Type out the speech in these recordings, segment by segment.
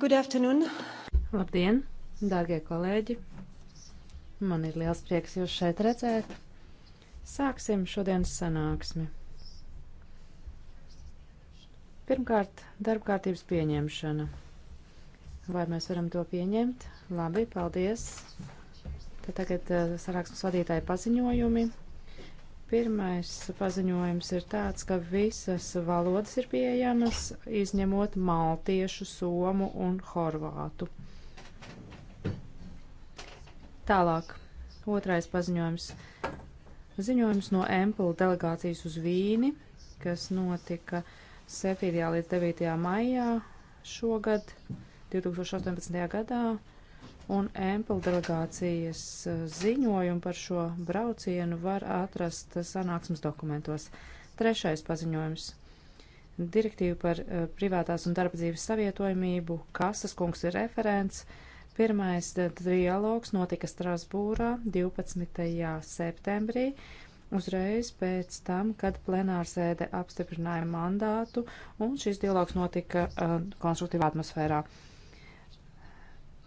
Good afternoon. Labdien, dārgie kolēģi. Man ir liels prieks jūs šeit redzēt. Sāksim šodienas sanāksmi. Pirmkārt, darbkārtības pieņemšana. Vai mēs varam to pieņemt? Labi, paldies. Tad tagad eh, sanāksmes vadītāji paziņojumi. Pirmais paziņojums ir tāds, ka visas valodas ir pieejamas, izņemot maltiešu, somu un horvātu. Tālāk. Otrais paziņojums. Ziņojums no Empula delegācijas uz Vīni, kas notika 7. līdz 9. maijā šogad, 2018. gadā un Empel delegācijas uh, ziņojumu par šo braucienu var atrast uh, sanāksmes dokumentos. Trešais paziņojums. Direktīva par uh, privātās un darba dzīves savietojamību. Kasas kungs ir referents. Pirmais dialogs notika Strasbūrā 12. septembrī uzreiz pēc tam, kad plenārsēde apstiprināja mandātu, un šis dialogs notika uh, konstruktīvā atmosfērā.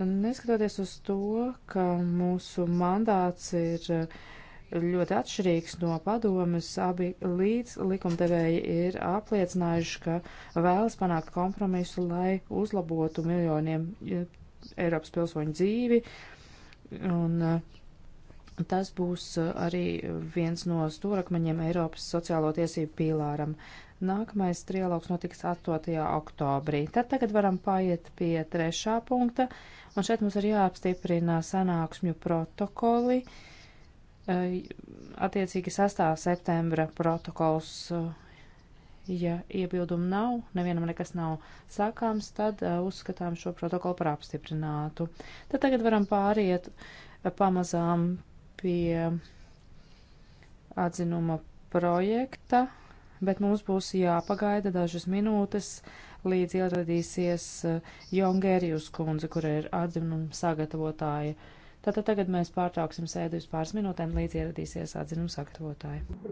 Neskatoties uz to, ka mūsu mandāts ir eh, ļoti atšķirīgs no padomes, abi līdz likumdevēji ir apliecinājuši, ka vēlas panākt kompromisu, lai uzlabotu miljoniem eh, Eiropas pilsoņu dzīvi. Un, uh, Tas būs arī viens no stūrakmeņiem Eiropas sociālo tiesību pīlāram. Nākamais trialogs notiks 8. oktobrī. Tad tagad varam paiet pie trešā punkta Un šeit mums ir jāapstiprina sanāksmju protokoli. Eh, attiecīgi 6. septembra protokols, eh, ja iebildumu nav, nevienam nekas nav sakāms, tad eh, uzskatām šo protokolu par apstiprinātu. Tad tagad varam pāriet pamazām pie atzinuma projekta, bet mums būs jāpagaida dažas minūtes, līdz ieradīsies eh, Jongērijus kundze, kura ir atzinuma sagatavotāja. Tātad tagad mēs pārtrauksim sēdi uz pāris minūtēm, līdz ieradīsies atzinuma sagatavotāja.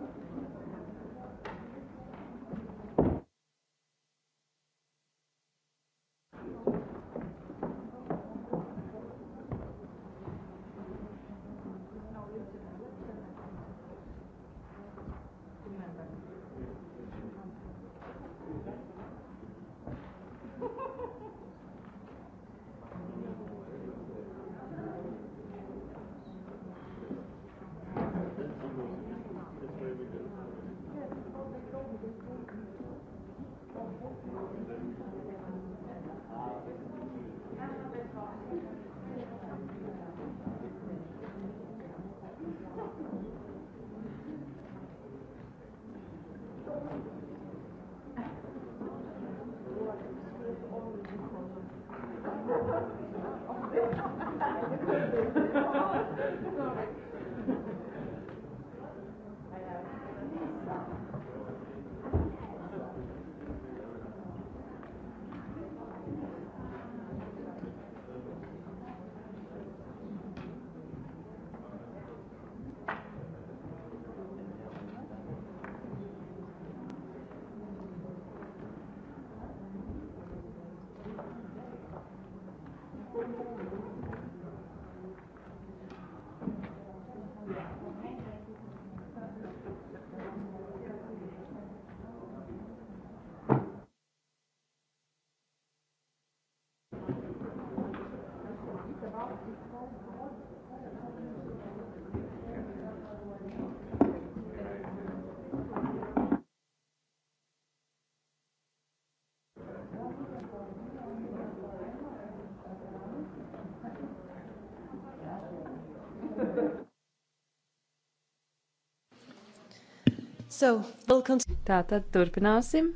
So, we'll Tā tad turpināsim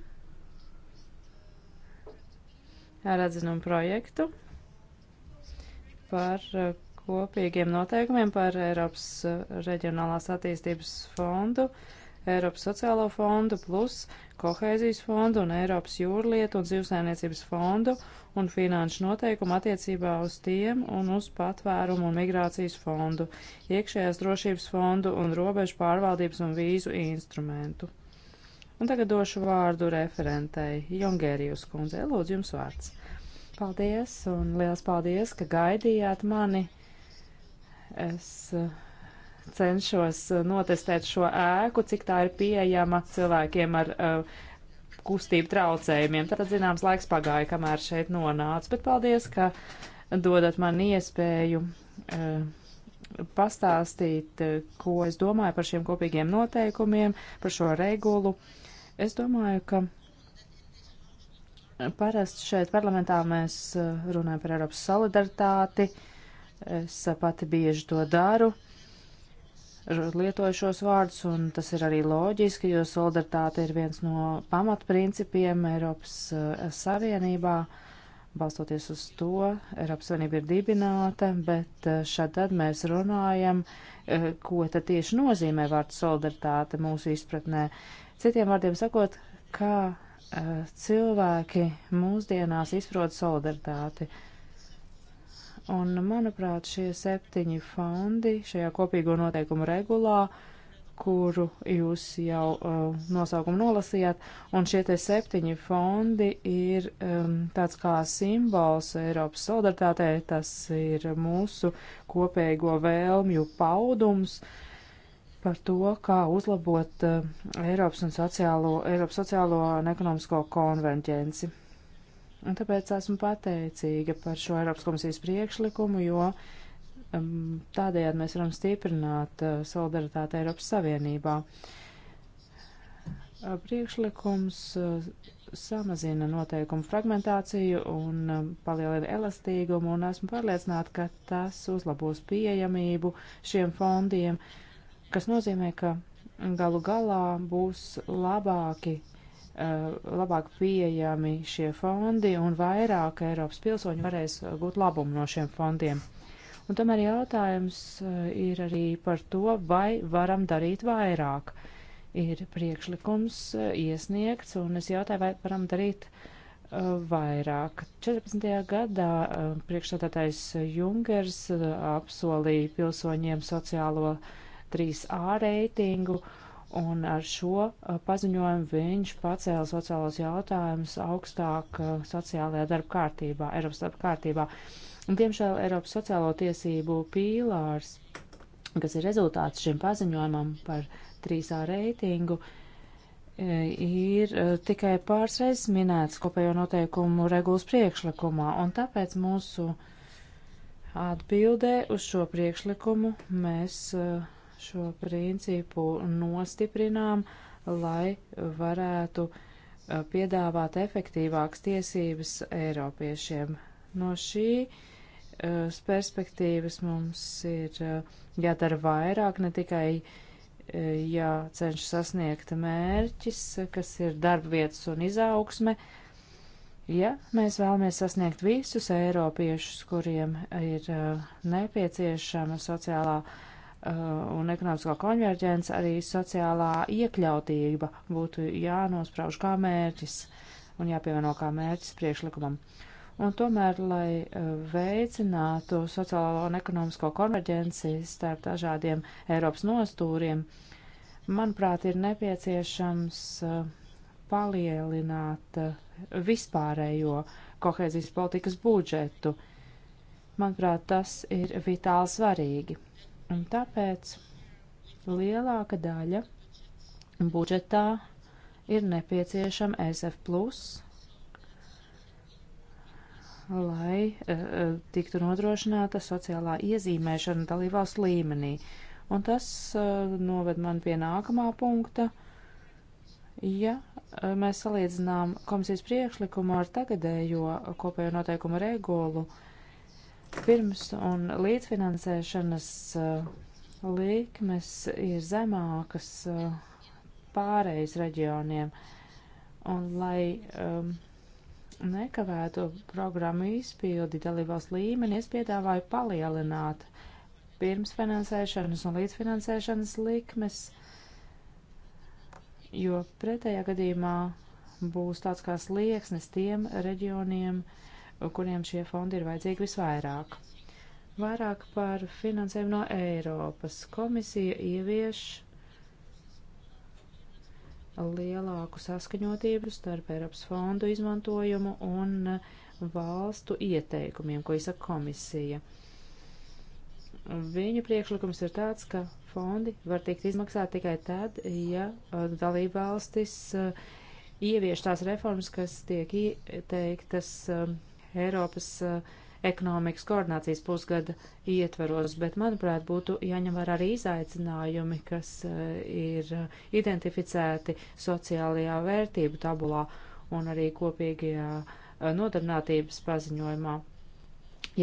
ar atzinumu projektu par uh, kopīgiem noteikumiem par Eiropas uh, reģionālās attīstības fondu. Uh, Eiropas sociālo fondu plus kohēzijas fondu un Eiropas jūrlietu un zivsainiecības fondu un finanšu noteikumu attiecībā uz tiem un uz patvērumu un migrācijas fondu, iekšējās drošības fondu un robežu pārvaldības un vīzu instrumentu. Un tagad došu vārdu referentei Jongērijus kundzei. Lūdzu, jums vārds. Paldies un liels paldies, ka gaidījāt mani. Es uh, cenšos uh, notestēt šo ēku, cik tā ir pieejama cilvēkiem ar uh, kustību traucējumiem. Tad, zināms, laiks pagāja, kamēr šeit nonāca, bet paldies, ka dodat man iespēju uh, pastāstīt, uh, ko es domāju par šiem kopīgiem noteikumiem, par šo regulu. Es domāju, ka Parasti šeit parlamentā mēs uh, runājam par Eiropas solidaritāti. Es uh, pati bieži to daru. Uh, lietoju šos vārdus, un tas ir arī loģiski, jo solidaritāte ir viens no pamatprincipiem Eiropas eh, Savienībā. Balstoties uz to, Eiropas Savienība ir dibināta, bet eh, šad tad mēs runājam, eh, ko tad tieši nozīmē vārds solidaritāte mūsu izpratnē. Citiem vārdiem sakot, kā cilvēki mūsdienās izprot solidaritāti. Uh, Un, manuprāt, šie septiņi fondi šajā kopīgo noteikumu regulā, kuru jūs jau uh, nosaukumu nolasījāt, un šie te septiņi fondi ir um, tāds kā simbols Eiropas solidaritātē, tas ir mūsu kopīgo vēlmju paudums par to, kā uzlabot uh, Eiropas un sociālo, Eiropas sociālo un ekonomisko konverģenci. Un tāpēc esmu pateicīga par šo Eiropas komisijas priekšlikumu, jo um, tādējādi mēs varam stiprināt uh, solidaritāti Eiropas Savienībā. Uh, priekšlikums uh, samazina noteikumu fragmentāciju un um, palielina elastīgumu, un esmu pārliecināta, ka tas uzlabos pieejamību šiem fondiem, kas nozīmē, ka galu galā būs labāki Eh, labāk pieejami šie fondi un vairāk Eiropas pilsoņi varēs gūt labumu no šiem fondiem. Un tomēr jautājums eh, ir arī par to, vai varam darīt vairāk. Ir priekšlikums eh, iesniegts, un es jautāju, vai varam darīt vairāk. 14. gadā priekšstādātais Junkers apsolīja pilsoņiem sociālo 3A reitingu, uh, Un ar šo uh, paziņojumu viņš pacēla sociālos jautājumus augstāk uh, sociālajā darba kārtībā, Eiropas darba kārtībā. Un, diemžēl Eiropas sociālo tiesību pīlārs, kas ir rezultāts šim paziņojumam par 3A reitingu, e, ir uh, tikai pāris reizes minēts kopējo noteikumu regulas priekšlikumā, un tāpēc mūsu atbildē uz šo priekšlikumu mēs uh, šo principu nostiprinām, lai varētu piedāvāt efektīvākas tiesības Eiropiešiem. No šī perspektīvas mums ir jādara vairāk, ne tikai jāceņš sasniegt mērķis, kas ir darba vietas un izaugsme. Ja mēs vēlamies sasniegt visus eiropiešus, kuriem ir nepieciešama sociālā uh, Eh, un ekonomiskā konverģence, arī sociālā iekļautība būtu jānosprauž kā mērķis un jāpievieno kā mērķis priekšlikumam. Un tomēr, lai eh, veicinātu sociālo un ekonomisko konverģenci starp dažādiem Eiropas nostūriem, manuprāt, ir nepieciešams eh, palielināt vispārējo kohēzijas politikas budžetu. Manuprāt, tas ir vitāli svarīgi. Un tāpēc lielāka daļa budžetā ir nepieciešama SF plus, lai uh, tiktu nodrošināta sociālā iezīmēšana dalībvalsts līmenī. Un tas uh, noved man pie nākamā punkta. Ja uh, mēs salīdzinām komisijas priekšlikumu ar tagadējo kopējo noteikumu regulu, uh, Pirms un līdzfinansēšanas uh, līkmes ir zemākas uh, pārējais reģioniem. Un, lai um, nekavēto programmu izpildi dalībās līmeni, es piedāvāju palielināt pirmsfinansēšanas un līdzfinansēšanas likmes, jo pretējā gadījumā būs tāds kā slieksnis tiem reģioniem, uh, kuriem šie fondi ir vajadzīgi visvairāk. Vairāk par finansējumu no Eiropas. Komisija ievieš lielāku saskaņotību starp Eiropas fondu izmantojumu un valstu ieteikumiem, ko izsaka komisija. Viņu priekšlikums ir tāds, ka fondi var tikt izmaksāti tikai tad, ja uh, dalībvalstis uh, ievieš tās reformas, kas tiek ieteiktas um, Eiropas eh, ekonomikas koordinācijas pusgada ietveros, bet, manuprāt, būtu jāņem vērā arī izaicinājumi, kas eh, ir eh, identificēti sociālajā vērtību tabulā un arī kopīgajā nodarbinātības paziņojumā,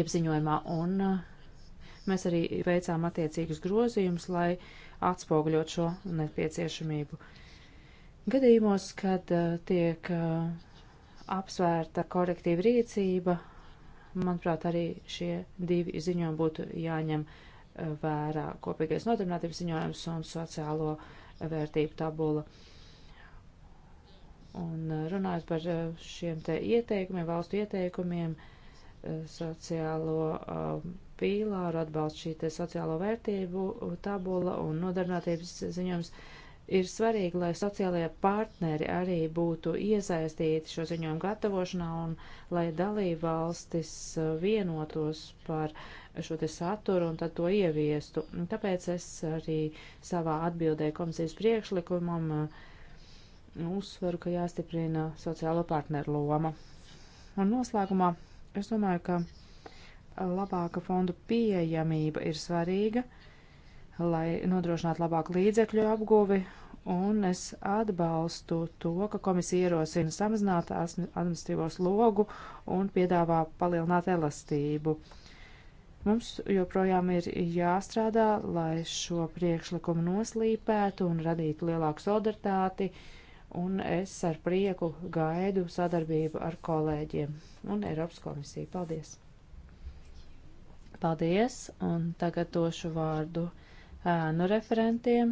iepziņojumā. Un mēs arī veicām attiecīgus grozījumus, lai atspoguļot šo nepieciešamību. Gadījumos, kad tiek uh, apsvērta korektīva rīcība. Manuprāt, arī šie divi ziņojumi būtu jāņem eh, vērā kopīgais nodarbinātības ziņojums un sociālo eh, vērtību tabula. Un eh, runājot par šiem te ieteikumiem, valstu ieteikumiem, sociālo pīlāru atbalstu šī te sociālo vērtību tabula un nodarbinātības ziņojums ir svarīgi, lai sociālajie partneri arī būtu iesaistīti šo ziņojumu gatavošanā un lai dalībvalstis uh, vienotos par šo te saturu un tad to ieviestu. Tāpēc es arī savā atbildē komisijas priekšlikumam uh, uzsveru, ka jāstiprina sociālo partneru loma. Un noslēgumā es domāju, ka labāka fondu pieejamība ir svarīga. Uh, lai nodrošinātu labāku līdzekļu apguvi, un es atbalstu to, ka komisija ierosina samazināt administratīvo slogu un piedāvā palielināt elastību. Mums joprojām ir jāstrādā, lai šo priekšlikumu noslīpētu un radītu lielāku solidaritāti, un es ar prieku gaidu sadarbību ar kolēģiem un Eiropas komisiju. Paldies! Paldies, un tagad došu vārdu ēnu referentiem.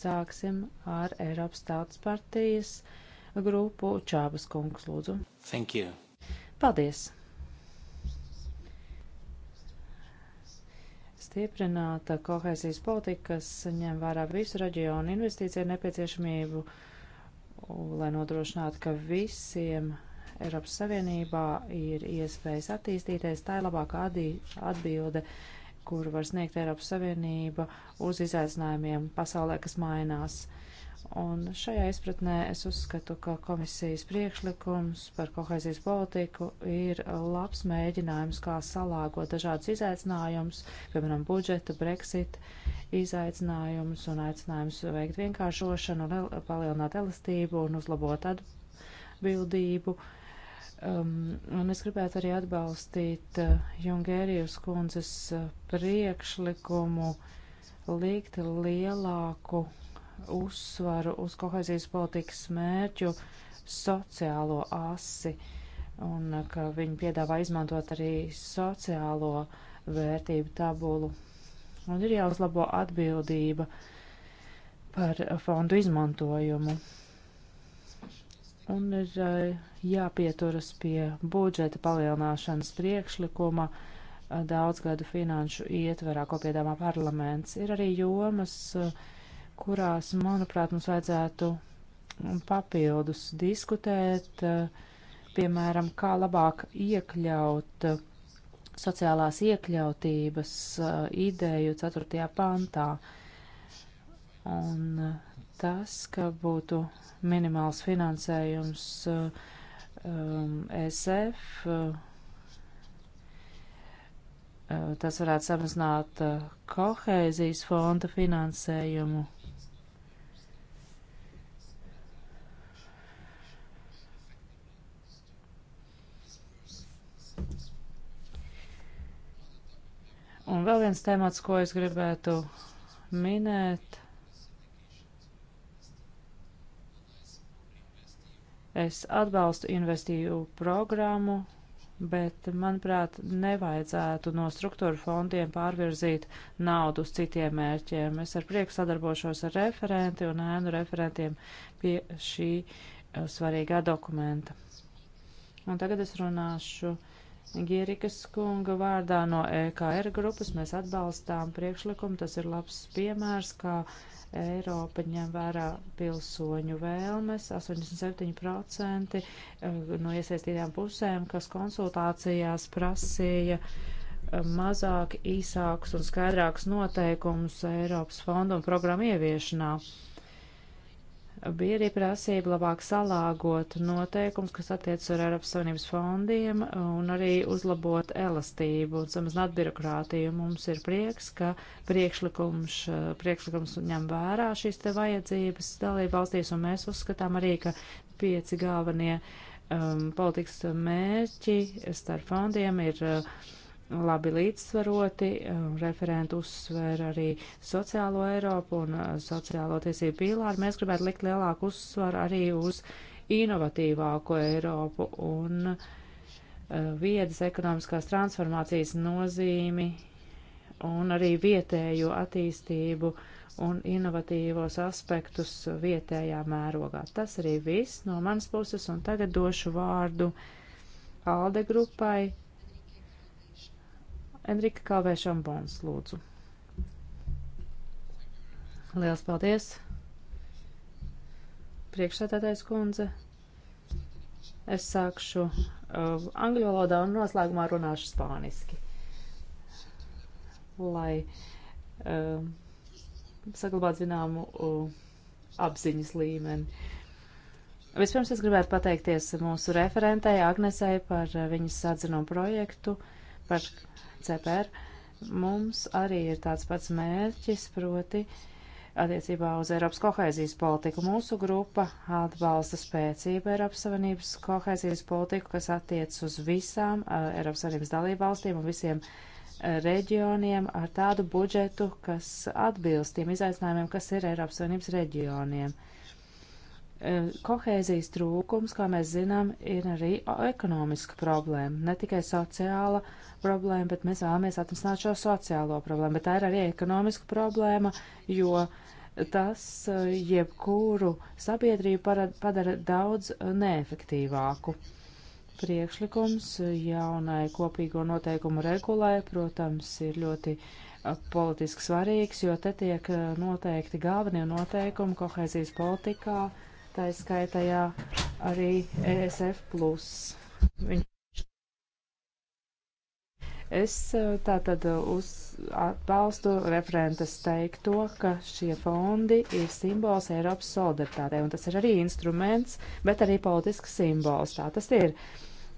Sāksim ar Eiropas Tautas partijas grupu Čābas kungs, lūdzu. Thank you. Paldies. Stieprināta kohēzijas politika, kas ņem vērā visu reģionu investīciju nepieciešamību, lai nodrošinātu, ka visiem Eiropas Savienībā ir iespējas attīstīties, tā ir labākā atbilde kuru var sniegt Eiropas Savienība uz izaicinājumiem pasaulē, kas mainās. Un šajā izpratnē es uzskatu, ka komisijas priekšlikums par kohēzijas politiku ir labs mēģinājums, kā salāgot dažādas izaicinājumus, piemēram, budžeta, Brexit izaicinājumus un aicinājums veikt vienkāršošanu, palielināt elastību un uzlabot atbildību. Uh, Um, un es gribētu arī atbalstīt uh, Jungērijas kundzes uh, priekšlikumu likt lielāku uzsvaru uz kohēzijas politikas mērķu sociālo asi un uh, ka viņi piedāvā izmantot arī sociālo vērtību tabulu. Un ir jāuzlabo atbildība par fondu izmantojumu un ir eh, jāpieturas pie budžeta palielināšanas priekšlikuma eh, daudzgadu finanšu ietverā, ko piedāvā parlaments. Ir arī jomas, eh, kurās, manuprāt, mums vajadzētu papildus diskutēt, piemēram, kā labāk iekļaut sociālās iekļautības ideju 4. pantā. Un uh, tas, ka būtu minimāls finansējums uh, um, e SF. Uh, uh, tas varētu samazināt uh, kohēzijas fonda finansējumu. Un vēl viens temats, ko es gribētu minēt, Es atbalstu investīvu programmu, bet, manuprāt, nevajadzētu no struktūra fondiem pārvirzīt naudu uz citiem mērķiem. Es ar prieku sadarbošos ar referenti un ēnu referentiem pie šī eh, svarīgā dokumenta. Un tagad es runāšu uh, Gierikas kunga vārdā no EKR grupas mēs atbalstām priekšlikumu. Tas ir labs piemērs, kā Eiropa ņem vērā pilsoņu vēlmes. 87% eh, no iesaistītām pusēm, kas konsultācijās prasīja eh, mazāk īsākus un skaidrākus noteikumus Eiropas fondu un programmu ieviešanā. Bija arī prasība labāk salāgot noteikums, kas attiec ar Eiropas Savienības fondiem un arī uzlabot elastību un samazināt birokrātiju. Mums ir prieks, ka priekšlikums, eh, priekšlikums ņem vērā šīs te vajadzības dalību valstīs un mēs uzskatām arī, ka pieci galvenie um, politikas mērķi starp fondiem ir uh, labi līdzsvaroti. Um, referenti uzsver arī sociālo Eiropu un uh, sociālo tiesību pīlāru. Mēs gribētu likt lielāku uzsvaru arī uz inovatīvāko Eiropu un uh, viedas ekonomiskās transformācijas nozīmi un arī vietējo attīstību un inovatīvos aspektus vietējā mērogā. Tas arī viss no manas puses, un tagad došu vārdu Alde grupai Enrika Kalvē Šambons, lūdzu. Liels paldies! Priekšsētātais kundze. Es sākšu uh, angļu valodā un noslēgumā runāšu spāniski. Lai uh, saglabātu zināmu uh, apziņas līmeni. Vispirms es gribētu pateikties mūsu referentei Agnesei par uh, viņas atzinumu projektu. Uh, par CPR, mums arī ir tāds pats mērķis, proti attiecībā uz Eiropas kohēzijas politiku. Mūsu grupa atbalsta spēcību Eiropas Savienības kohēzijas politiku, kas attiec uz visām uh, Eiropas Savienības dalību valstīm un visiem uh, reģioniem ar tādu budžetu, kas atbilst tiem izaicinājumiem, kas ir Eiropas Savienības reģioniem. Uh, Eh, kohēzijas trūkums, kā mēs zinām, ir arī ekonomiska problēma, ne tikai sociāla problēma, bet mēs vēlamies atrisināt šo sociālo problēmu, bet tā ir arī ekonomiska problēma, jo tas eh, jebkuru sabiedrību parad, padara daudz eh, neefektīvāku. Priekšlikums jaunai kopīgo noteikumu regulai, protams, ir ļoti politiski svarīgs, jo te tiek noteikti galvenie noteikumi kohēzijas politikā tā ir skaitajā arī ESF. Viņ... Es eh, tā tad eh, uz, atbalstu referentes teikto, ka šie fondi ir simbols Eiropas solidaritātei, un tas ir arī instruments, bet arī politisks simbols. Tā tas ir.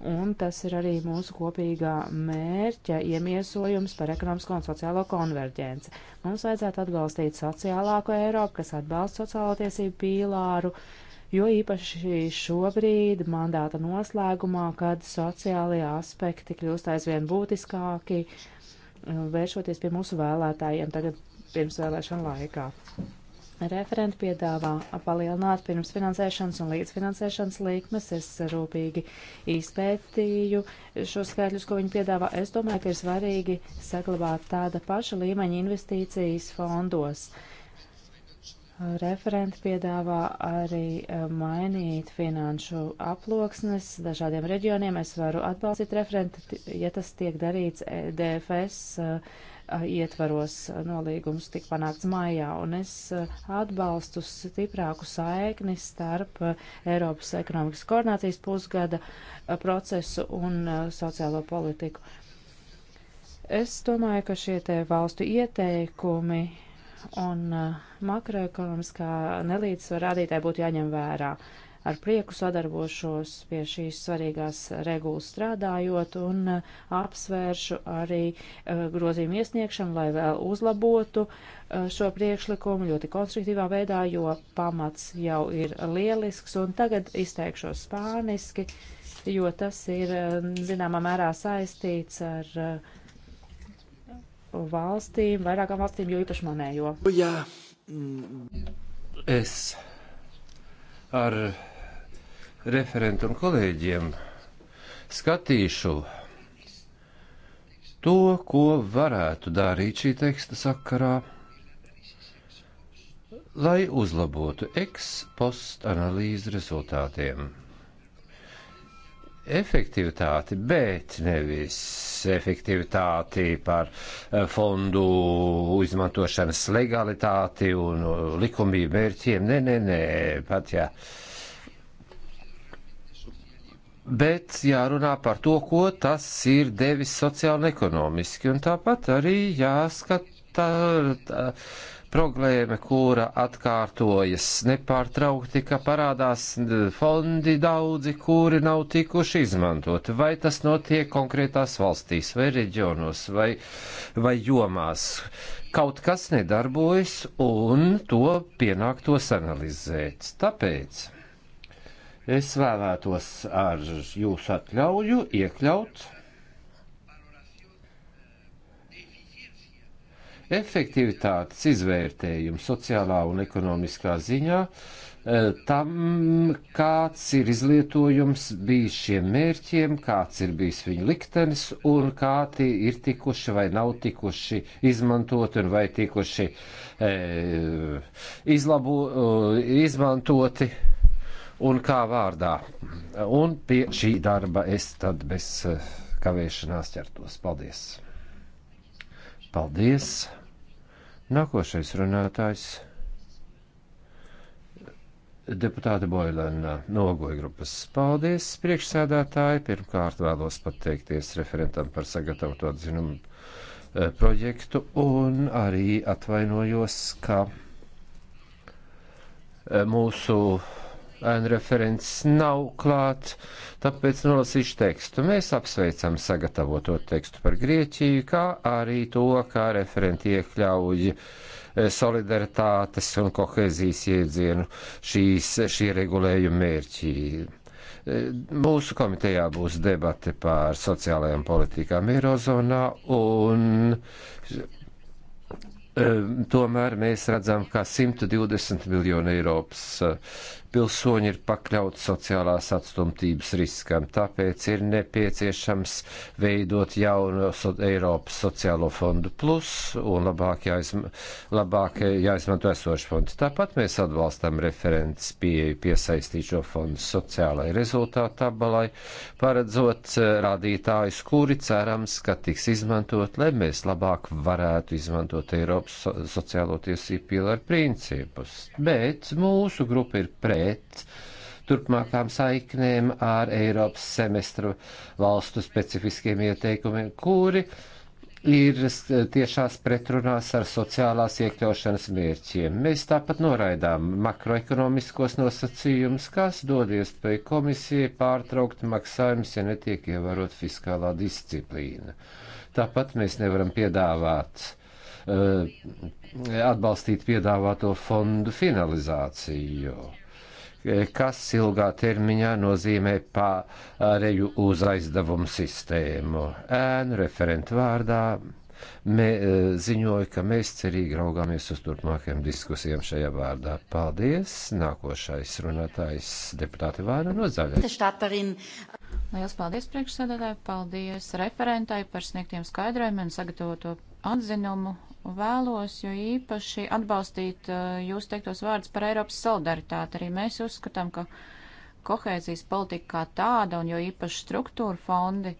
Un tas ir arī mūsu kopīgā mērķa iemiesojums par ekonomisko un sociālo konverģenci. Mums vajadzētu atbalstīt sociālāko Eiropu, kas atbalsta sociālo tiesību pīlāru, uh, jo īpaši šobrīd mandāta noslēgumā, kad sociālajie aspekti kļūst aizvien būtiskāki, eh, vēršoties pie mūsu vēlētājiem tagad pirmsvēlēšana laikā. Referenti piedāvā palielināt pirms finansēšanas un līdzfinansēšanas līkmes. Es rūpīgi izpētīju šos skaitļus, ko viņi piedāvā. Es domāju, ka ir svarīgi saglabāt tāda paša līmeņa investīcijas fondos. Uh, Referenti piedāvā arī eh, mainīt finanšu aploksnes dažādiem reģioniem. Es varu atbalstīt referenti, ja tas tiek darīts e, DFS eh, ietvaros nolīgums tik panākts mājā. Un es eh, atbalstu stiprāku saikni starp Eiropas ekonomikas koordinācijas pusgada procesu un sociālo politiku. Es domāju, ka šie te valstu ieteikumi un eh, makroekonomiskā nelīdzsvara rādītāji būtu jāņem vērā. Ar prieku sadarbošos pie šīs svarīgās regulas strādājot un eh, apsvēršu arī eh, grozījumu iesniegšanu, lai vēl uzlabotu šo priekšlikumu ļoti konstruktīvā veidā, jo pamats jau ir lielisks un tagad izteikšos spāniski, jo tas ir zināmā mērā saistīts ar uh, valstīm, vairākām valstīm, jo īpaši manējo. Oh, jā, mm. es ar referentu un kolēģiem skatīšu to, ko varētu darīt šī teksta sakarā, lai uzlabotu ekspost analīzes rezultātiem efektivitāti, bet nevis efektivitāti par eh, fondu izmantošanas legalitāti un uh, likumību mērķiem. Nē, nē, nē, pat jā. Bet jārunā par to, ko tas ir devis sociāli un ekonomiski, un tāpat arī jāskata. Tā, uh, tā, problēma, kura atkārtojas nepārtraukti, ka parādās fondi daudzi, kuri nav tikuši izmantoti. Vai tas notiek konkrētās valstīs, vai reģionos, vai, vai jomās? Kaut kas nedarbojas, un to pienāktos analizēt. Tāpēc es vēlētos ar jūsu atļauju iekļaut efektivitātes izvērtējumu sociālā un ekonomiskā ziņā eh, tam, kāds ir izlietojums bijis šiem mērķiem, kāds ir bijis viņu liktenis un kā tie ir tikuši vai nav tikuši izmantoti un vai tikuši e, eh, izlabu, e, eh, izmantoti un kā vārdā. Un pie šī darba es tad bez kavēšanās ķertos. Paldies! Paldies! Nākošais runātājs deputāte Boilēna nogoja grupas. Paldies, priekšsēdētāji! Pirmkārt vēlos pateikties referentam par sagatavotu atzinumu eh, projektu un arī atvainojos, ka eh, mūsu ēnu referents nav klāt, tāpēc nolasīšu tekstu. Mēs apsveicam sagatavoto tekstu par Grieķiju, kā arī to, kā referenti iekļauj eh, solidaritātes un kohēzijas iedzienu šīs, šī regulējuma mērķī. Eh, mūsu komitejā būs debate par sociālajām politikām Eirozonā un eh, tomēr mēs redzam, ka 120 miljoni Eiropas pilsoņi ir pakļauti sociālās atstumtības riskam. Tāpēc ir nepieciešams veidot jaunu so Eiropas sociālo fondu plus un labāk, jāizm labāk jāizmanto esošu fondu. Tāpat mēs atbalstam referents pieeju piesaistīt šo fondu sociālai rezultātu tabalai, paredzot eh, rādītājus, kuri cerams, ka tiks izmantot, lai mēs labāk varētu izmantot Eiropas so sociālo tiesību pilaru principus. Bet mūsu grupa ir pret pret turpmākām saiknēm ar Eiropas semestru valstu specifiskiem ieteikumiem, kuri ir tiešās pretrunās ar sociālās iekļaušanas mērķiem. Mēs tāpat noraidām makroekonomiskos nosacījumus, kas dod iespēju komisijai pārtraukt maksājumus, ja netiek ievērot fiskālā disciplīna. Tāpat mēs nevaram piedāvāt uh, atbalstīt piedāvāto fondu finalizāciju kas ilgā termiņā nozīmē pāreju uz aizdevumu sistēmu. Ēnu referentu vārdā mē, e, ziņoja, ka mēs cerīgi raugāmies uz turpmākajām diskusijām šajā vārdā. Paldies! Nākošais runātājs deputāti Vāna no Zaļais. Lielas paldies priekšsēdētāji, paldies referentai par sniegtiem skaidrojumiem, sagatavoto atzinumu Un vēlos jo īpaši atbalstīt uh, jūs teiktos vārdus par Eiropas solidaritāti. Arī mēs uzskatām, ka kohēzijas politika kā tāda un jo īpaši struktūra fondi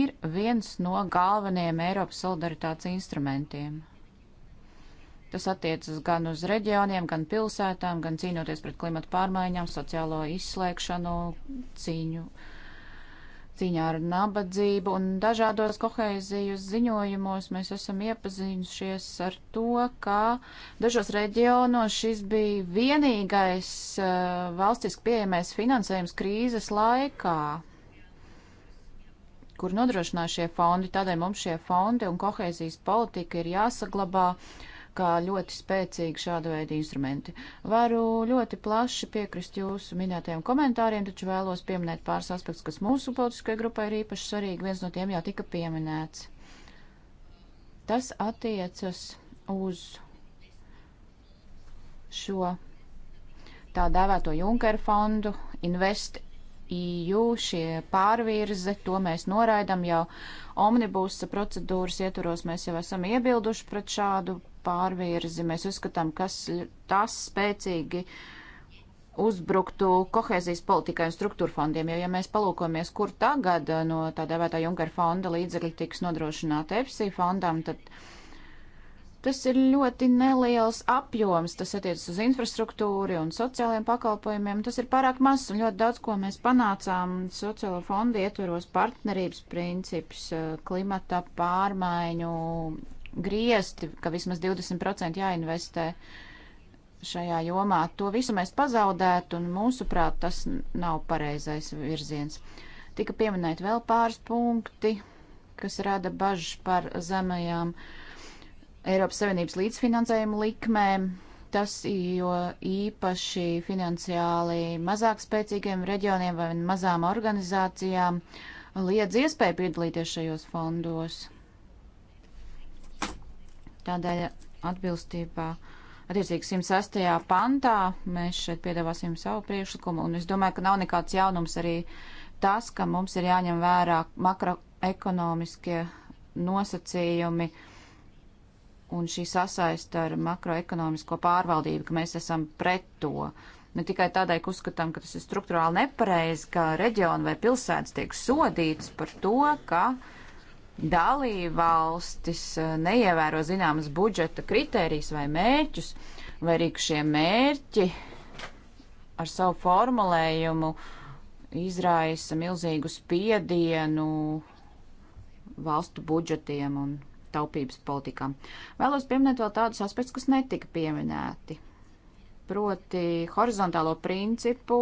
ir viens no galvenajiem Eiropas solidaritātes instrumentiem. Tas attiecas gan uz reģioniem, gan pilsētām, gan cīnoties pret klimatu pārmaiņām, sociālo izslēgšanu, cīņu uh, cīņā ar nabadzību un dažādos kohēzijas ziņojumos mēs esam iepazinušies ar to, ka dažos reģionos šis bija vienīgais uh, valstiski pieejamais finansējums krīzes laikā, kur nodrošināja šie fondi. Tādēļ mums šie fondi un kohēzijas politika ir jāsaglabā. Uh, kā ļoti spēcīgi šāda veida instrumenti. Varu ļoti plaši piekrist jūsu minētajiem komentāriem, taču vēlos pieminēt pāris aspektus, kas mūsu politiskajai grupai ir īpaši svarīgi. Viens no tiem jau tika pieminēts. Tas attiecas uz šo tā dēvēto Junkeru fondu, Invest EU, šie pārvirze, to mēs noraidam jau omnibusa procedūras ietvaros, mēs jau esam iebilduši pret šādu pārvirzi. Mēs uzskatām, ka tas spēcīgi uzbruktu kohēzijas politikai un struktūra fondiem, jo, ja mēs palūkojamies, kur tagad eh, no tā devētā Junkara fonda līdzekļi tiks nodrošināti EFSI fondam, tad tas ir ļoti neliels apjoms, tas attiecas uz infrastruktūru un sociālajiem pakalpojumiem, tas ir pārāk maz un ļoti daudz, ko mēs panācām sociālo fondu ietveros partnerības princips, eh, klimata pārmaiņu griesti, ka vismaz 20% jāinvestē šajā jomā. To visu mēs pazaudētu, un mūsuprāt, tas nav pareizais virziens. Tika pieminēt vēl pāris punkti, kas rada bažas par zemajām Eiropas Savienības līdzfinansējumu likmēm. Tas, jo īpaši finansiāli mazāk spēcīgiem reģioniem vai mazām organizācijām liedz iespēju piedalīties šajos fondos. Tādēļ atbilstībā attiecīgi 106. pantā mēs šeit piedāvāsim savu priekšlikumu, un es domāju, ka nav nekāds jaunums arī tas, ka mums ir jāņem vērā makroekonomiskie nosacījumi un šī sasaista ar makroekonomisko pārvaldību, ka mēs esam pret to. Ne tikai tādēļ, ka uzskatām, ka tas ir struktūrāli nepareizi, ka reģioni vai pilsētas tiek sodīts par to, ka uh, dalībvalstis eh, neievēro zināmas budžeta kritērijas vai mērķus, vai arī šie mērķi ar savu formulējumu izraisa milzīgu spiedienu valstu budžetiem un taupības politikām. Vēlos pieminēt vēl tādus aspektus, kas netika pieminēti. Proti horizontālo principu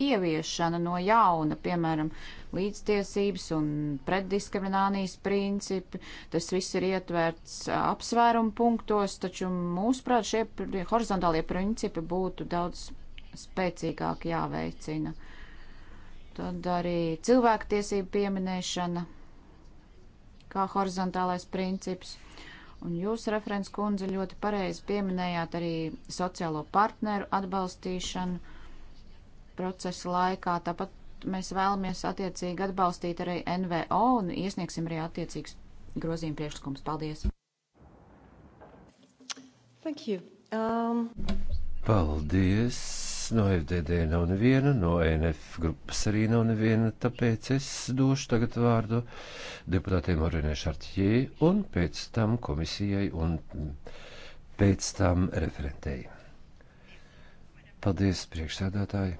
ieviešana no jauna, piemēram, līdztiesības un pretdiskriminācijas principi. Tas viss ir ietverts apsvērumu punktos, taču mūsuprāt šie horizontālie principi būtu daudz spēcīgāk jāveicina. Tad arī cilvēktiesība pieminēšana kā horizontālais princips. Un jūs, referents kundze, ļoti pareizi pieminējāt arī sociālo partneru atbalstīšanu procesa laikā. Tāpat mēs vēlamies attiecīgi atbalstīt arī NVO un iesniegsim arī attiecīgs grozījuma priekšlikums. Paldies! Thank you. Um... Paldies! no FDD nav neviena, no NF grupas arī nav neviena, tāpēc es došu tagad vārdu deputātiem Orinē Šartjē un pēc tam komisijai un pēc tam referentēji. Paldies, priekšsēdētāji!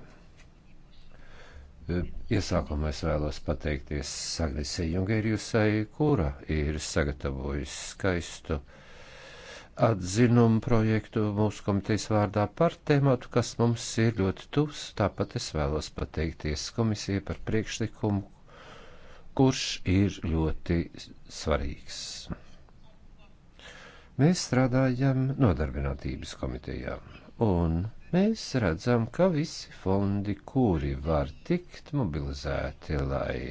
Eh, iesākumā es vēlos pateikties Agnesei Jungērjusai, kura ir sagatavojusi skaistu atzinumu projektu mūsu komitejas vārdā par tēmatu, kas mums ir ļoti tuvs. Tāpat es vēlos pateikties komisijai par priekšlikumu, kurš ir ļoti svarīgs. Mēs strādājam nodarbinātības komitejā un Mēs redzam, ka visi fondi, kuri var tikt mobilizēti, lai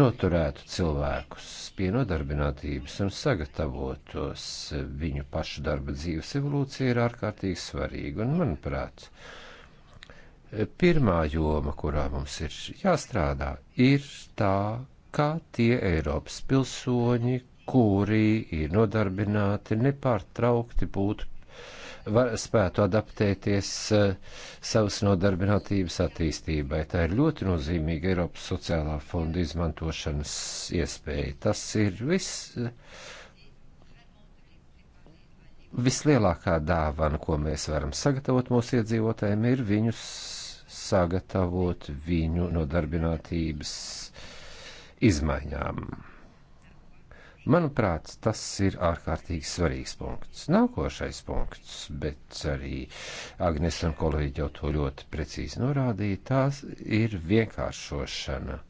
noturētu cilvēkus pie nodarbinātības un sagatavotos viņu pašu darba dzīves evolūcija, ir ārkārtīgi svarīga. Un, manuprāt, pirmā joma, kurā mums ir jāstrādā, ir tā, kā tie Eiropas pilsoņi, kuri ir nodarbināti, nepārtraukti būtu var, spētu adaptēties eh, savas nodarbinātības attīstībai. Tā ir ļoti nozīmīga Eiropas sociālā fonda izmantošanas iespēja. Tas ir viss vislielākā dāvana, ko mēs varam sagatavot mūsu iedzīvotājiem, ir viņus sagatavot viņu nodarbinātības izmaiņām. Manuprāt, tas ir ārkārtīgi svarīgs punkts. Nākošais punkts, bet arī Agnes un kolēģi jau to ļoti precīzi norādīja, tās ir vienkāršošana.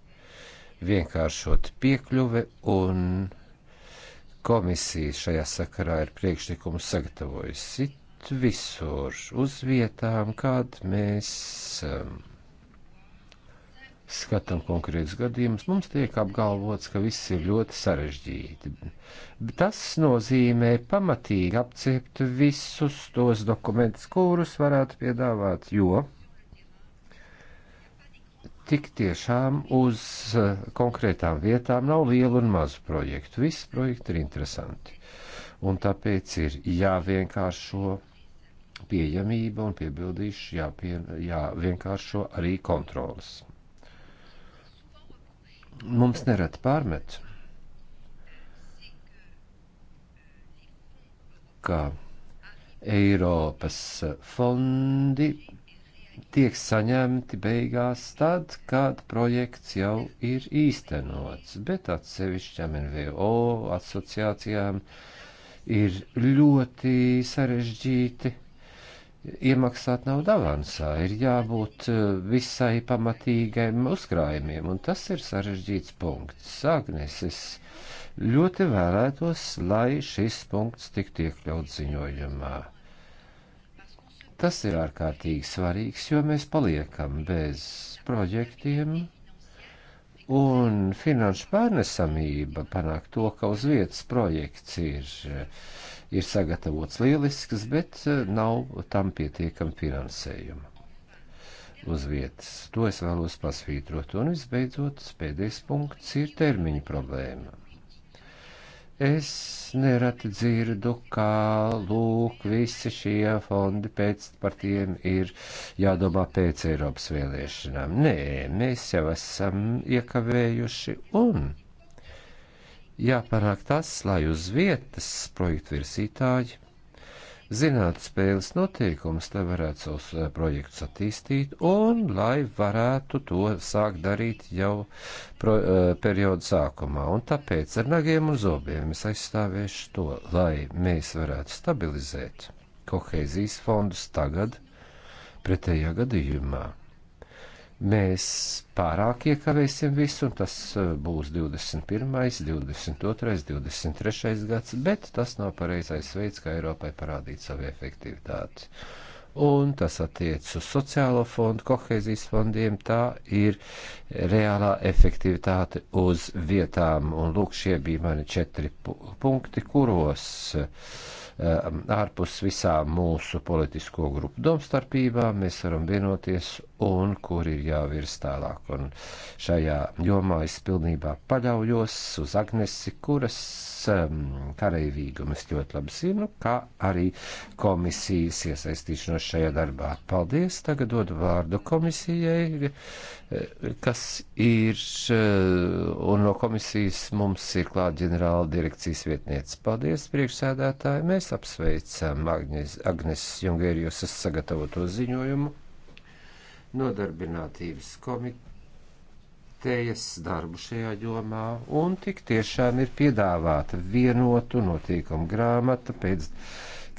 Vienkāršot piekļuve un komisija šajā sakarā ir priekšlikumu sagatavojusi visur uz vietām, kad mēs. Um, skatām konkrētus gadījumus, mums tiek apgalvots, ka viss ir ļoti sarežģīti. Tas nozīmē pamatīgi apciept visus tos dokumentus, kurus varētu piedāvāt, jo tik tiešām uz eh, konkrētām vietām nav lielu un mazu projektu. Visi projekti ir interesanti. Un tāpēc ir jāvienkāršo pieejamība un piebildīšu jāpie, jāvienkāršo arī kontrolas mums nerad pārmet, ka Eiropas fondi tiek saņemti beigās tad, kad projekts jau ir īstenots, bet atsevišķām NVO asociācijām ir ļoti sarežģīti iemaksāt naudu avansā, ir jābūt eh, visai pamatīgiem uzkrājumiem, un tas ir sarežģīts punkts. Sāknes es ļoti vēlētos, lai šis punkts tiktu iekļauts ziņojumā. Tas ir ārkārtīgi svarīgs, jo mēs paliekam bez projektiem, un finanšu pārnesamība panāk to, ka uz vietas projekts ir ir sagatavots lielisks, bet eh, nav tam pietiekami finansējuma uz vietas. To es vēlos pasvītrot. Un visbeidzot, pēdējais punkts ir termiņa problēma. Es nereti dzirdu, kā lūk, visi šie fondi pēc par tiem ir jādomā pēc Eiropas vēlēšanām. Nē, mēs jau esam iekavējuši un jāpanāk tas, lai uz vietas projektu virsītāji zinātu spēles noteikumus, lai varētu savus eh, projektus attīstīt un lai varētu to sākt darīt jau pro, eh, periodu sākumā. Un tāpēc ar nagiem un zobiem es aizstāvēšu to, lai mēs varētu stabilizēt kohēzijas fondus tagad, pretējā gadījumā mēs pārāk iekavēsim visu, un tas eh, būs 21., 22., 23. gads, bet tas nav pareizais veids, kā Eiropai parādīt savu efektivitāti. Un tas attiec uz sociālo fondu, kohēzijas fondiem, tā ir reālā efektivitāte uz vietām, un lūk, šie bija mani četri pu punkti, kuros uh, Um, ārpus visām mūsu politisko grupu domstarpībām mēs varam vienoties un kur ir jāvirs tālāk. Un šajā jomā es pilnībā paļaujos uz Agnesi, kuras um, kareivīgumu es ļoti labi zinu, kā arī komisijas iesaistīšanos šajā darbā. Paldies! Tagad dodu vārdu komisijai, eh, kas ir, eh, un no komisijas mums ir klāt ģenerāla direkcijas vietniece. Paldies, priekšsēdētāji! Mēs Mēs apsveicam Agnes, Agnes Jungērijusas sagatavoto ziņojumu. Nodarbinātības komitejas darbu šajā jomā un tik tiešām ir piedāvāta vienotu notiekumu grāmata, pēc,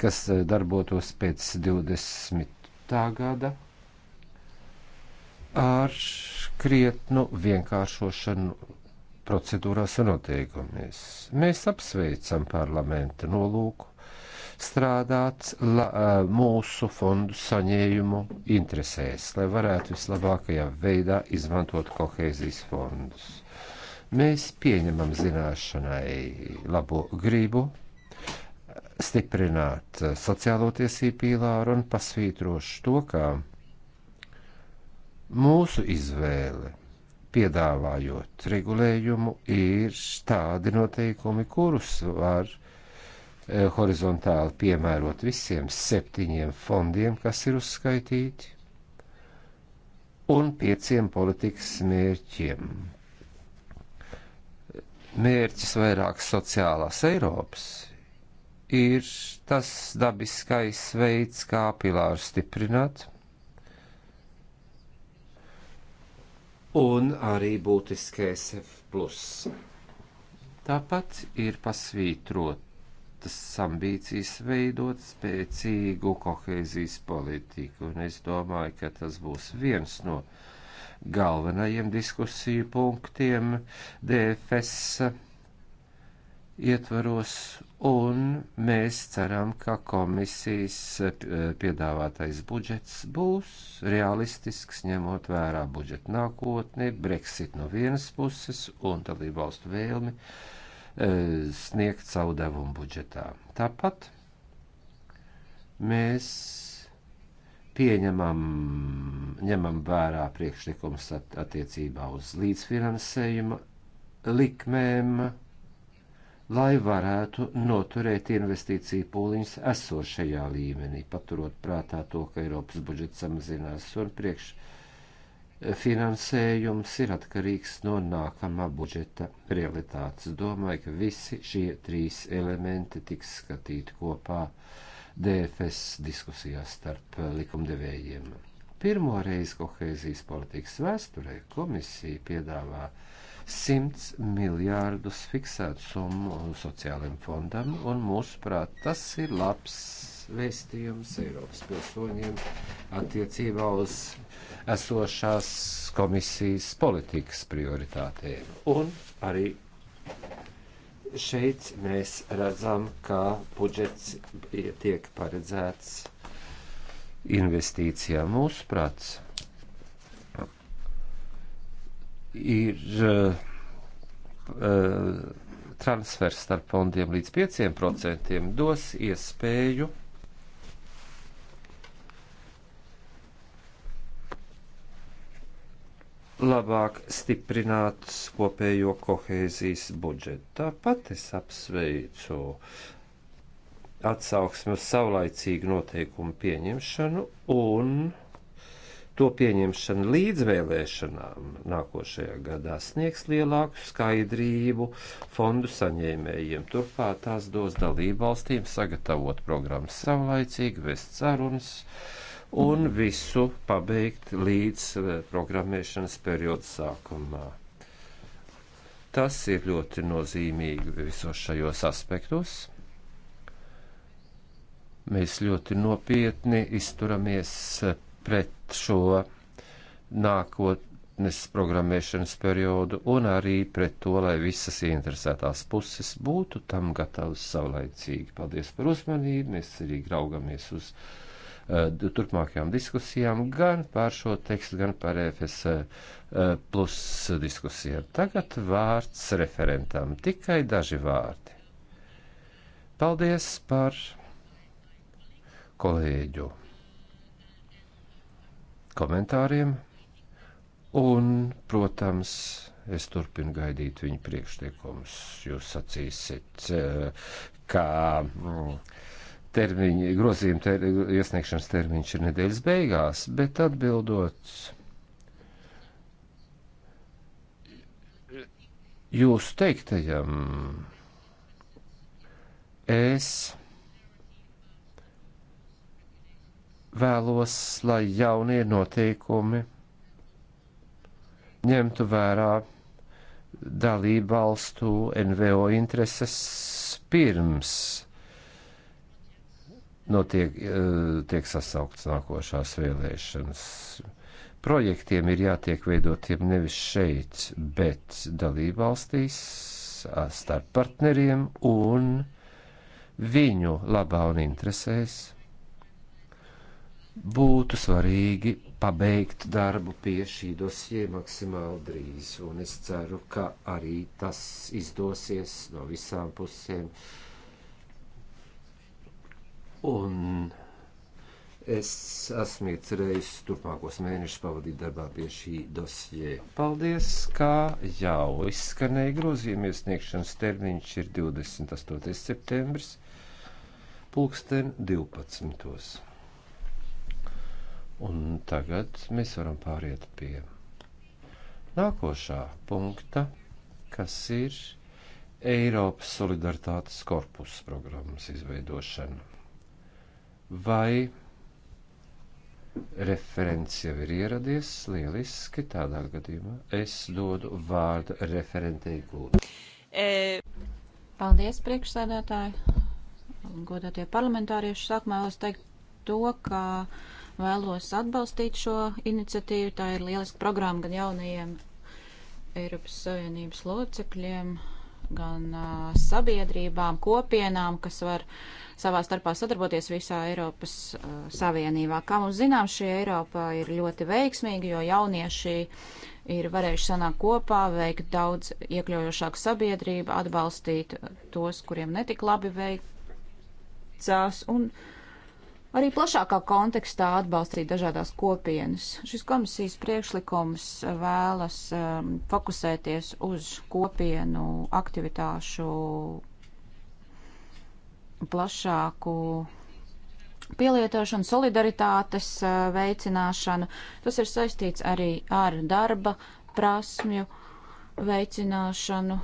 kas eh, darbotos pēc 20. gada ar krietnu vienkāršošanu procedūrās un noteikumos. Mēs apsveicam parlamenta nolūku strādāt la, mūsu fondu saņējumu interesēs, lai varētu vislabākajā veidā izmantot kohēzijas fondus. Mēs pieņemam zināšanai labo gribu stiprināt sociālo tiesību pīlāru un pasvītrošu to, kā mūsu izvēle piedāvājot regulējumu ir tādi noteikumi, kurus var uh, Eh, horizontāli piemērot visiem septiņiem fondiem, kas ir uzskaitīti, un pieciem politikas mērķiem. Mērķis vairāk sociālās Eiropas ir tas dabiskais veids, kā pilāru stiprināt, un arī būtiskais F. Tāpat ir pasvītrot tautas ambīcijas veidot spēcīgu kohēzijas politiku, un es domāju, ka tas būs viens no galvenajiem diskusiju punktiem DFS ietvaros, un mēs ceram, ka komisijas eh, piedāvātais budžets būs realistisks, ņemot vērā budžeta nākotni, Brexit no vienas puses un dalību valstu vēlmi E, sniegt savu devumu budžetā. Tāpat mēs pieņemam, ņemam vērā priekšlikumus at, attiecībā uz līdzfinansējuma likmēm, lai varētu noturēt investīciju pūliņus esošajā līmenī, paturot prātā to, ka Eiropas budžets samazinās un priekšlikums finansējums ir atkarīgs no nākamā budžeta realitātes. Domāju, ka visi šie trīs elementi tiks skatīti kopā DFS diskusijās starp likumdevējiem. Pirmo reizi kohēzijas politikas vēsturē komisija piedāvā 100 miljārdus fiksētu summu sociālajiem fondam, un mūsuprāt tas ir labs vēstījums Eiropas pilsoņiem attiecībā uz esošās komisijas politikas prioritātēm. Un arī šeit mēs redzam, ka budžets tiek paredzēts investīcijām mūsu prāts. Ir uh, transfers starp fondiem līdz 5% dos iespēju labāk stiprināt kopējo kohēzijas budžetu. Tāpat es apsveicu atsauksmi uz savlaicīgu noteikumu pieņemšanu un to pieņemšana līdz vēlēšanām nākošajā gadā sniegs lielāku skaidrību fondu saņēmējiem. Turpāt tās dos dalībvalstīm sagatavot programmas savlaicīgi, vest sarunas. Un un visu pabeigt līdz eh, programmēšanas perioda sākumā. Tas ir ļoti nozīmīgi visos šajos aspektos. Mēs ļoti nopietni izturamies eh, pret šo nākotnes programmēšanas periodu un arī pret to, lai visas interesētās puses būtu tam gatavas savlaicīgi. Paldies par uzmanību, mēs arī graugamies uz. Uh, Eh, turpmākajām diskusijām gan par šo tekstu, gan par e FS eh, plus diskusijām. Tagad vārds referentam, tikai daži vārdi. Paldies par kolēģu komentāriem un, protams, es turpinu gaidīt viņu priekšteikumus. Jūs sacīsiet, eh, ka mm, termiņi, grozījuma ter, iesniegšanas termiņš ir nedēļas beigās, bet atbildot jūsu teiktajam, es vēlos, lai jaunie noteikumi ņemtu vērā dalību valstu NVO intereses pirms notiek, tiek eh, sasauktas nākošās vēlēšanas. Projektiem ir jātiek veidotiem nevis šeit, bet dalībvalstīs, starp partneriem un viņu labā un interesēs. Būtu svarīgi pabeigt darbu pie šī dosie maksimāli drīz, un es ceru, ka arī tas izdosies no visām pusēm. Uh, Un es esmu iecerējis turpmākos mēnešus pavadīt darbā pie šī dosjē. Paldies, kā jau izskanēja grozījuma iesniegšanas termiņš ir 28. septembris, pulksten 12. Un tagad mēs varam pāriet pie nākošā punkta, kas ir Eiropas solidaritātes korpusa programmas izveidošana. Vai referents jau ir ieradies? Lieliski, tādā gadījumā es dodu vārdu referentei Glūdu. E, Paldies, priekšsēdētāji. Godātie parlamentārieši, sākumā vēlos teikt to, ka vēlos atbalstīt šo iniciatīvu. Tā ir lieliska programma gan jaunajiem Eiropas Savienības locekļiem, gan uh, sabiedrībām, kopienām, kas var savā starpā sadarboties visā Eiropas uh, Savienībā. Kā mums zinām, šī Eiropa ir ļoti veiksmīga, jo jaunieši ir varējuši sanākt kopā, veikt daudz iekļaujošāku sabiedrību, atbalstīt tos, kuriem netik labi veicās. Un, uh, arī plašākā kontekstā atbalstīt dažādās kopienas. Šis komisijas priekšlikums vēlas um, fokusēties uz kopienu aktivitāšu plašāku pielietošanu, solidaritātes uh, veicināšanu. Tas ir saistīts arī ar darba prasmju veicināšanu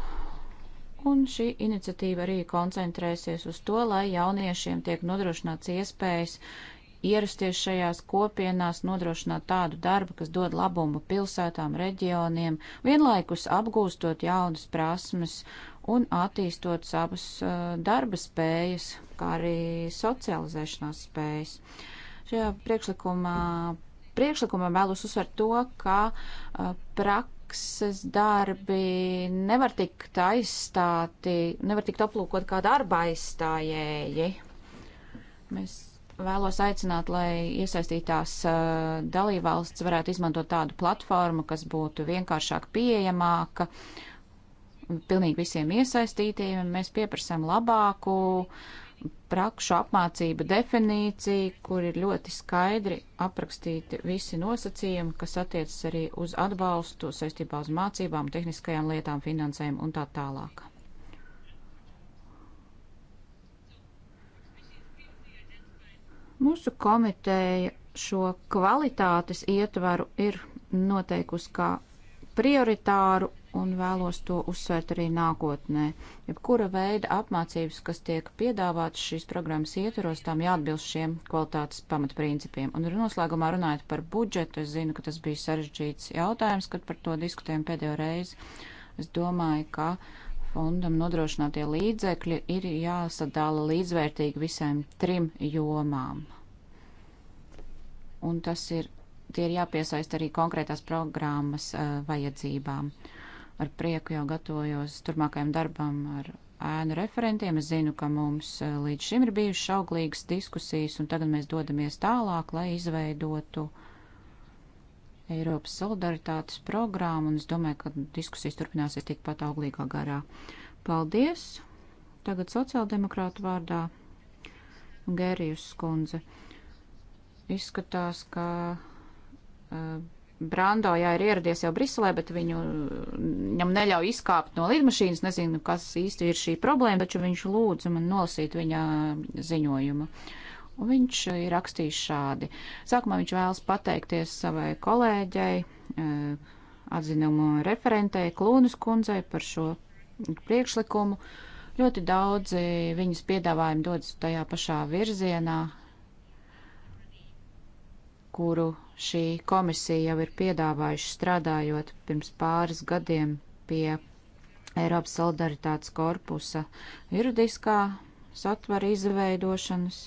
Un šī iniciatīva arī koncentrēsies uz to, lai jauniešiem tiek nodrošināts iespējas ierasties šajās kopienās, nodrošināt tādu darbu, kas dod labumu pilsētām, reģioniem, vienlaikus apgūstot jaunas prasmes un attīstot savas uh, darba spējas, kā arī socializēšanās spējas. Šajā priekšlikumā, priekšlikumā vēlos uzsvert to, ka uh, praktiski prakses darbi nevar tikt aizstāti, nevar tikt aplūkot kā darba aizstājēji. Mēs vēlos aicināt, lai iesaistītās uh, dalībvalsts varētu izmantot tādu platformu, kas būtu vienkāršāk pieejamāka pilnīgi visiem iesaistītiem. Mēs pieprasām labāku uh, prakšu apmācība definīcija, kur ir ļoti skaidri aprakstīti visi nosacījumi, kas attiecas arī uz atbalstu saistībā uz mācībām, tehniskajām lietām, finansējumu un tā tālāk. Mūsu komiteja šo kvalitātes ietvaru ir noteikusi kā prioritāru un vēlos to uzsvērt arī nākotnē. Jebkura veida apmācības, kas tiek piedāvātas šīs programmas ietvaros, tām jāatbilst šiem kvalitātes pamatprincipiem. Un noslēgumā runājot par budžetu, es zinu, ka tas bija sarežģīts jautājums, kad par to diskutējām pēdējo reizi. Es domāju, ka fondam nodrošinātie līdzekļi ir jāsadala līdzvērtīgi visām trim jomām. Un tas ir, tie ir jāpiesaist arī konkrētās programmas uh, vajadzībām. Uh, ar prieku jau gatavojos turmākajam darbam ar ēnu referentiem. Es zinu, ka mums eh, līdz šim ir bijušas auglīgas diskusijas, un tagad mēs dodamies tālāk, lai izveidotu Eiropas solidaritātes programmu, un es domāju, ka diskusijas turpināsies tikpat auglīgā garā. Paldies! Tagad sociāldemokrātu vārdā Gērijus skundze. Izskatās, ka uh, Brando, jā, ir ieradies jau Briselē, bet viņu ņem neļauj izkāpt no lidmašīnas. Nezinu, kas īsti ir šī problēma, taču viņš lūdza man nolasīt viņa ziņojumu. Un viņš eh, ir rakstījis šādi. Sākumā viņš vēlas pateikties savai kolēģei, eh, atzinumu referentei Klūnas kundzei par šo priekšlikumu. Ļoti daudzi viņas piedāvājumi dodas tajā pašā virzienā, kuru šī komisija jau ir piedāvājuši strādājot pirms pāris gadiem pie Eiropas solidaritātes korpusa juridiskā satvara izveidošanas.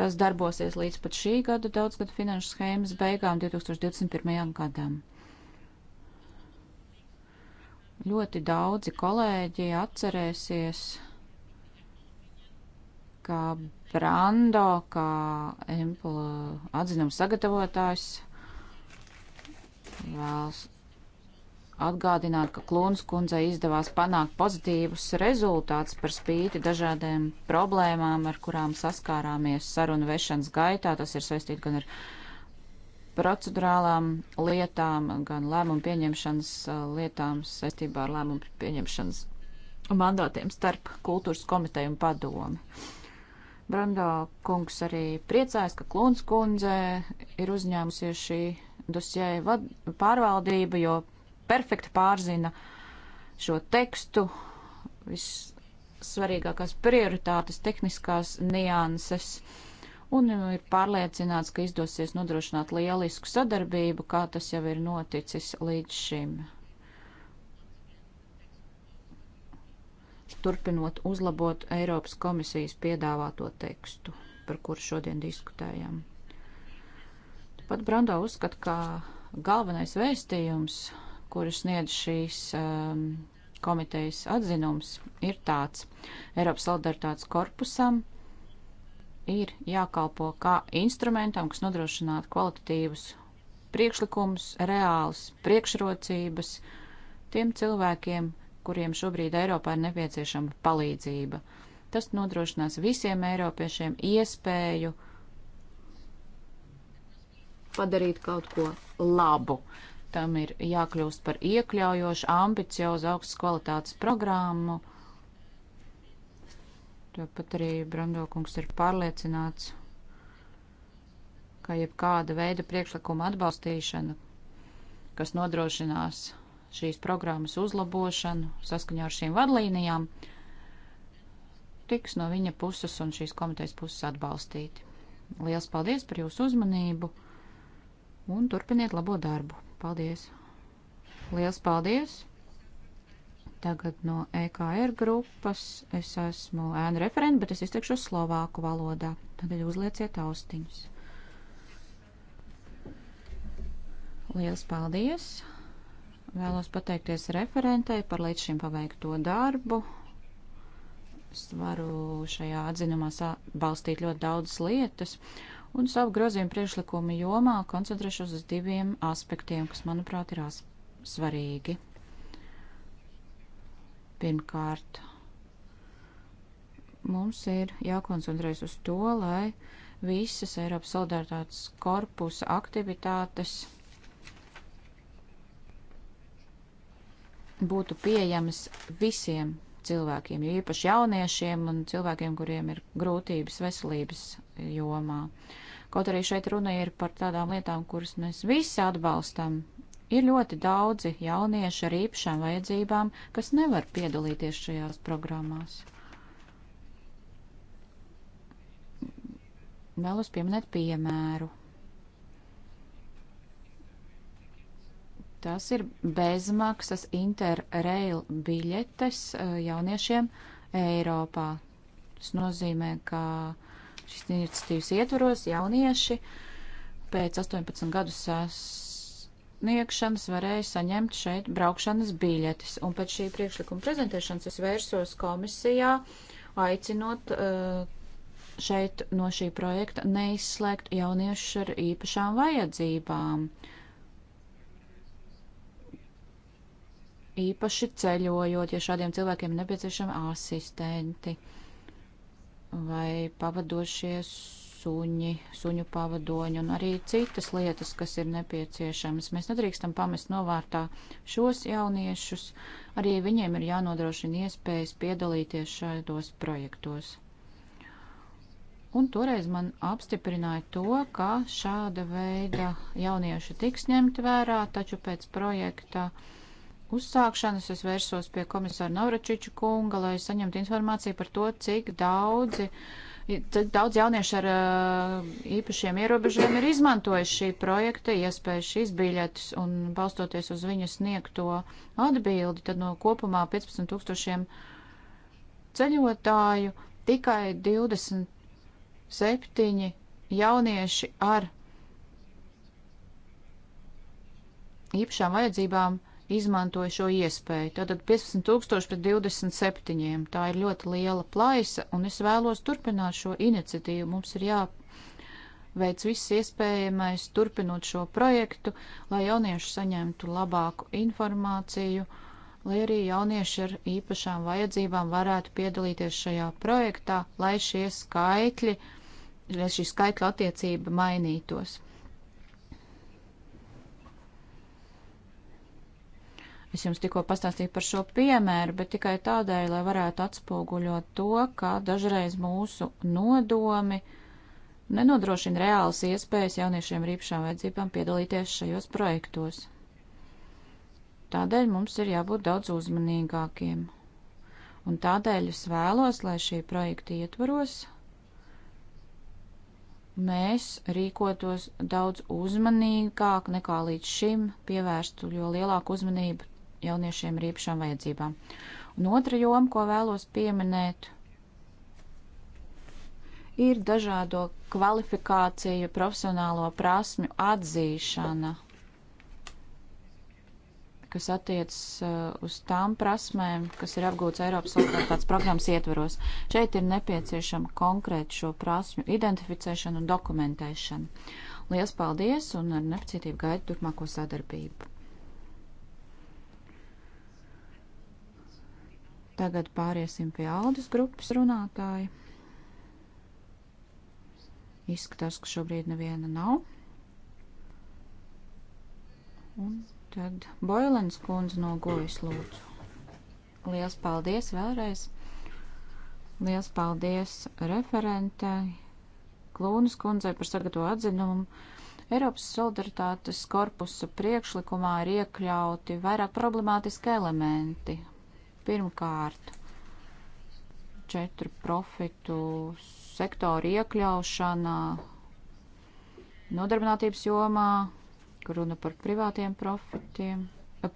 Tas darbosies līdz pat šī gada daudzgada finanšu schēmas beigām 2021. gadam. Ļoti daudzi kolēģi atcerēsies kā Brando, kā Empula atzinums sagatavotājs vēlas atgādināt, ka Klūnas kundzei izdevās panākt pozitīvus rezultātus par spīti dažādiem problēmām, ar kurām saskārāmies sarunu vešanas gaitā. Tas ir saistīts gan ar procedurālām lietām, gan lēmumu pieņemšanas lietām saistībā ar lēmumu pieņemšanas mandātiem starp kultūras komiteju un padomi. Brando kungs arī priecājas, ka Klūns kundze ir uzņēmusies šī dosjē pārvaldība, jo perfekti pārzina šo tekstu, vissvarīgākās prioritātes, tehniskās nianses un ir pārliecināts, ka izdosies nodrošināt lielisku sadarbību, kā tas jau ir noticis līdz šim. turpinot uzlabot Eiropas komisijas piedāvāto tekstu, par kuru šodien diskutējam. Pat Brando uzskata, ka galvenais vēstījums, kuru sniedz šīs um, komitejas atzinums, ir tāds - Eiropas solidaritātes korpusam ir jākalpo kā instrumentam, kas nodrošinātu kvalitatīvus priekšlikumus, reāls priekšrocības tiem cilvēkiem, kuriem šobrīd Eiropā ir nepieciešama palīdzība. Tas nodrošinās visiem eiropiešiem iespēju padarīt kaut ko labu. Tam ir jākļūst par iekļaujošu, ambiciozu, augstas kvalitātes programmu. To pat arī Brandokungs ir pārliecināts, ka jebkāda veida priekšlikuma atbalstīšana, kas nodrošinās šīs programmas uzlabošanu saskaņā ar šīm vadlīnijām, tiks no viņa puses un šīs komitejas puses atbalstīti. Lielas paldies par jūsu uzmanību un turpiniet labo darbu. Paldies! Lielas paldies! Tagad no EKR grupas es esmu ēnu referenti, bet es izteikšos slovāku valodā. Tagad uzlieciet austiņas. Lielas paldies! Vēlos pateikties referentei par līdz šim paveikto darbu. Es varu šajā atzinumā balstīt ļoti daudzas lietas, un savu grozījumu priekšlikumu jomā koncentrēšos uz diviem aspektiem, kas, manuprāt, ir svarīgi. Pirmkārt, mums ir jākoncentrēs uz to, lai visas Eiropas solidaritātes korpusa aktivitātes būtu pieejamas visiem cilvēkiem, jo īpaši jauniešiem un cilvēkiem, kuriem ir grūtības veselības jomā. Kaut arī šeit runa ir par tādām lietām, kuras mēs visi atbalstam. Ir ļoti daudzi jaunieši ar īpašām vajadzībām, kas nevar piedalīties šajās programmās. Vēlos pieminēt piemēru. Tas ir bezmaksas interrail biļetes eh, jauniešiem Eiropā. Tas nozīmē, ka šīs iniciatīvas ietvaros jaunieši pēc 18 gadu sasniegšanas varēja saņemt šeit braukšanas biļetes. Un pēc šī priekšlikuma prezentēšanas es vērsos komisijā, aicinot eh, šeit no šī projekta neizslēgt jauniešus ar īpašām vajadzībām. Uh, īpaši ceļojot, ja šādiem cilvēkiem nepieciešami asistenti vai pavadošie suņi, suņu pavadoņi un arī citas lietas, kas ir nepieciešamas. Mēs nedrīkstam pamest novārtā šos jauniešus, arī viņiem ir jānodrošina iespējas piedalīties šādos projektos. Un toreiz man apstiprināja to, ka šāda veida jaunieši tiks ņemti vērā, taču pēc projekta uh, uzsākšanas es vērsos pie komisāra Navračiča kunga, lai saņemtu informāciju par to, cik daudzi, cik daudz jaunieši ar uh, īpašiem ierobežojumiem ir izmantojuši šī projekta iespēju šīs biļetes un balstoties uz viņu sniegto atbildi, tad no kopumā 15 tūkstošiem ceļotāju tikai 27 jaunieši ar īpašām vajadzībām izmantoja šo iespēju. Tātad 15 tūkstoši pret 27. Tā ir ļoti liela plaisa, un es vēlos turpināt šo iniciatīvu. Mums ir jāveic viss iespējamais, turpinot šo projektu, lai jaunieši saņemtu labāku informāciju, lai arī jaunieši ar īpašām vajadzībām varētu piedalīties šajā projektā, lai šie skaitļi, lai šī skaitļa attiecība mainītos. Es jums tikko pastāstīju par šo piemēru, bet tikai tādēļ, lai varētu atspoguļot to, kā dažreiz mūsu nodomi nenodrošina reāls iespējas jauniešiem ar īpašām vajadzībām piedalīties šajos projektos. Tādēļ mums ir jābūt daudz uzmanīgākiem. Un tādēļ es vēlos, lai šī projekta ietvaros mēs rīkotos daudz uzmanīgāk nekā līdz šim, pievērstu jo lielāku uzmanību jauniešiem ar īpašām vajadzībām. Un otra joma, ko vēlos pieminēt, ir dažādo kvalifikāciju, profesionālo prasmju atzīšana, kas attiecas uh, uz tām prasmēm, kas ir apgūts Eiropas solidaritātes programmas ietveros. Šeit ir nepieciešama konkrēta šo prasmju identificēšana un dokumentēšana. Lielas paldies un ar nepacietību gaidu turpmāko sadarbību. Tagad pāriesim pie Aldis grupas runātāja. Izskatās, ka šobrīd neviena nav. Un tad Boilens kundze no gojas lūdzu. Liels paldies vēlreiz. Liels paldies referentai Klūnas kundzei par sagatavo atzinumu. Eiropas solidaritātes korpusa priekšlikumā ir iekļauti vairāk problemātiski elementi, Pirmkārt, četru profitu sektoru iekļaušana nodarbinātības jomā, kur runa par privātiem profitiem,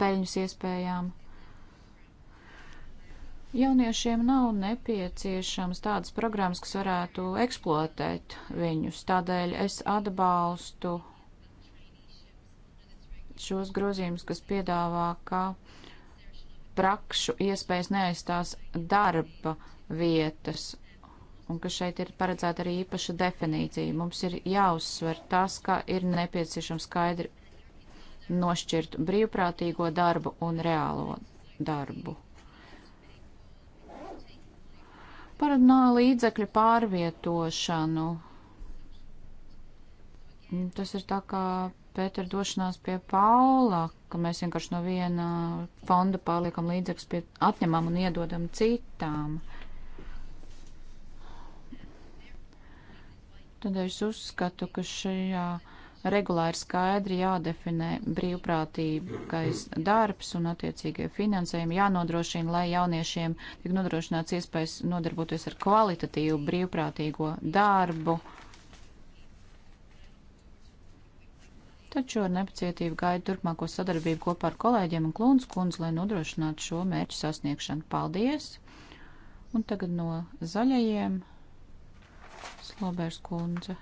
peļņas iespējām. Jauniešiem nav nepieciešams tādas programmas, kas varētu eksploatēt viņus. Tādēļ es atbalstu šos grozījumus, kas piedāvā, ka prakšu iespējas neaizstās darba vietas un ka šeit ir paredzēta arī īpaša definīcija. Mums ir jāuzsver tas, ka ir nepieciešams skaidri nošķirt brīvprātīgo darbu un reālo darbu. Par no līdzekļu pārvietošanu. Tas ir tā kā Pēter došanās pie Paula, ka mēs vienkārši no viena fonda pārliekam līdzekļus pie atņemam un iedodam citām. Tad es uzskatu, ka šajā regulā ir skaidri jādefinē brīvprātīgais darbs un attiecīgie finansējumi jānodrošina, lai jauniešiem tik nodrošināts iespējas nodarboties ar kvalitatīvu brīvprātīgo darbu taču ar nepacietību gaidu turpmāko sadarbību kopā ar kolēģiem un klūnas kundzi, lai nodrošinātu šo mērķu sasniegšanu. Paldies! Un tagad no zaļajiem Slobērs kundze.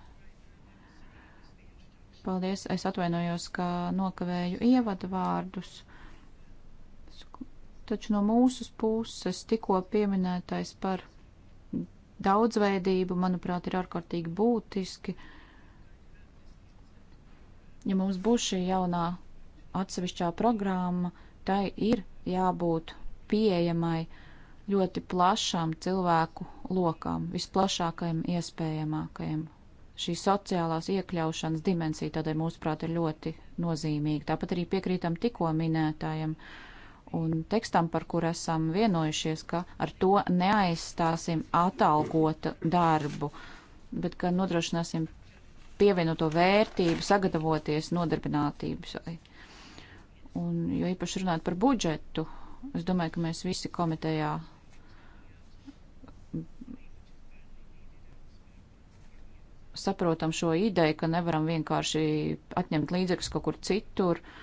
Paldies, es atvainojos, ka nokavēju ievadu vārdus. Taču no mūsu puses tikko pieminētais par daudzveidību, manuprāt, ir ārkārtīgi būtiski. Uh, Ja mums būs šī jaunā atsevišķā programma, tai ir jābūt pieejamai ļoti plašam cilvēku lokam, visplašākajam iespējamākajam. Šī sociālās iekļaušanas dimensija tādai mūsuprāt ir ļoti nozīmīga. Tāpat arī piekrītam tikko minētājiem un tekstam, par kur esam vienojušies, ka ar to neaizstāsim atalgota darbu, bet ka nodrošināsim pievienoto vērtību, sagatavoties nodarbinātībai. Un, jo īpaši runāt par budžetu, es domāju, ka mēs visi komitejā saprotam šo ideju, ka nevaram vienkārši atņemt līdzekļus kaut kur citur. Uh,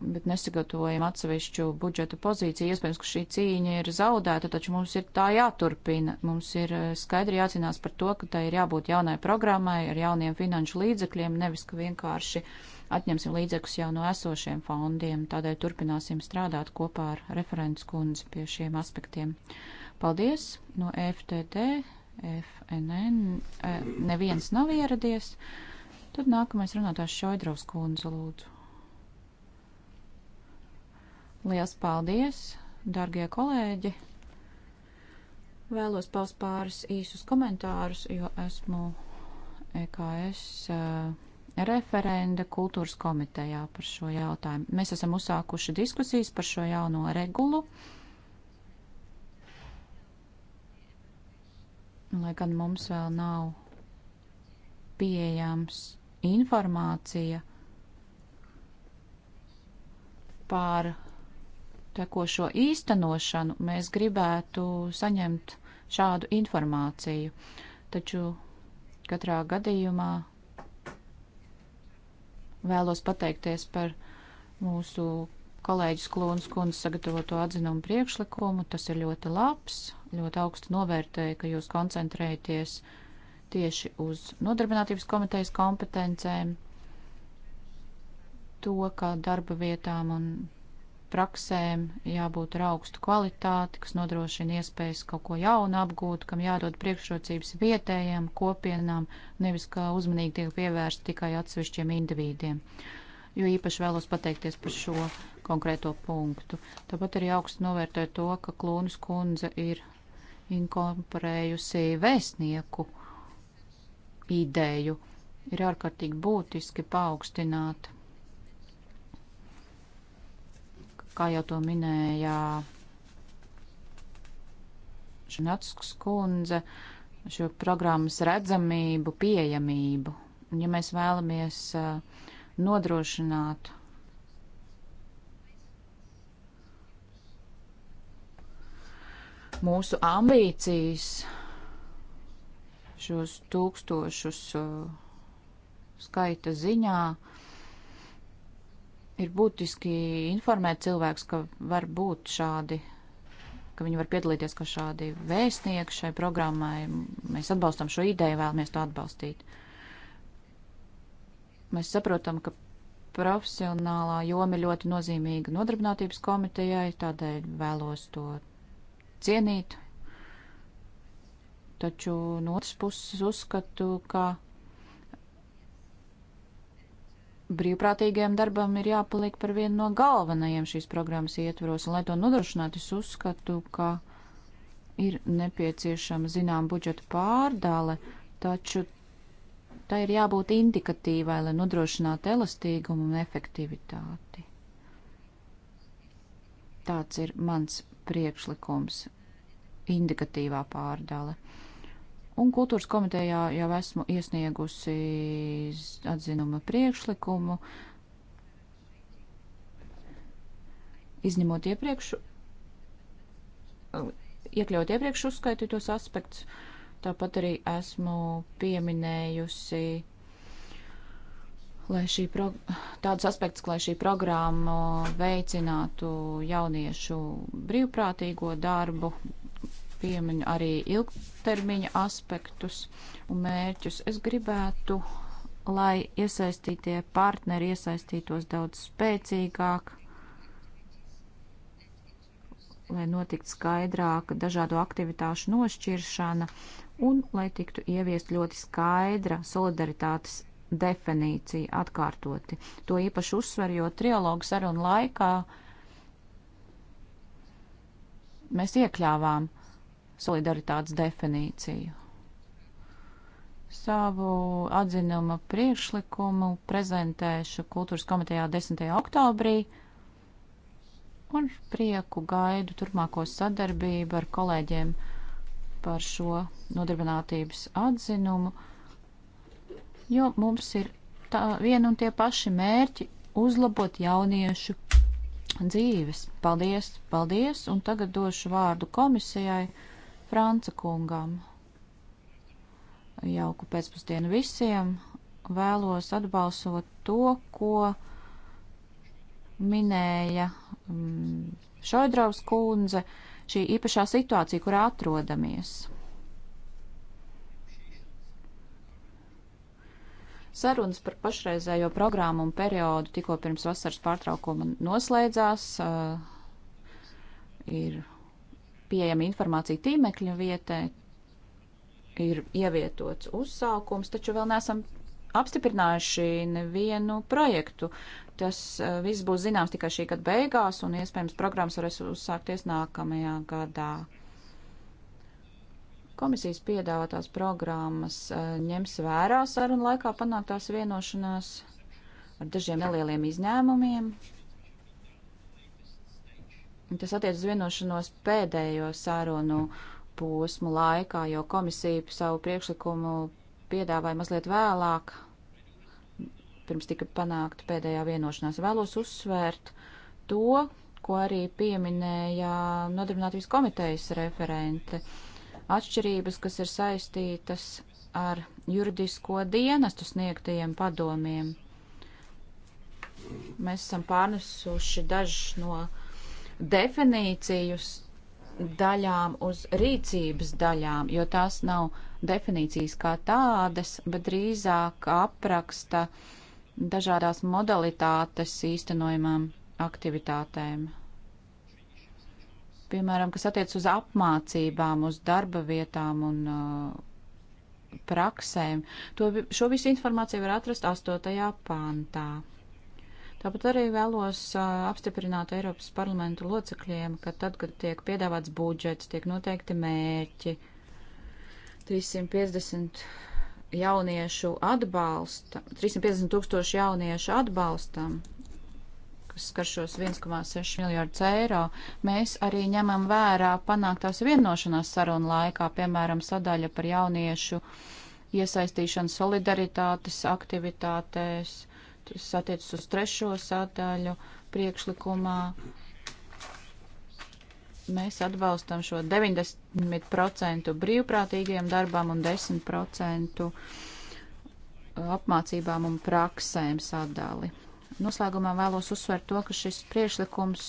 bet nesagatavojam atsevišķu budžeta pozīciju. Iespējams, ka šī cīņa ir zaudēta, taču mums ir tā jāturpina. Mums ir eh, skaidri jācīnās par to, ka tai ir jābūt jaunai programmai ar jauniem finanšu līdzekļiem, nevis ka vienkārši atņemsim līdzekļus jau no esošiem fondiem. Tādēļ turpināsim strādāt kopā ar referents kundzi pie šiem aspektiem. Paldies no FTT, FNN. Eh, neviens nav ieradies. Tad nākamais runātājs Šoidrovs kundze lūdzu. Lielas paldies, darbie kolēģi! Vēlos paust pāris īsus komentārus, jo esmu EKS eh, referenda kultūras komitejā par šo jautājumu. Mēs esam uzsākuši diskusijas par šo jauno regulu. Lai gan mums vēl nav pieejams informācija par tekošo īstenošanu, mēs gribētu saņemt šādu informāciju. Taču katrā gadījumā vēlos pateikties par mūsu kolēģis Klūnas kundzes sagatavoto atzinumu priekšlikumu. Tas ir ļoti labs, ļoti augstu novērtēju, ka jūs koncentrējaties tieši uz nodarbinātības komitejas kompetencēm, to, kā darba vietām un praksēm jābūt ar augstu kvalitāti, kas nodrošina iespējas kaut ko jaunu apgūt, kam jādod priekšrocības vietējiem kopienām, nevis kā uzmanīgi tiek pievērsti tikai atsevišķiem individiem. Jo īpaši vēlos pateikties par šo konkrēto punktu. Tāpat arī augstu novērtē to, ka Klūnas kundze ir inkorporējusi vēstnieku ideju. Ir ārkārtīgi būtiski paaugstināt kā jau to minēja Šanatskas kundze, šo programmas redzamību, pieejamību. Ja mēs vēlamies nodrošināt mūsu ambīcijas, šos tūkstošus skaita ziņā, uh, ir būtiski informēt cilvēks, ka var būt šādi, ka viņi var piedalīties kā šādi vēstnieki šai programmai. Mēs atbalstam šo ideju, vēlamies to atbalstīt. Mēs saprotam, ka profesionālā joma ir ļoti nozīmīga nodarbinātības komitejai, tādēļ vēlos to cienīt. Taču no otras puses uzskatu, ka brīvprātīgajam darbam ir jāpaliek par vienu no galvenajiem šīs programmas ietvaros, un lai to nodrošinātu, es uzskatu, ka ir nepieciešama zinām budžeta pārdāle, taču tā ir jābūt indikatīvai, lai nodrošinātu elastīgumu un efektivitāti. Tāds ir mans priekšlikums - indikatīvā pārdāle. Uh, Un kultūras komitejā jau esmu iesniegusi atzinuma priekšlikumu, izņemot iepriekš, iekļaut iepriekš uzskaitītos aspektus. Tāpat arī esmu pieminējusi lai šī pro, tāds aspekts, lai šī programma veicinātu jauniešu brīvprātīgo darbu, piemiņu arī ilgtermiņa aspektus un mērķus. Es gribētu, lai iesaistītie partneri iesaistītos daudz spēcīgāk, lai notiktu skaidrāka dažādu aktivitāšu nošķiršana un lai tiktu ieviest ļoti skaidra solidaritātes definīcija atkārtoti. To īpaši uzsver, jo trialogu sarunu laikā mēs iekļāvām solidaritātes definīciju. Savu atzinuma priekšlikumu prezentēšu kultūras komitejā 10. oktobrī un prieku gaidu turpmāko sadarbību ar kolēģiem par šo nodarbinātības atzinumu, jo mums ir tā viena un tie paši mērķi uzlabot jauniešu dzīves. Paldies, paldies, un tagad došu vārdu komisijai Franca kungam. Jauku pēcpusdienu visiem. Vēlos atbalsot to, ko minēja mm, Šoidraus kundze, šī īpašā situācija, kurā atrodamies. Sarunas par pašreizējo programmu un periodu tikko pirms vasaras pārtraukuma noslēdzās. Uh, ir pieejama informācija tīmekļa vietē, ir ievietots uzsākums, taču vēl neesam apstiprinājuši nevienu projektu. Tas eh, viss būs zināms tikai šī gada beigās, un iespējams programmas varēs uzsākties nākamajā gadā. Komisijas piedāvātās programmas eh, ņems vērā sarunu laikā panāktās vienošanās ar dažiem nelieliem izņēmumiem. Tas attiec uz vienošanos pēdējo sārunu posmu laikā, jo komisija savu priekšlikumu piedāvāja mazliet vēlāk, pirms tika panākta pēdējā vienošanās. Vēlos uzsvērt to, ko arī pieminēja Nodarbinātības komitejas referente. Atšķirības, kas ir saistītas ar juridisko dienestu sniegtajiem padomiem. Mēs esam pārnesuši dažus no definīcijas daļām uz rīcības daļām, jo tās nav definīcijas kā tādas, bet drīzāk apraksta dažādās modalitātes īstenojumam aktivitātēm. Piemēram, kas attiec uz apmācībām, uz darba vietām un uh, praksēm. To, šo visu informāciju var atrast 8. pāntā. Tāpat arī vēlos apstiprināt Eiropas parlamentu locekļiem, ka tad, kad tiek piedāvāts budžets, tiek noteikti mērķi 350 jauniešu atbalsta, 350 tūkstoši jauniešu atbalstam, kas skar šos 1,6 miljārdus eiro, mēs arī ņemam vērā panāktās vienošanās sarunu laikā, piemēram, sadaļa par jauniešu iesaistīšanu solidaritātes aktivitātēs, Tas attiecas uz trešo sātāļu priekšlikumā. Mēs atbalstam šo 90% brīvprātīgiem darbam un 10% apmācībām un praksēm sadali. Noslēgumā vēlos uzsvērt to, ka šis priekšlikums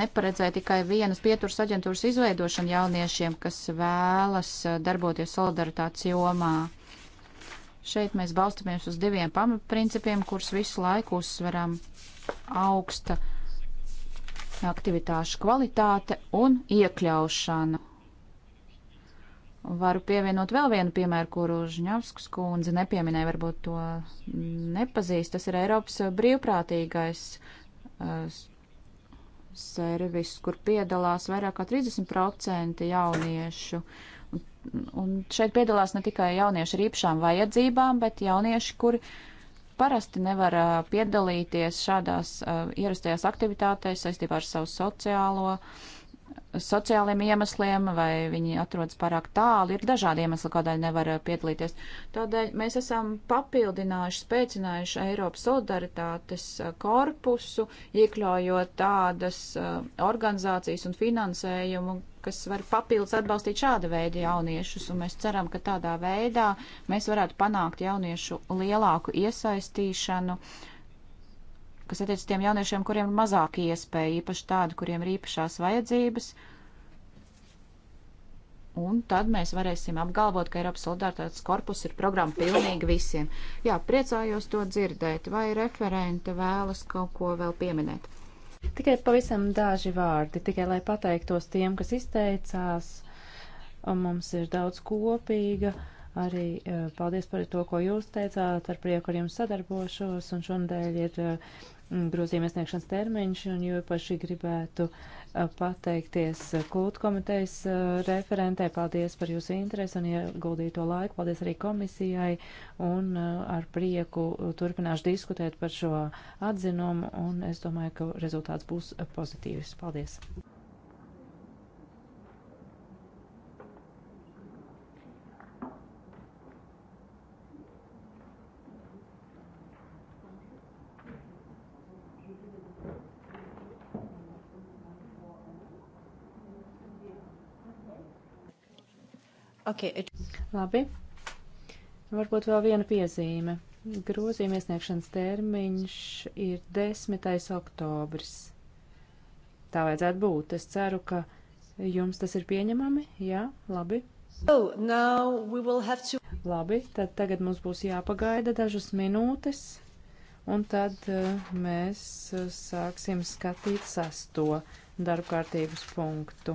neparedzēja tikai vienas pieturas aģentūras izveidošanu jauniešiem, kas vēlas darboties solidaritātes jomā. Šeit mēs balstamies uz diviem pamatprincipiem, kurus visu laiku uzsveram - augsta aktivitāšu kvalitāte un iekļaušana. Varu pievienot vēl vienu piemēru, kuru Žņavskas kundze nepieminēja, varbūt to nepazīst. Tas ir Eiropas brīvprātīgais uh, servis, kur piedalās vairāk kā 30% jauniešu. Uh, Un šeit piedalās ne tikai jaunieši ar īpašām vajadzībām, bet jaunieši, kuri parasti nevar piedalīties šādās ierastajās aktivitātēs saistībā ar savu sociālo, sociāliem iemesliem, vai viņi atrodas pārāk tālu. Ir dažādi iemesli, kādēļ nevar piedalīties. Tādēļ mēs esam papildinājuši, spēcinājuši Eiropas solidaritātes korpusu, iekļaujot tādas organizācijas un finansējumu, kas var papildus atbalstīt šāda veida jauniešus, un mēs ceram, ka tādā veidā mēs varētu panākt jauniešu lielāku iesaistīšanu, kas attiec tiem jauniešiem, kuriem ir mazāk iespēja, īpaši tādi, kuriem ir īpašās vajadzības. Un tad mēs varēsim apgalvot, ka Eiropas solidaritātes korpus ir programma pilnīgi visiem. Jā, priecājos to dzirdēt. Vai referente vēlas kaut ko vēl pieminēt? Tikai pavisam daži vārdi, tikai lai pateiktos tiem, kas izteicās. Mums ir daudz kopīga. Arī eh, paldies par to, ko jūs teicāt. Ar prieku ar jums sadarbošos. Un šonadēļ ir eh, Mm, grozījuma iesniegšanas termiņš, un jo paši gribētu pateikties kultu komitejas referentē. Paldies par jūsu interesi un ieguldīto laiku. Paldies arī komisijai, un ar prieku turpināšu diskutēt par šo atzinumu, un es domāju, ka rezultāts būs pozitīvs. Paldies! Okay, it... Labi. Varbūt vēl viena piezīme. Grozījuma iesniegšanas termiņš ir 10. oktobris. Tā vajadzētu būt. Es ceru, ka jums tas ir pieņemami. Jā, labi. So, oh, to... Labi, tad tagad mums būs jāpagaida dažas minūtes, un tad uh, mēs eh, sāksim skatīt sesto darbkārtības punktu.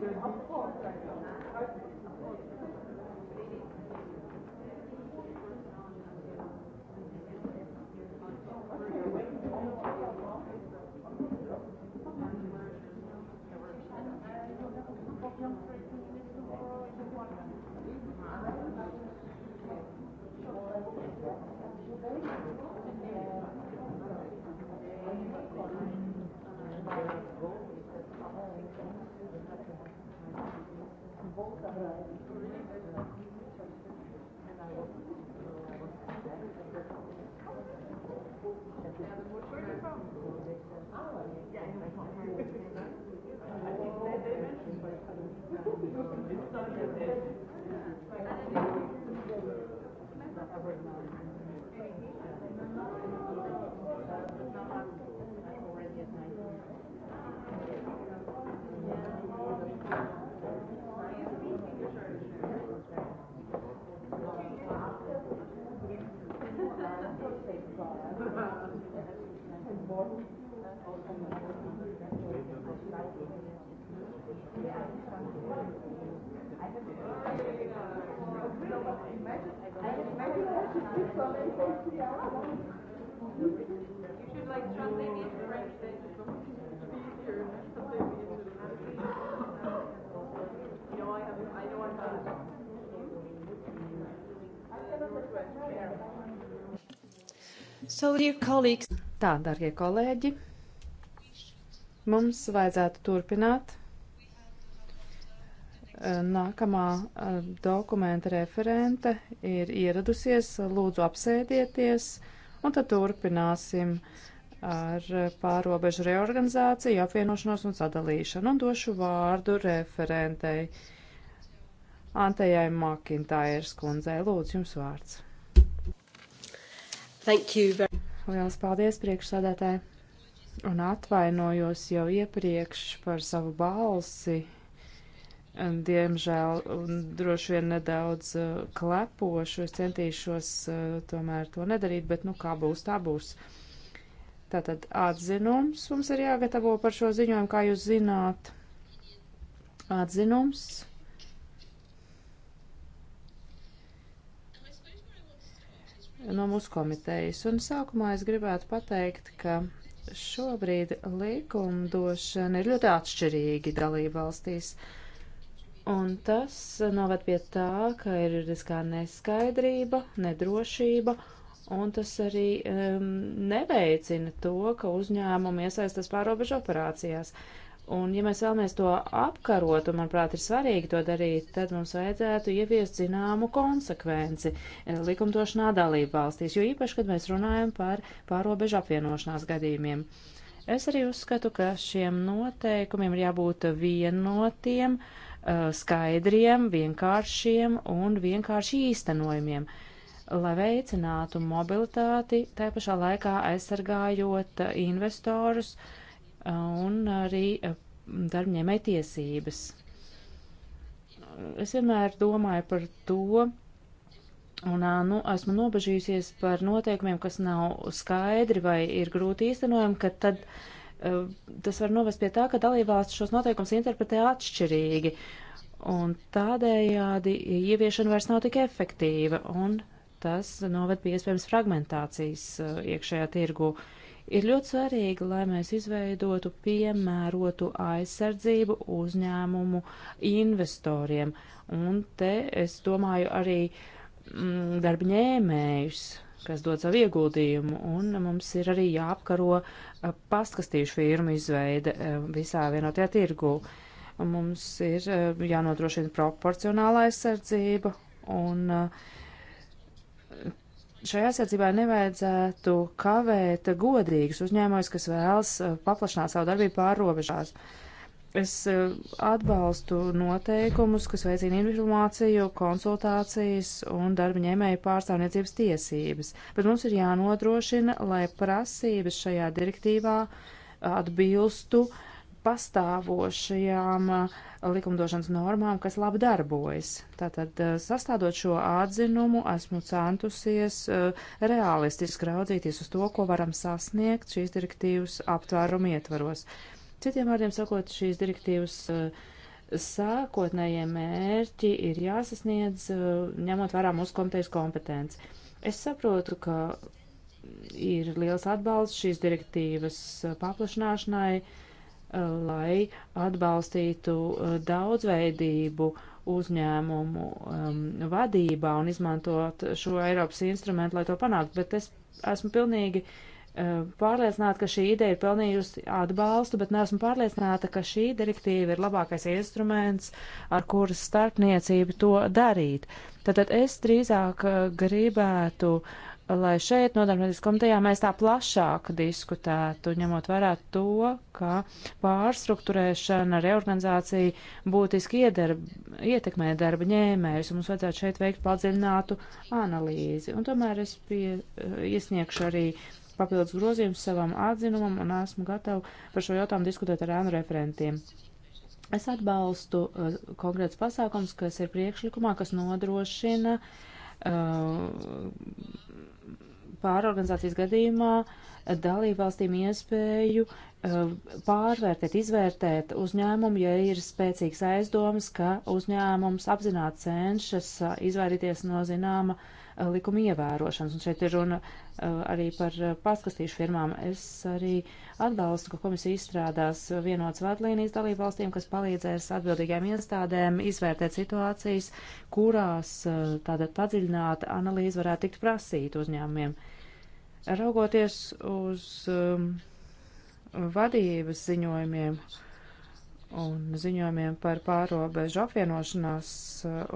Of course I know. So, Tā, darbie kolēģi, mums vajadzētu turpināt. Eh, nākamā eh, dokumenta referente ir ieradusies, lūdzu apsēdieties, un tad turpināsim ar pārobežu reorganizāciju, apvienošanos un sadalīšanu, un došu vārdu referentei Antejai Makintājas kundzei. Lūdzu, jums vārds. Thank you very... Lielas paldies priekšsādātāji. Un atvainojos jau iepriekš par savu balsi. Un, diemžēl un droši vien nedaudz uh, klepošu. Es centīšos uh, tomēr to nedarīt, bet nu kā būs, tā būs. Tātad atzinums mums ir jāgatavo par šo ziņojumu, kā jūs zināt. Atzinums no mūsu komitejas. Un sākumā es gribētu pateikt, ka šobrīd likumdošana ir ļoti atšķirīga dalība valstīs. Un tas noved pie tā, ka ir juridiskā neskaidrība, nedrošība, un tas arī um, neveicina to, ka uzņēmumi iesaistās pārobežu operācijās. Uh, Un, ja mēs vēlamies to apkarot, un, manuprāt, ir svarīgi to darīt, tad mums vajadzētu ieviest zināmu konsekvenci eh, likumdošanā dalību valstīs, jo īpaši, kad mēs runājam par pārobežu apvienošanās gadījumiem. Es arī uzskatu, ka šiem noteikumiem ir jābūt vienotiem, eh, skaidriem, vienkāršiem un vienkārši īstenojumiem, lai veicinātu mobilitāti, tā pašā laikā aizsargājot eh, investorus, uh, un arī eh, darbņēmēja tiesības. Es vienmēr domāju par to, un nu, esmu nobežījusies par noteikumiem, kas nav skaidri vai ir grūti īstenojami, ka tad eh, tas var novest pie tā, ka dalībvalsts šos noteikumus interpretē atšķirīgi, un tādējādi ieviešana vairs nav tik efektīva, un tas noved pie iespējams fragmentācijas eh, iekšējā tirgu. Uh, Ir ļoti svarīgi, lai mēs izveidotu piemērotu aizsardzību uzņēmumu investoriem, un te es domāju arī mm, darbņēmējus, kas dod savu ieguldījumu, un mums ir arī jāapkaro pastkastīšu firmu izveide visā vienotajā tirgū. Mums ir jānodrošina proporcionāla aizsardzība, un uh, šai aizsardzībai nevajadzētu kavēt godīgus uzņēmējus, kas vēlas eh, paplašināt savu darbību pārrobežās. Es eh, atbalstu noteikumus, kas veicina informāciju, konsultācijas un darba ņēmēju pārstāvniecības tiesības, bet mums ir jānodrošina, lai prasības šajā direktīvā eh, atbilstu uh, pastāvošajām uh, likumdošanas normām, kas labi darbojas. Tātad, uh, sastādot šo atzinumu, esmu centusies uh, realistiski raudzīties uz to, ko varam sasniegt šīs direktīvas aptvērumu ietvaros. Citiem vārdiem sakot, šīs direktīvas sākotnējie mērķi ir jāsasniedz, ņemot vērā mūsu komitejas kompetenci. Es saprotu, ka ir liels atbalsts šīs direktīvas paplašināšanai, uh, lai atbalstītu eh, daudzveidību uzņēmumu um, vadībā un izmantot šo Eiropas instrumentu, lai to panāktu. Bet es esmu pilnīgi uh, pārliecināta, ka šī ideja ir pelnījusi atbalstu, bet neesmu pārliecināta, ka šī direktīva ir labākais instruments, ar kuras starpniecību to darīt. Tātad es drīzāk eh, gribētu uh, lai šeit nodarbinātības komitejā mēs tā plašāk diskutētu, ņemot vērā to, ka pārstruktūrēšana, reorganizācija būtiski iedarb, ietekmē darba ņēmējus, un mums vajadzētu šeit veikt padziļinātu analīzi. Un tomēr es pie, iesniegšu arī papildus grozījumus savam atzinumam, un esmu gatava par šo jautājumu diskutēt ar ēnu referentiem. Es atbalstu uh, konkrēts pasākums, kas ir priekšlikumā, kas nodrošina uh, pārorganizācijas gadījumā dalībvalstīm iespēju eh, pārvērtēt, izvērtēt uzņēmumu, ja ir spēcīgs aizdomas, ka uzņēmums apzināti cenšas eh, izvairīties no zināma uh, Uh, likuma ievērošanas. Un šeit ir runa uh, arī par uh, paskastīšu firmām. Es arī atbalstu, ka komisija izstrādās vienots vadlīnijas dalību valstīm, kas palīdzēs atbildīgajām iestādēm izvērtēt situācijas, kurās tātad padziļināta analīze varētu tikt prasīta uzņēmumiem. Raugoties uz um, vadības ziņojumiem, un ziņojumiem par pārobežu apvienošanās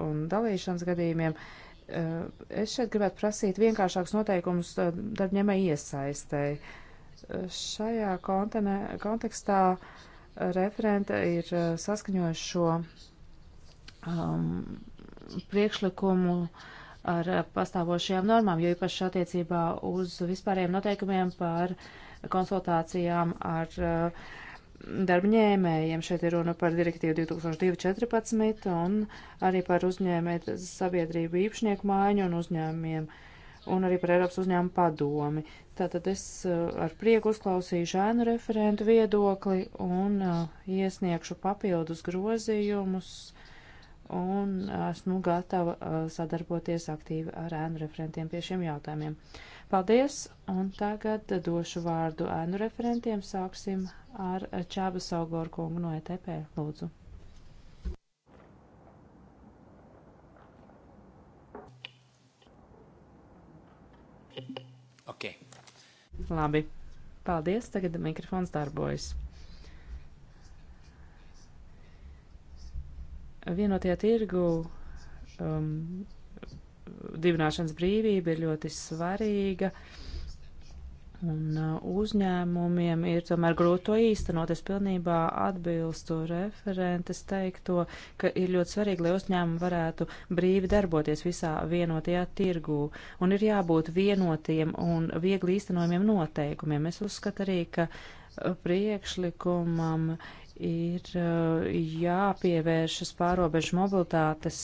un dalīšanas gadījumiem, uh, Eh, es šeit gribētu prasīt vienkāršākus noteikumus eh, darbņēmēji iesaistēji. Eh, šajā kontene, kontekstā referente ir saskaņojuši šo um, priekšlikumu ar pastāvošajām normām, jo īpaši attiecībā uz vispārējiem noteikumiem par konsultācijām ar uh, darbņēmējiem. Šeit ir runa par direktīvu 2014 un arī par uzņēmēju sabiedrību īpašnieku mājiņu un uzņēmiem un arī par Eiropas uzņēmumu padomi. Tātad es eh, ar prieku uzklausīju šādu referentu viedokli un eh, iesniegšu papildus grozījumus un esmu gatava eh, sadarboties aktīvi ar ēnu referentiem pie šiem jautājumiem. Uh, Paldies, un tagad došu vārdu ēnu referentiem. Sāksim ar Čāba Saugoru kungu no ETP, lūdzu. Ok. Labi. Paldies, tagad mikrofons darbojas. Vienotie tirgu um, dibināšanas brīvība ir ļoti svarīga. Un uh, uzņēmumiem ir tomēr grūti to īstenot. Es pilnībā atbilstu referentes teikto, ka ir ļoti svarīgi, lai uzņēmumi varētu brīvi darboties visā vienotajā tirgū. Un ir jābūt vienotiem un viegli īstenojumiem noteikumiem. Es uzskatu arī, ka uh, priekšlikumam ir uh, jāpievēršas pārobežu mobilitātes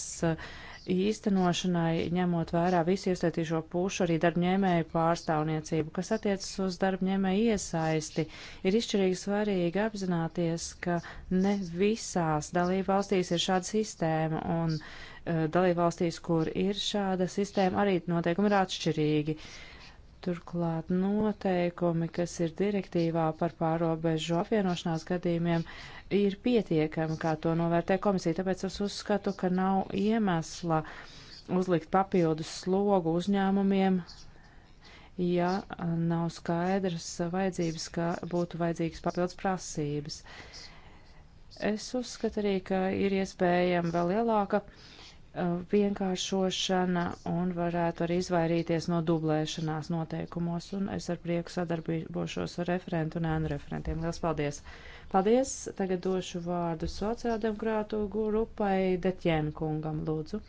īstenošanai, ņemot vērā visu iesaistīšo pušu, arī darbņēmēju pārstāvniecību, kas attiecas uz darbņēmēju iesaisti, ir izšķirīgi svarīgi apzināties, ka ne visās dalībvalstīs ir šāda sistēma, un uh, dalībvalstīs, kur ir šāda sistēma, arī noteikumi ir atšķirīgi. Uh, Turklāt noteikumi, kas ir direktīvā par pārobežu apvienošanās gadījumiem, ir pietiekami, kā to novērtē komisija. Tāpēc es uzskatu, ka nav iemesla uzlikt papildus slogu uzņēmumiem, ja nav skaidrs vajadzības, ka būtu vajadzīgas papildus prasības. Es uzskatu arī, ka ir iespējama vēl lielāka Uh, vienkāršošana un varētu arī izvairīties no dublēšanās noteikumos, un es ar prieku sadarbošos ar referentu un ēnu referentiem. Lielas paldies! Paldies! Tagad došu vārdu sociāldemokrātu grupai Detjēnu kungam, lūdzu.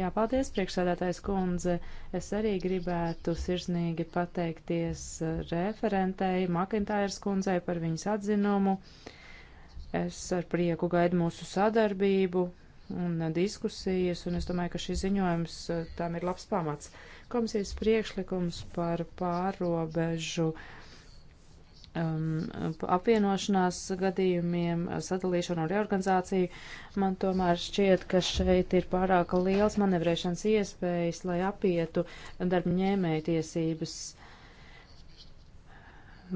Jā, paldies, priekšsēdētājs kundze. Es arī gribētu sirsnīgi pateikties referentei Makintājas kundzei par viņas atzinumu. Es ar prieku gaidu mūsu sadarbību un uh, diskusijas, un es domāju, ka šis ziņojums uh, tam ir labs pamats. Komisijas priekšlikums par pārobežu um, apvienošanās gadījumiem, uh, sadalīšanu un reorganizāciju, man tomēr šķiet, ka šeit ir pārāk liels manevrēšanas iespējas, lai apietu darbņēmētiesības.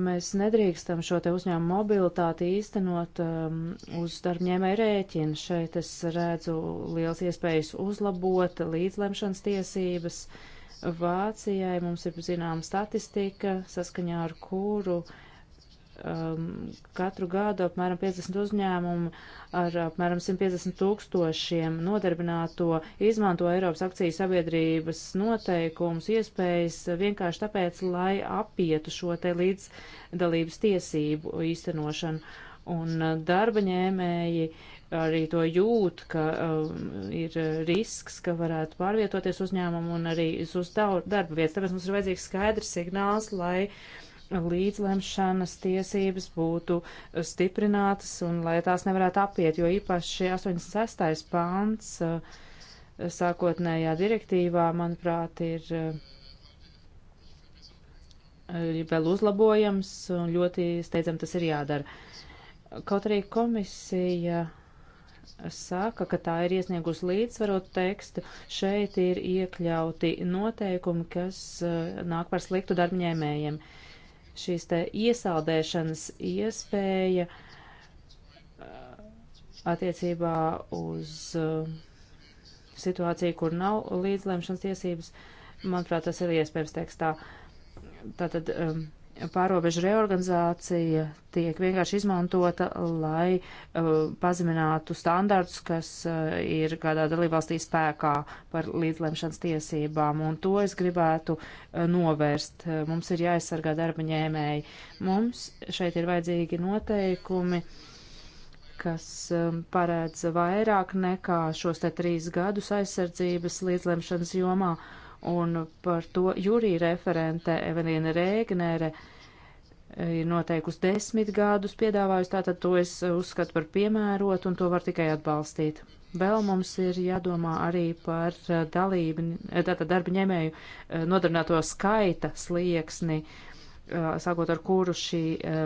Mēs nedrīkstam šo te uzņēmumu mobilitāti īstenot um, uz darbņēmēju rēķinu. Šeit es redzu liels iespējas uzlabot līdzlemšanas tiesības. Vācijai mums ir zinām statistika, saskaņā ar kuru uh, um, katru gadu apmēram 50 uzņēmumu ar apmēram 150 tūkstošiem nodarbināto izmanto Eiropas akciju sabiedrības noteikumus, iespējas vienkārši tāpēc, lai apietu šo te līdzdalības tiesību īstenošanu. Un uh, darba ņēmēji arī to jūt, ka um, ir risks, ka varētu pārvietoties uzņēmumu un arī uz darba vietas. Tāpēc mums ir vajadzīgs skaidrs signāls, lai uh, līdzlemšanas tiesības būtu stiprinātas un lai tās nevarētu apiet, jo īpaši 86. pāns eh, sākotnējā direktīvā, manuprāt, ir eh, vēl uzlabojams un ļoti steidzam tas ir jādara. Kaut arī komisija saka, ka tā ir iesniegusi līdzsvarot tekstu, šeit ir iekļauti noteikumi, kas eh, nāk par sliktu darbņēmējiem. Uh, šīs te iesaldēšanas iespēja uh, attiecībā uz uh, situāciju, kur nav līdzlemšanas tiesības, manuprāt, tas ir iespējams tekstā. Tātad um, pārobežu reorganizācija tiek vienkārši izmantota, lai uh, pazeminātu standartus, kas uh, ir kādā dalībvalstī spēkā par līdzlemšanas tiesībām, un to es gribētu uh, novērst. Uh, mums ir jāaizsargā darba ņēmēji. Mums šeit ir vajadzīgi noteikumi kas um, paredz vairāk nekā šos te trīs gadus aizsardzības līdzlemšanas jomā. Uh, un par to jūrija referente Evelīna Rēgnere ir noteikusi desmit gadus piedāvājusi, tātad to es uzskatu par piemērot un to var tikai atbalstīt. Vēl mums ir jādomā arī par dalību, tātad darba ņēmēju eh, nodarbināto skaita slieksni, eh, sākot ar kuru šī eh,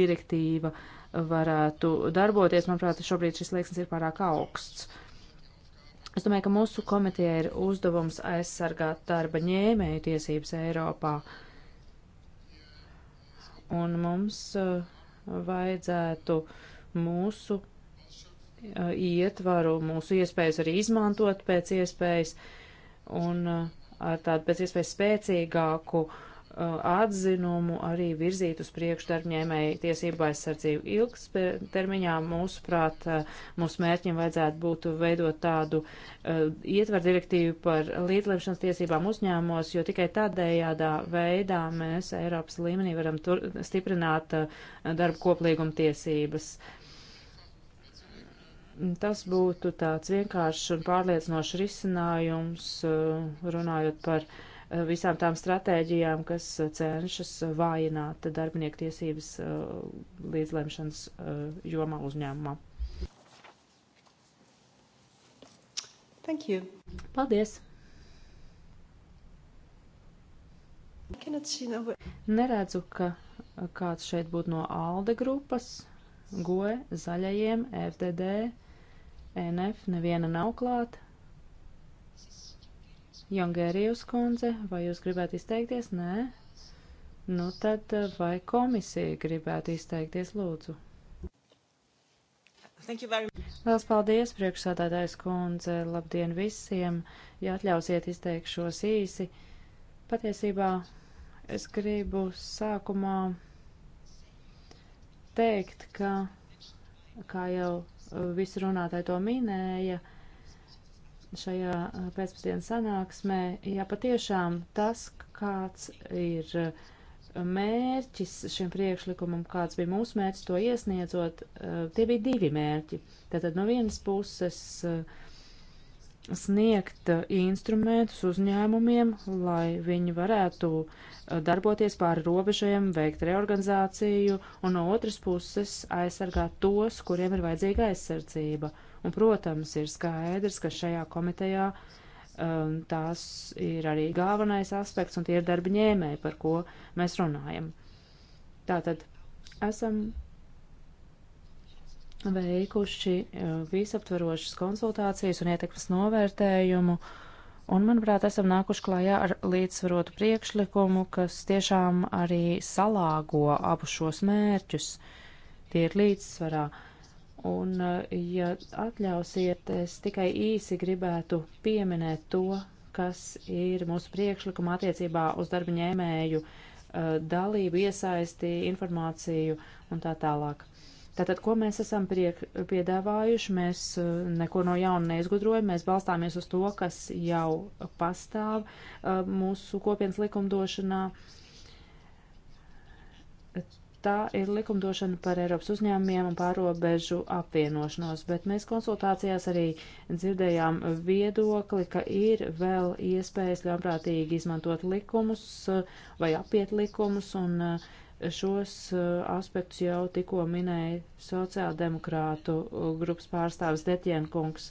direktīva varētu darboties. Manuprāt, šobrīd šis slieksnis ir pārāk augsts. Es domāju, ka mūsu komitejai ir uzdevums aizsargāt darba ņēmēju tiesības Eiropā. Un mums uh, vajadzētu mūsu uh, ietvaru, mūsu iespējas arī izmantot pēc iespējas un uh, ar tādu pēc iespējas spēcīgāku uh, atzinumu arī virzīt uz priekšu darbņēmēju tiesību aizsardzību. Ilgstermiņā, mūsuprāt, mūsu mērķim vajadzētu būt veidot tādu uh, ietver direktīvu par līdzlemšanas tiesībām uzņēmumos, jo tikai tādējādā veidā mēs Eiropas līmenī varam tur, stiprināt uh, darba koplīguma tiesības. Tas būtu tāds vienkāršs un pārliecinošs risinājums, uh, runājot par uh, Eh, visām tām stratēģijām, kas eh, cenšas vājināt darbinieku tiesības eh, līdzlemšanas jomā uzņēmumā. Thank you. Paldies! Neredzu, ka kāds šeit būtu no ALDE grupas, GOE, zaļajiem, FDD, NF, neviena nav klāta. Jongērijas kundze, vai jūs gribētu izteikties? Nē. Nu tad eh, vai komisija gribētu izteikties, lūdzu? Lielas paldies, priekšsādātājs kundze. Labdien visiem. Ja atļausiet, izteikšos īsi. Patiesībā es gribu sākumā teikt, ka, kā jau visi runātāji to minēja, uh, šajā eh, pēcpusdienas sanāksmē, ja patiešām tas, kāds ir eh, mērķis šim priekšlikumam, kāds bija mūsu mērķis to iesniedzot, eh, tie bija divi mērķi. Tātad no vienas puses sniegt instrumentus uzņēmumiem, lai viņi varētu darboties pāri robežiem, veikt reorganizāciju, un no otras puses aizsargāt tos, kuriem ir vajadzīga aizsardzība. Uh, Un, protams, ir skaidrs, ka šajā komitejā um, tās ir arī galvenais aspekts, un tie ir darba ņēmēji, par ko mēs runājam. Tātad esam veikuši uh, visaptverošas konsultācijas un ietekmes novērtējumu, un, manuprāt, esam nākuši klājā ar līdzsvarotu priekšlikumu, kas tiešām arī salāgo abu šos mērķus. Tie ir līdzsvarā. Uh, Un, eh, ja atļausiet, es tikai īsi gribētu pieminēt to, kas ir mūsu priekšlikuma attiecībā uz darba ņēmēju eh, dalību, iesaisti, informāciju un tā tālāk. Tātad, ko mēs esam priek, piedāvājuši, mēs eh, neko no jauna neizgudrojam, mēs balstāmies uz to, kas jau pastāv mūsu kopienas likumdošanā. Uh, tā ir likumdošana par Eiropas uzņēmumiem un pārobežu apvienošanos, bet mēs konsultācijās arī dzirdējām viedokli, ka ir vēl iespējas ļaunprātīgi izmantot likumus eh, vai apiet likumus, un eh, šos eh, aspektus jau tikko minēja sociāldemokrātu grupas pārstāvis Detjenkungs.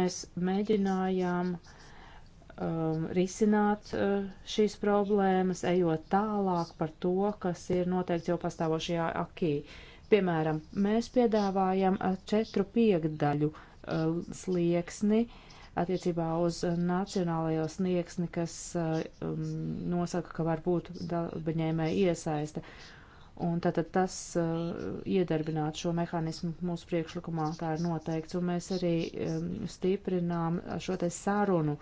Mēs mēģinājām uh, um, risināt uh, šīs problēmas, ejot tālāk par to, kas ir noteikts jau pastāvošajā akī. Piemēram, mēs piedāvājam uh, četru piekdaļu uh, slieksni attiecībā uz nacionālajo slieksni, kas uh, um, nosaka, ka var būt darba ņēmēja iesaiste. Uh, Un tātad tas uh, iedarbināt šo mehānismu mūsu priekšlikumā tā ir noteikts, un mēs arī um, stiprinām šo te sarunu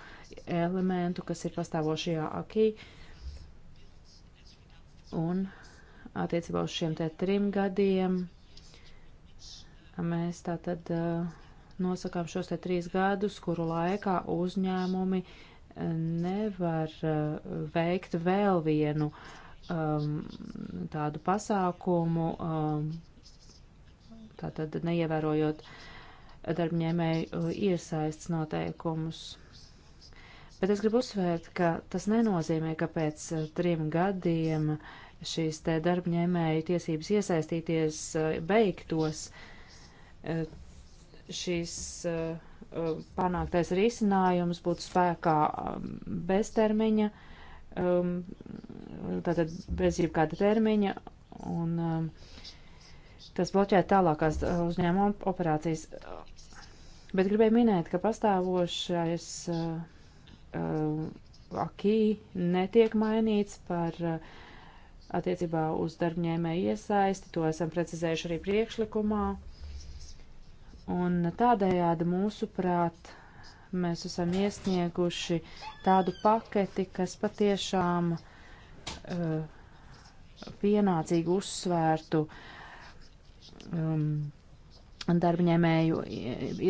elementu, kas ir pastāvošajā akī. Un attiecībā uz šiem te trim gadiem mēs tātad uh, nosakām šos te trīs gadus, kuru laikā uzņēmumi eh, nevar uh, veikt vēl vienu uh, um, tādu pasākumu, um, tātad neievērojot darbņēmēju uh, iesaists noteikumus. Bet es gribu uzsvērt, ka tas nenozīmē, ka pēc uh, trim gadiem šīs te darbņēmēju tiesības iesaistīties uh, beigtos. Šīs panāktais risinājums būtu spēkā um, beztermiņa. termiņa um, tātad bez jebkāda termiņa, un um, tas bloķē tālākās uh, uzņēmuma operācijas. Bet gribēju minēt, ka pastāvošais uh, uh, akī netiek mainīts par uh, attiecībā uz darbņēmēju iesaisti. To esam precizējuši arī priekšlikumā. Un tādējādi mūsuprāt mēs esam iesnieguši tādu paketi, kas patiešām uh, pienācīgi uzsvērtu um, darbņēmēju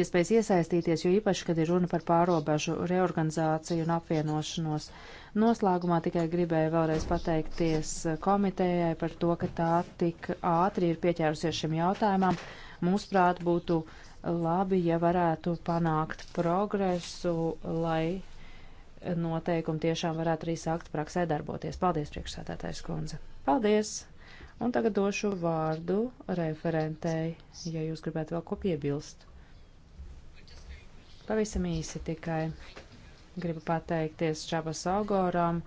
iespējas iesaistīties, jo īpaši, kad ir runa par pārobežu reorganizāciju un apvienošanos. Noslēgumā tikai gribēju vēlreiz pateikties eh, komitējai par to, ka tā tik ātri ir pieķērusies šim jautājumam. Mūsuprāt, būtu uh, labi, ja varētu panākt progresu, lai noteikumi tiešām varētu arī sākt praksē darboties. Paldies, priekšsēdētājs kundze. Paldies! Un tagad došu vārdu referentei, ja jūs gribētu vēl ko piebilst. Pavisam īsi tikai gribu pateikties Čabas Ogoram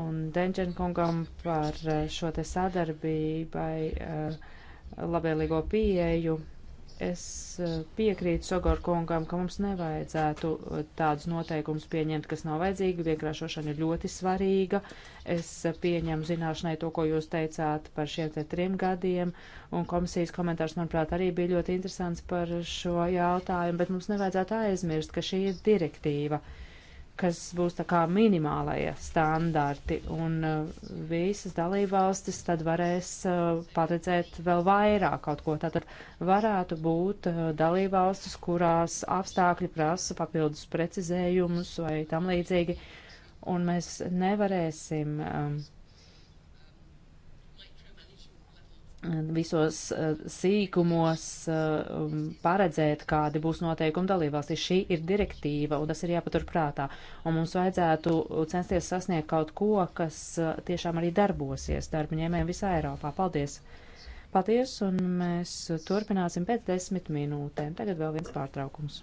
un Denģenkungam par eh, šo te sadarbībai eh, labēlīgo pieeju Es eh, piekrītu Sogorkungam, ka mums nevajadzētu eh, tādus noteikumus pieņemt, kas nav vajadzīgi. Vienkāršošana ir ļoti svarīga. Es eh, pieņemu zināšanai to, ko jūs teicāt par šiem te trim gadiem, un komisijas komentārs, manuprāt, arī bija ļoti interesants par šo jautājumu, bet mums nevajadzētu aizmirst, ka šī ir direktīva. Uh, kas būs tā kā minimālajie standarti, un uh, visas dalībvalstis tad varēs uh, paredzēt vēl vairāk kaut ko. Tātad varētu būt uh, dalībvalstis, kurās apstākļi prasa papildus precizējumus vai tam līdzīgi, un mēs nevarēsim. Um, visos eh, sīkumos eh, um, paredzēt, kādi būs noteikumi dalībvalstīs. Šī ir direktīva, un tas ir jāpatur prātā. Un mums vajadzētu censties sasniegt kaut ko, kas eh, tiešām arī darbosies darba ņēmējiem visā Eiropā. Paldies! Paldies, un mēs turpināsim pēc desmit minūtēm. Tagad vēl viens pārtraukums.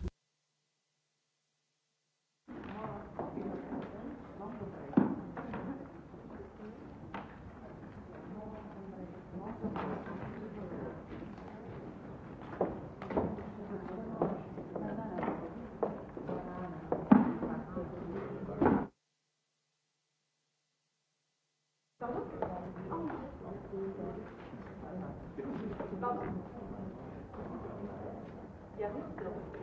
Pronto.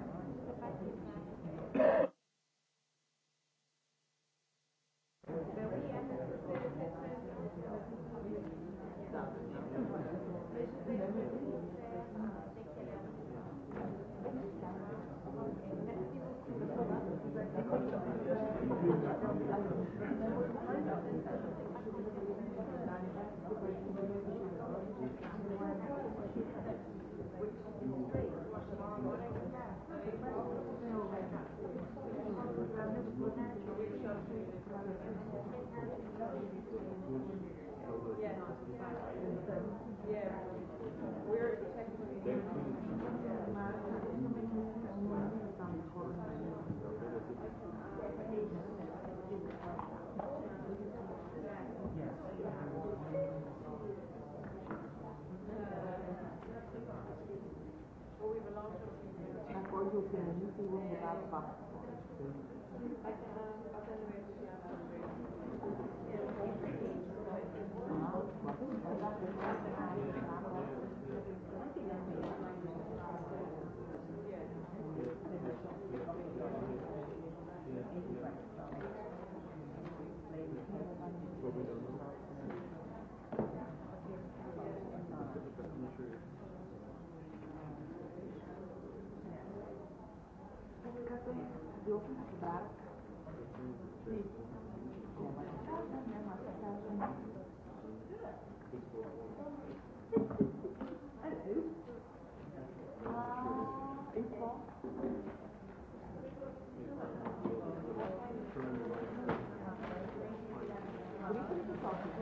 yapmak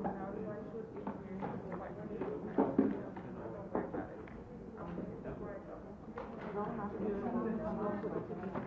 Thank you.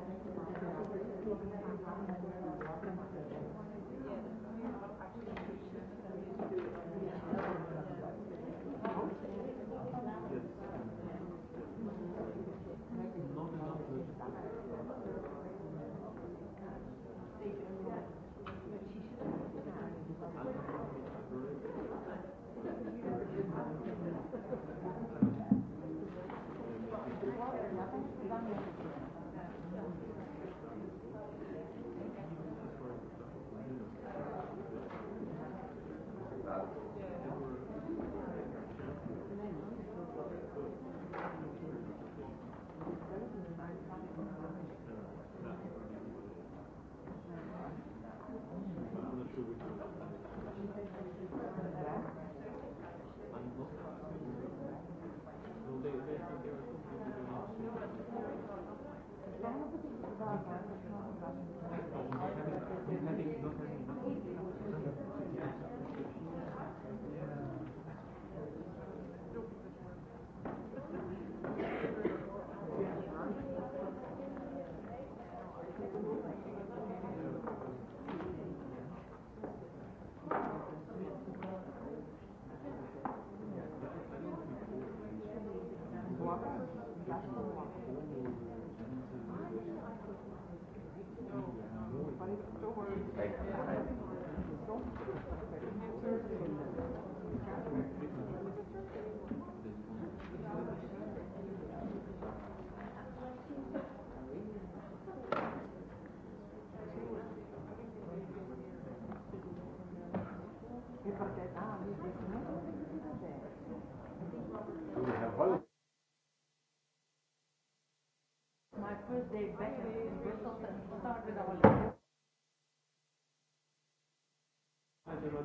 Thank you.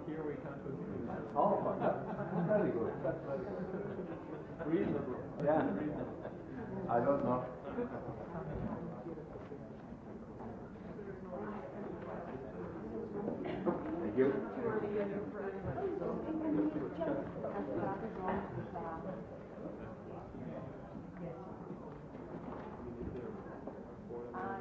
Here we can't conclude. Oh, that's very good. That's very good. Reasonable. Yeah. Reasonable. I don't know. Thank you. Uh,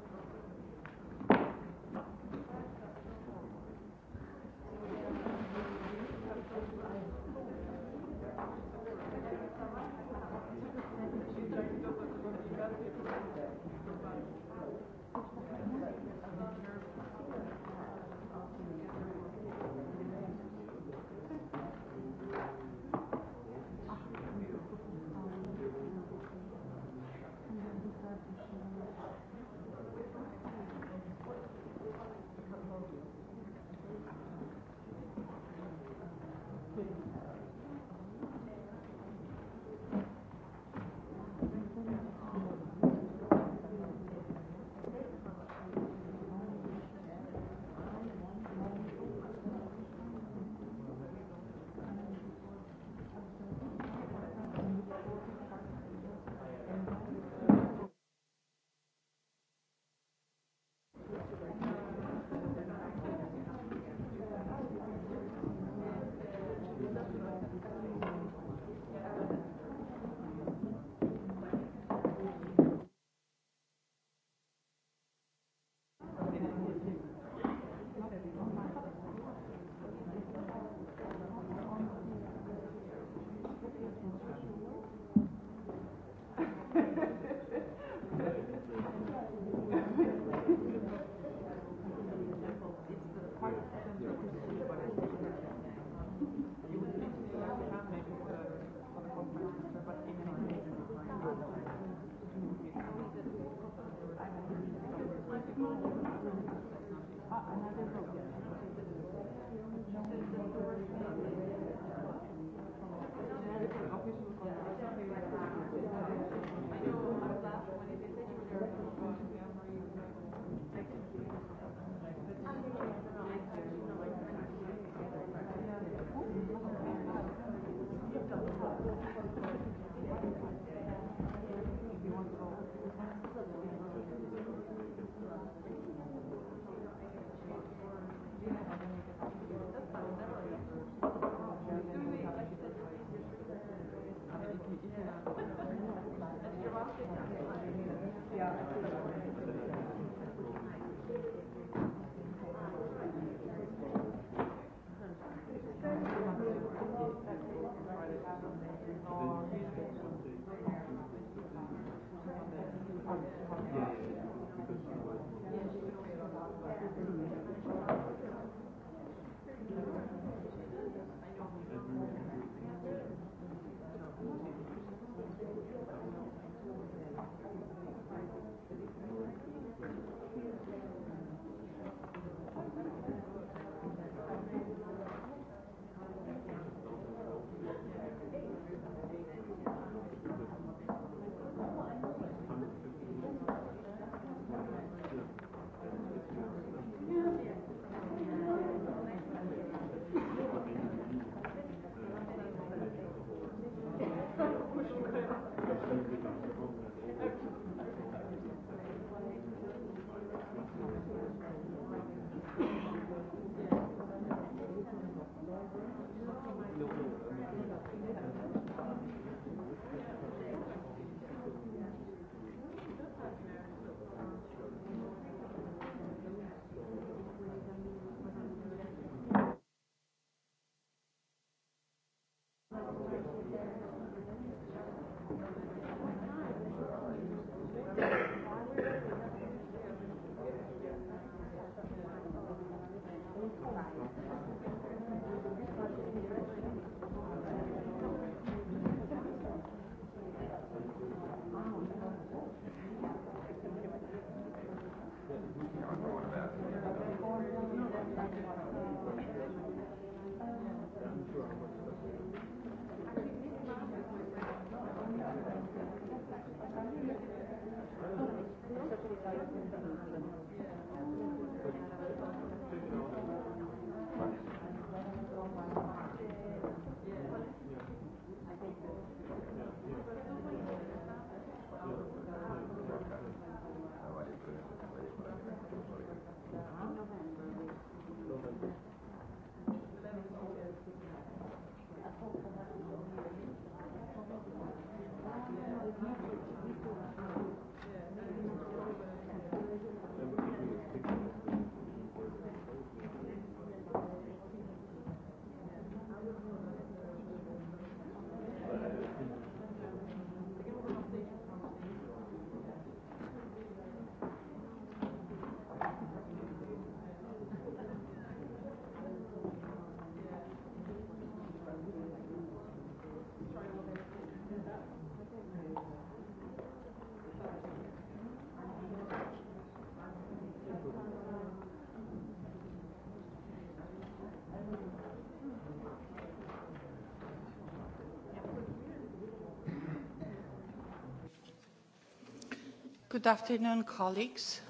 Good afternoon, colleagues.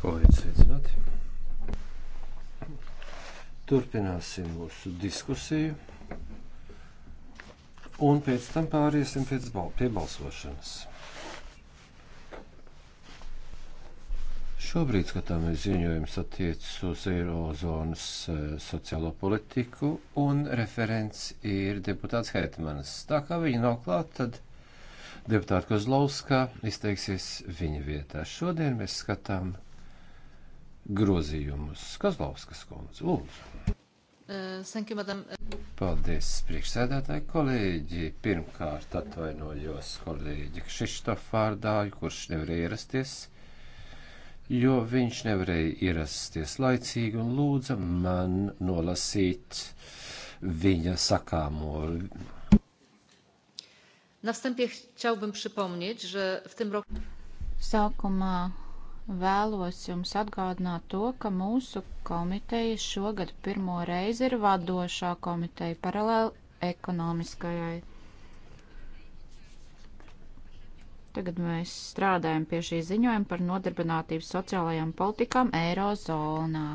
Kolēģi, sveicināti. Turpināsim mūsu diskusiju. Un pēc tam pāriesim pēc bal pie balsošanas. Šobrīd skatāmies ziņojums attiecas uz Eirozonas eh, sociālo politiku, un referents ir deputāts Hetmanis. Tā kā viņa nav klāt, tad deputāta Kozlovska izteiksies viņa vietā. Šodien mēs skatām grozījumus. Kozlovskas kundze, lūdzu. Uh, thank you, madam. Paldies, priekšsēdētāji kolēģi. Pirmkārt atvainojos kolēģi Kšištof vārdā, kurš nevarēja ierasties, jo viņš nevarēja ierasties laicīgi un lūdza man nolasīt viņa sakāmo Na wstępie chciałbym przypomnieć, że w tym roku. Sākumā vēlos jums atgādināt to, ka mūsu komiteja šogad pirmo reizi ir vadošā komiteja paralēli ekonomiskajai. Tagad mēs strādājam pie šī ziņojuma par nodarbinātību sociālajām politikām Eirozonā.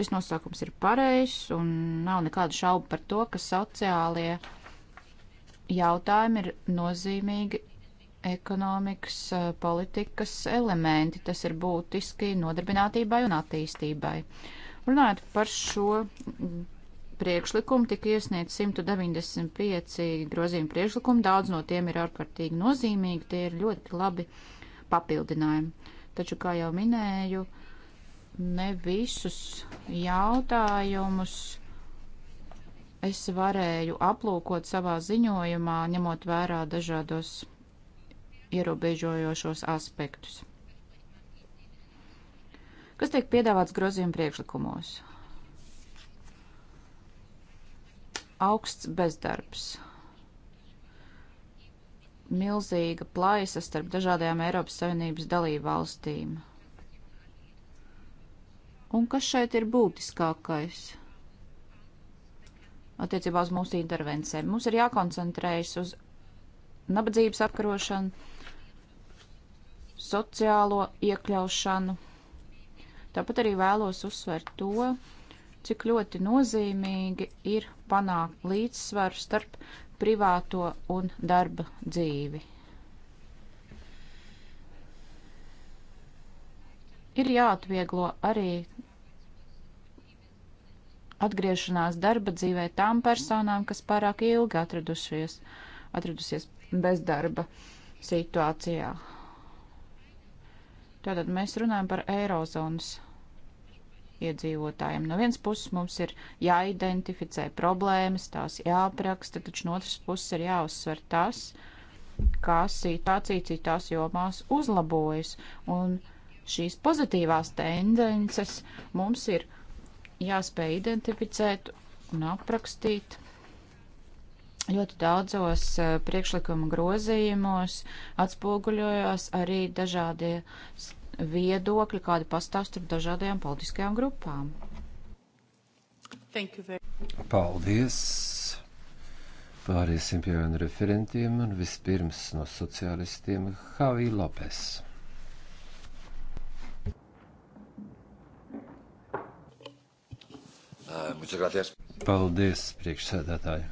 Šis nosaukums ir pareizs un nav nekādu šaubu par to, ka sociālie jautājumi ir nozīmīgi ekonomikas politikas elementi. Tas ir būtiski nodarbinātībai un attīstībai. Runājot par šo priekšlikumu, tika iesniegts 195 grozījumu priekšlikumu. Daudz no tiem ir ārkārtīgi nozīmīgi, tie ir ļoti labi papildinājumi. Taču, kā jau minēju, ne visus jautājumus es varēju aplūkot savā ziņojumā, ņemot vērā dažādos ierobežojošos aspektus. Kas tiek piedāvāts grozījuma priekšlikumos? Augsts bezdarbs, milzīga plaisa starp dažādajām Eiropas Savienības dalību valstīm. Un kas šeit ir būtiskākais? attiecībā uz mūsu intervencēm. Mums ir jākoncentrējas uz nabadzības apkarošanu, sociālo iekļaušanu. Tāpat arī vēlos uzsvērt to, cik ļoti nozīmīgi ir panākt līdzsvaru starp privāto un darba dzīvi. Ir jāatvieglo arī atgriešanās darba dzīvē tām personām, kas pārāk ilgi atradušies, atradusies bezdarba situācijā. Tātad mēs runājam par eirozonas iedzīvotājiem. No vienas puses mums ir jāidentificē problēmas, tās jāapraksta, taču no otras puses ir jāuzsver tas, kā situācija citās jomās uzlabojas. Un šīs pozitīvās tendences mums ir jāspēj identificēt un aprakstīt ļoti daudzos eh, priekšlikuma grozījumos atspoguļojās arī dažādie viedokļi, kādi pastāv starp dažādajām politiskajām grupām. Paldies! Pāriesim pie viena referentiem un vispirms no sociālistiem Havī Lopes. Eh, Paldies, priekšsēdētāji.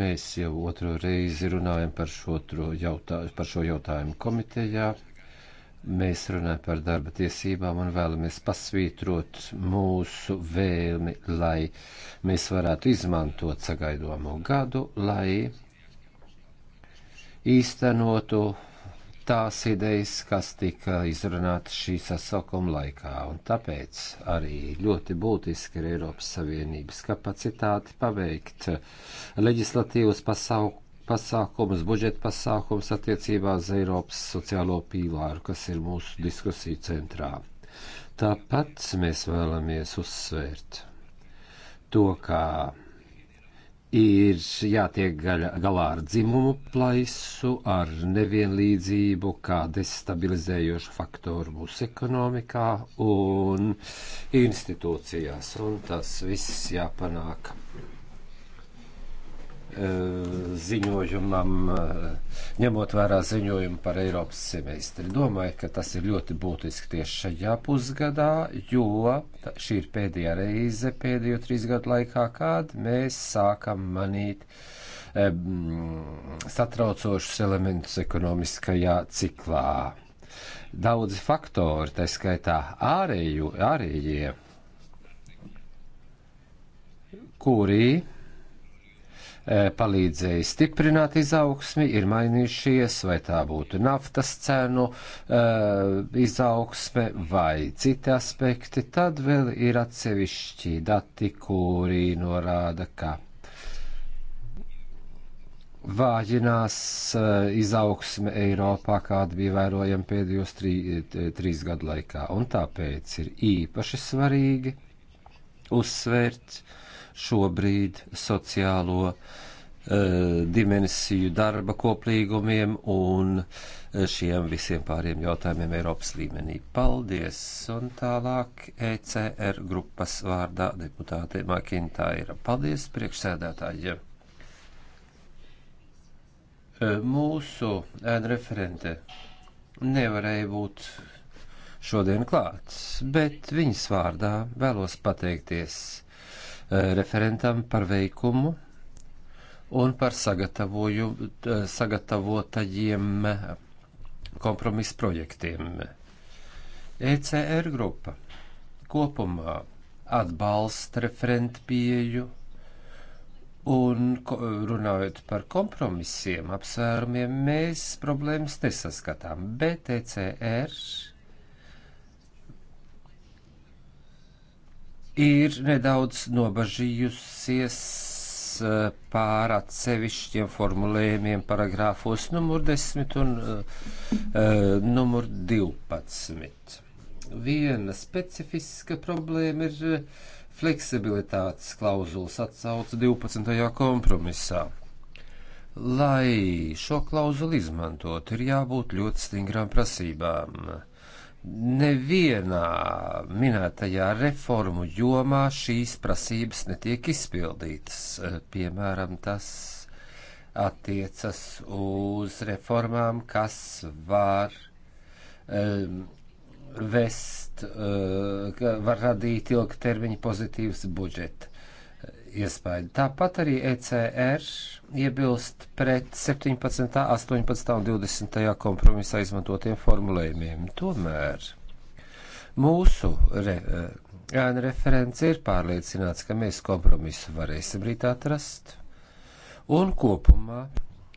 Mēs jau otro reizi runājam par šo, jautājumu, par šo jautājumu komitejā. Mēs runājam par darba tiesībām un vēlamies pasvītrot mūsu vēlmi, lai mēs varētu izmantot sagaidomo gadu, lai īstenotu tās idejas, kas tika izrunātas šī sasaukuma laikā, un tāpēc arī ļoti būtiski ir Eiropas Savienības kapacitāte paveikt leģislatīvas pasauk pasākumus, budžeta pasākumus attiecībā uz Eiropas sociālo pīlāru, kas ir mūsu diskusiju centrā. Tāpat mēs vēlamies uzsvērt to, kā ir jātiek gaļa, galā ar dzimumu plaisu, ar nevienlīdzību, kā destabilizējošu faktoru mūsu ekonomikā un institūcijās. Un tas viss jāpanāk ziņojumam, ņemot vērā ziņojumu par Eiropas semestri. Domāju, ka tas ir ļoti būtiski tieši šajā pusgadā, jo šī ir pēdējā reize pēdējo trīs gadu laikā, kad mēs sākam manīt satraucošus elementus ekonomiskajā ciklā. Daudzi faktori, tā skaitā ārēju, ārējie, kuri Eh, palīdzēja stiprināt izaugsmi, ir mainījušies, vai tā būtu naftas cenu eh, izaugsme vai citi aspekti, tad vēl ir atsevišķi dati, kuri norāda, ka vājinās eh, izaugsme Eiropā, kāda bija vērojama pēdējos trī, trīs gadu laikā, un tāpēc ir īpaši svarīgi uzsvērt, uh, šobrīd sociālo uh, dimensiju darba koplīgumiem un eh, šiem visiem pāriem jautājumiem Eiropas līmenī. Paldies! Un tālāk ECR grupas vārdā deputāte Makintāira. Paldies priekšsēdētājiem! Eh, mūsu ēna referente nevarēja būt šodien klāts, bet viņas vārdā vēlos pateikties Eh, referentam par veikumu un par eh, sagatavotajiem eh, kompromisu projektiem. ECR grupa kopumā atbalsta referentu pieju un runājot par kompromisiem, apsvērumiem, mēs problēmas nesaskatām, bet ECR ir nedaudz nobažījusies eh, pār atsevišķiem formulējumiem paragrāfos numur 10 un uh, numur 12. Viena specifiska problēma ir fleksibilitātes klauzulas atsauce 12. kompromisā. Lai šo klauzulu izmantot, ir jābūt ļoti stingrām prasībām. Uh, nevienā minētajā reformu jomā šīs prasības netiek izpildītas. Eh, piemēram, tas attiecas uz reformām, kas var um, vest, uh, var radīt ilgtermiņa pozitīvas budžeta iespēju. Tāpat arī ECR iebilst pret 17., 18. un 20. kompromisā izmantotiem formulējumiem. Tomēr mūsu re, eh, ēna referents ir pārliecināts, ka mēs kompromisu varēsim rīt atrast, un kopumā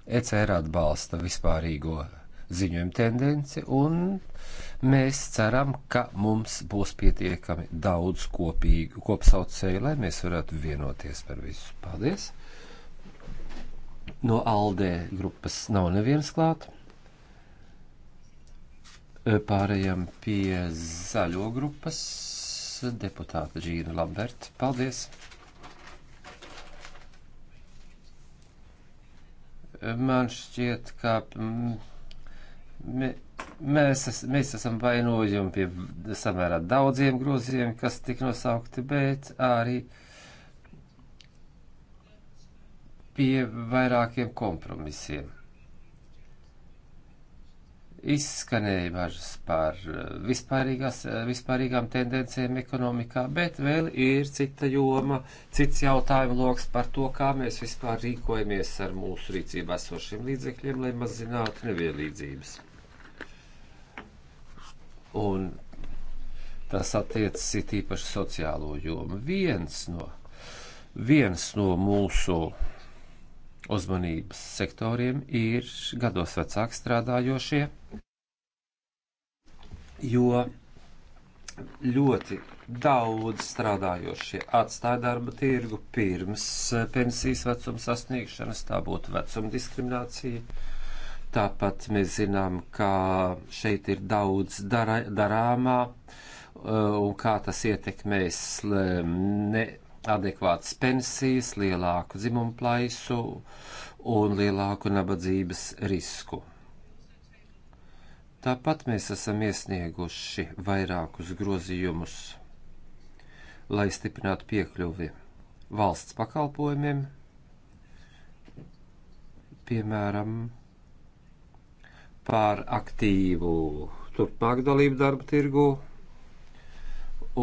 ECR atbalsta vispārīgo ziņojumu tendenci un uh, Mēs ceram, ka mums būs pietiekami daudz kopīgu kopsaucēju, lai mēs varētu vienoties par visu. Paldies! No Aldē grupas nav neviens klāt. E, pārējām pie zaļo grupas deputāta Džīna Lamberta. Paldies! E, man šķiet, ka. Mm, me, Mēs, es, mēs esam vainojumi pie samērā daudziem groziem, kas tik nosaukti, bet arī pie vairākiem kompromisiem. Izskanēja bažas par vispārīgām tendencēm ekonomikā, bet vēl ir cita joma, cits jautājuma loks par to, kā mēs vispār rīkojamies ar mūsu rīcībā esošiem līdzekļiem, lai mazinātu nevienlīdzības un tas attiecas it īpaši sociālo jomu. Viens no, viens no mūsu uzmanības sektoriem ir gados vecāk strādājošie, jo ļoti daudz strādājošie atstāja darba tirgu pirms pensijas vecuma sasniegšanas, tā būtu vecuma diskriminācija Tāpat mēs zinām, ka šeit ir daudz dara, darāmā uh, un kā tas ietekmēs um, neadekvātas pensijas, lielāku dzimumu plaisu un lielāku nabadzības risku. Tāpat mēs esam iesnieguši vairākus grozījumus, lai stiprinātu piekļuvi valsts pakalpojumiem, piemēram, par aktīvu turpmāk dalību darba tirgu.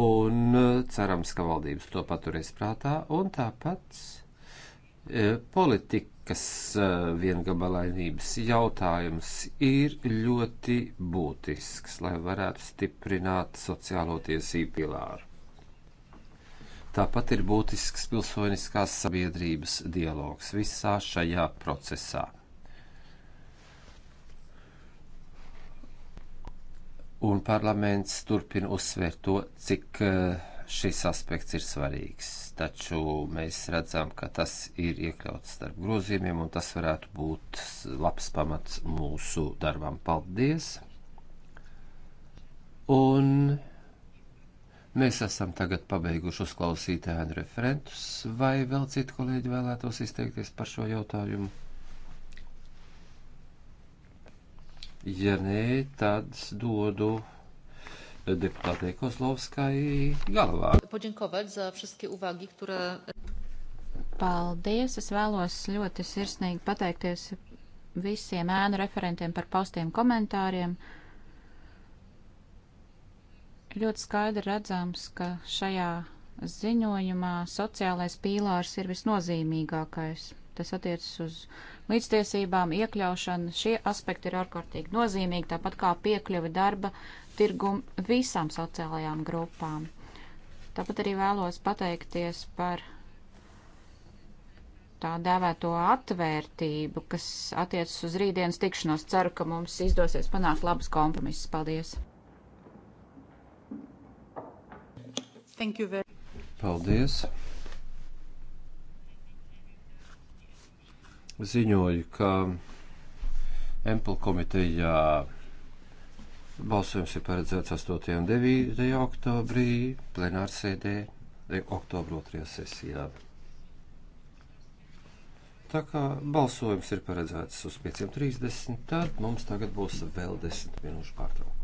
Un eh, cerams, ka valdības to paturēs prātā. Un tāpat eh, politikas eh, viengabalainības jautājums ir ļoti būtisks, lai varētu stiprināt sociālo tiesību pilāru. Tāpat ir būtisks pilsoniskās sabiedrības dialogs visā šajā procesā. un parlaments turpina uzsvērt to, cik eh, šis aspekts ir svarīgs. Taču mēs redzam, ka tas ir iekļauts starp grozījumiem, un tas varētu būt labs pamats mūsu darbam. Paldies! Un mēs esam tagad pabeiguši uzklausīt ēnu referentus, vai vēl citi kolēģi vēlētos izteikties par šo jautājumu? Ja nē, tad dodu deputātei Kozlovskai galvā. Paldies! Es vēlos ļoti sirsnīgi pateikties visiem ēnu referentiem par paustiem komentāriem. Ļoti skaidri redzams, ka šajā ziņojumā sociālais pīlārs ir visnozīmīgākais. Tas attiecas uz līdztiesībām, iekļaušana. Šie aspekti ir ārkārtīgi nozīmīgi, tāpat kā piekļuve darba tirgum visām sociālajām grupām. Tāpat arī vēlos pateikties par tā dēvēto atvērtību, kas attiecas uz rītdienas tikšanos. Ceru, ka mums izdosies panākt labus kompromisus. Paldies! Paldies! ziņoju, ka Empel komitejā balsojums ir paredzēts 8. un 9. oktobrī, plenārsēdē, e, oktobra 2. sesijā. Tā kā balsojums ir paredzēts uz 5.30, tad mums tagad būs vēl 10 minūšu pārtraukums.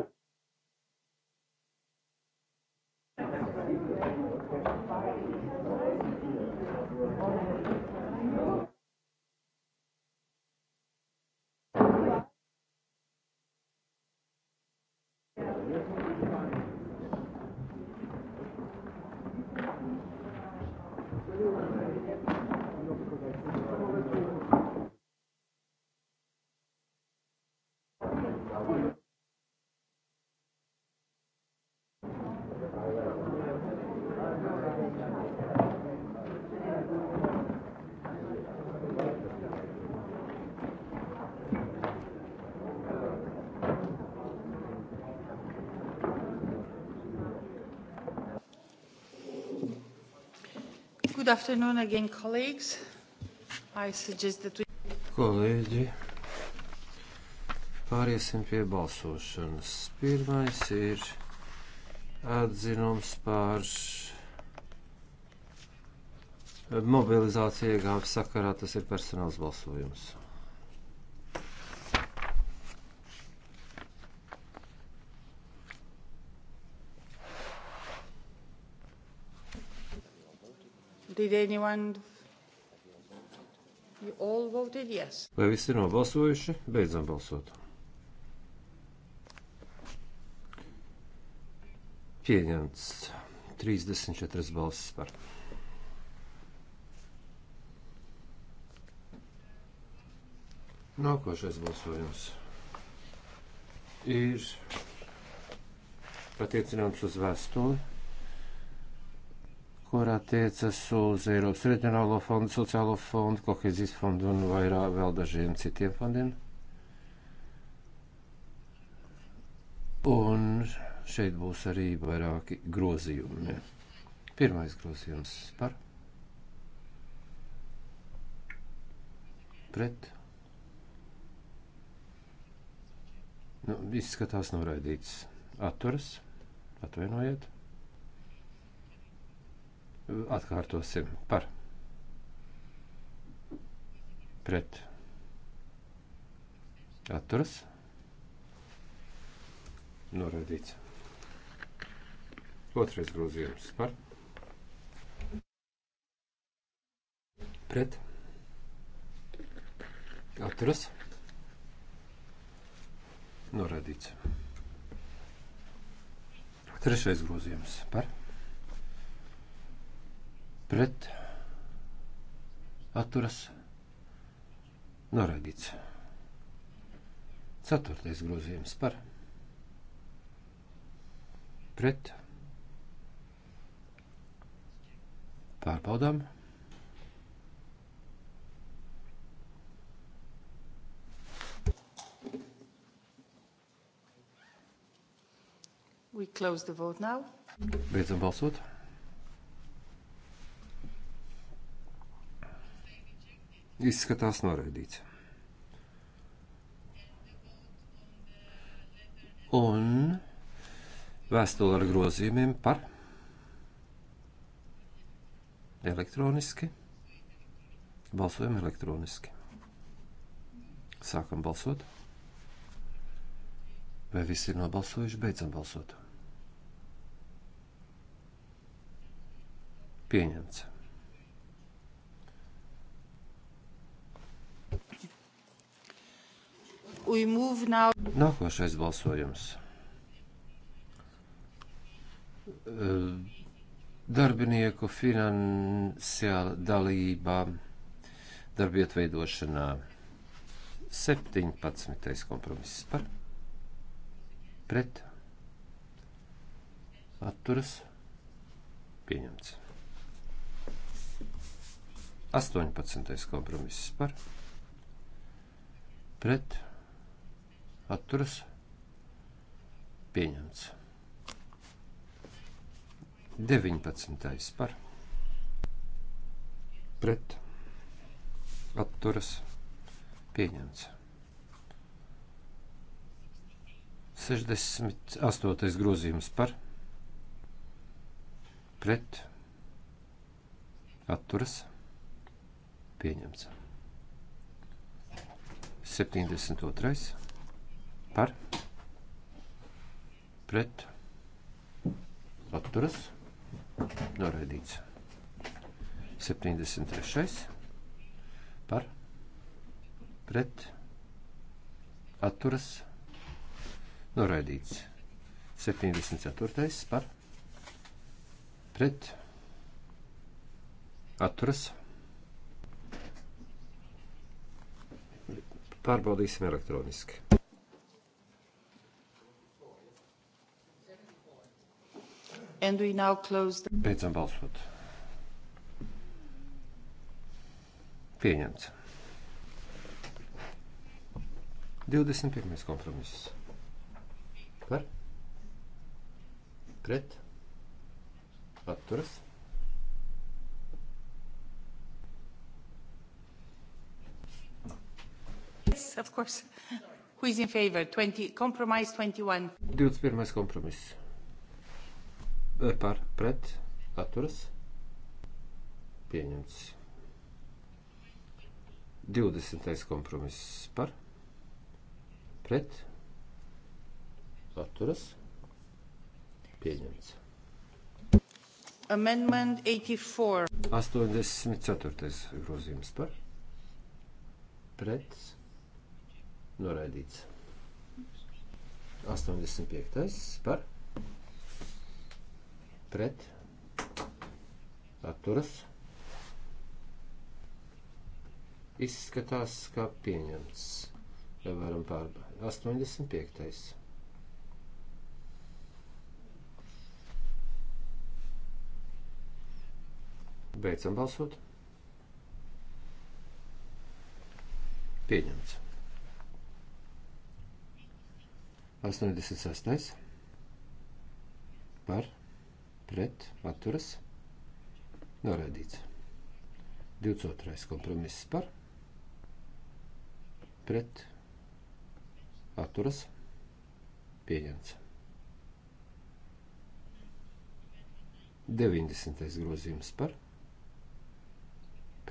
Good afternoon again, colleagues. I suggest that we... Kolēģi, pāriesim pie balsošanas. Pirmais ir atzinums par mobilizāciju iegāvu sakarā, tas ir personāls balsojums. Did anyone? You all voted yes. Vai visi ir nobalsojuši? Beidzam balsot. Pieņemts 34 balsis par. Nākošais balsojums ir attiecināms uz vēstuli kur attiecas uz Eiropas reģionālo fondu, sociālo fondu, kohezijas fondu un vairāk vēl dažiem citiem fondiem. Un šeit būs arī vairāki grozījumi. Pirmais grozījums par pret. Nu, izskatās noraidīts. Atturas. Atvainojiet. Atkārtosim par pret atturas norādīts. Otrais grozījums par pret atturas norādīts. Trešais grozījums par pret pret atturas noraidīts. Ceturtais grozījums par pret pārbaudām. We close the vote now. Beidzam balsot. Izskatās noraidīts. Un vēstuli ar grozījumiem par elektroniski. Balsojam elektroniski. Sākam balsot. Vai visi ir nobalsojuši? Beidzam balsot. Pieņemts. Nākošais balsojums. Eh, darbinieku finansiāla dalība darbiet veidošanā 17. kompromiss par pret atturas pieņemts. 18. kompromiss par pret atturas pieņemts atturas pieņemts. 19. par pret atturas pieņemts. 68. grozījums par pret atturas pieņemts. 72 par pret atturas noraidīts. 73. par pret atturas noraidīts. 74. par pret atturas pārbaudīsim elektroniski. The... Beidzam balsot. Pieņemts. 21. kompromiss. Par? Pret? Atturas? Yes, of course. Who is in favor? 20, compromise 21. 21. kompromiss par pret atturas pieņemts. 20. kompromiss par pret atturas pieņemts. Amendment 84. 84. grozījums par pret noraidīts. 85. par pret pret atturas izskatās kā pieņemts. Vai varam pārbaudīt? 85. Beidzam balsot. Pieņemts. 86. Par pret atturas noraidīts. 22. kompromiss par pret atturas pieņemts. 90. grozījums par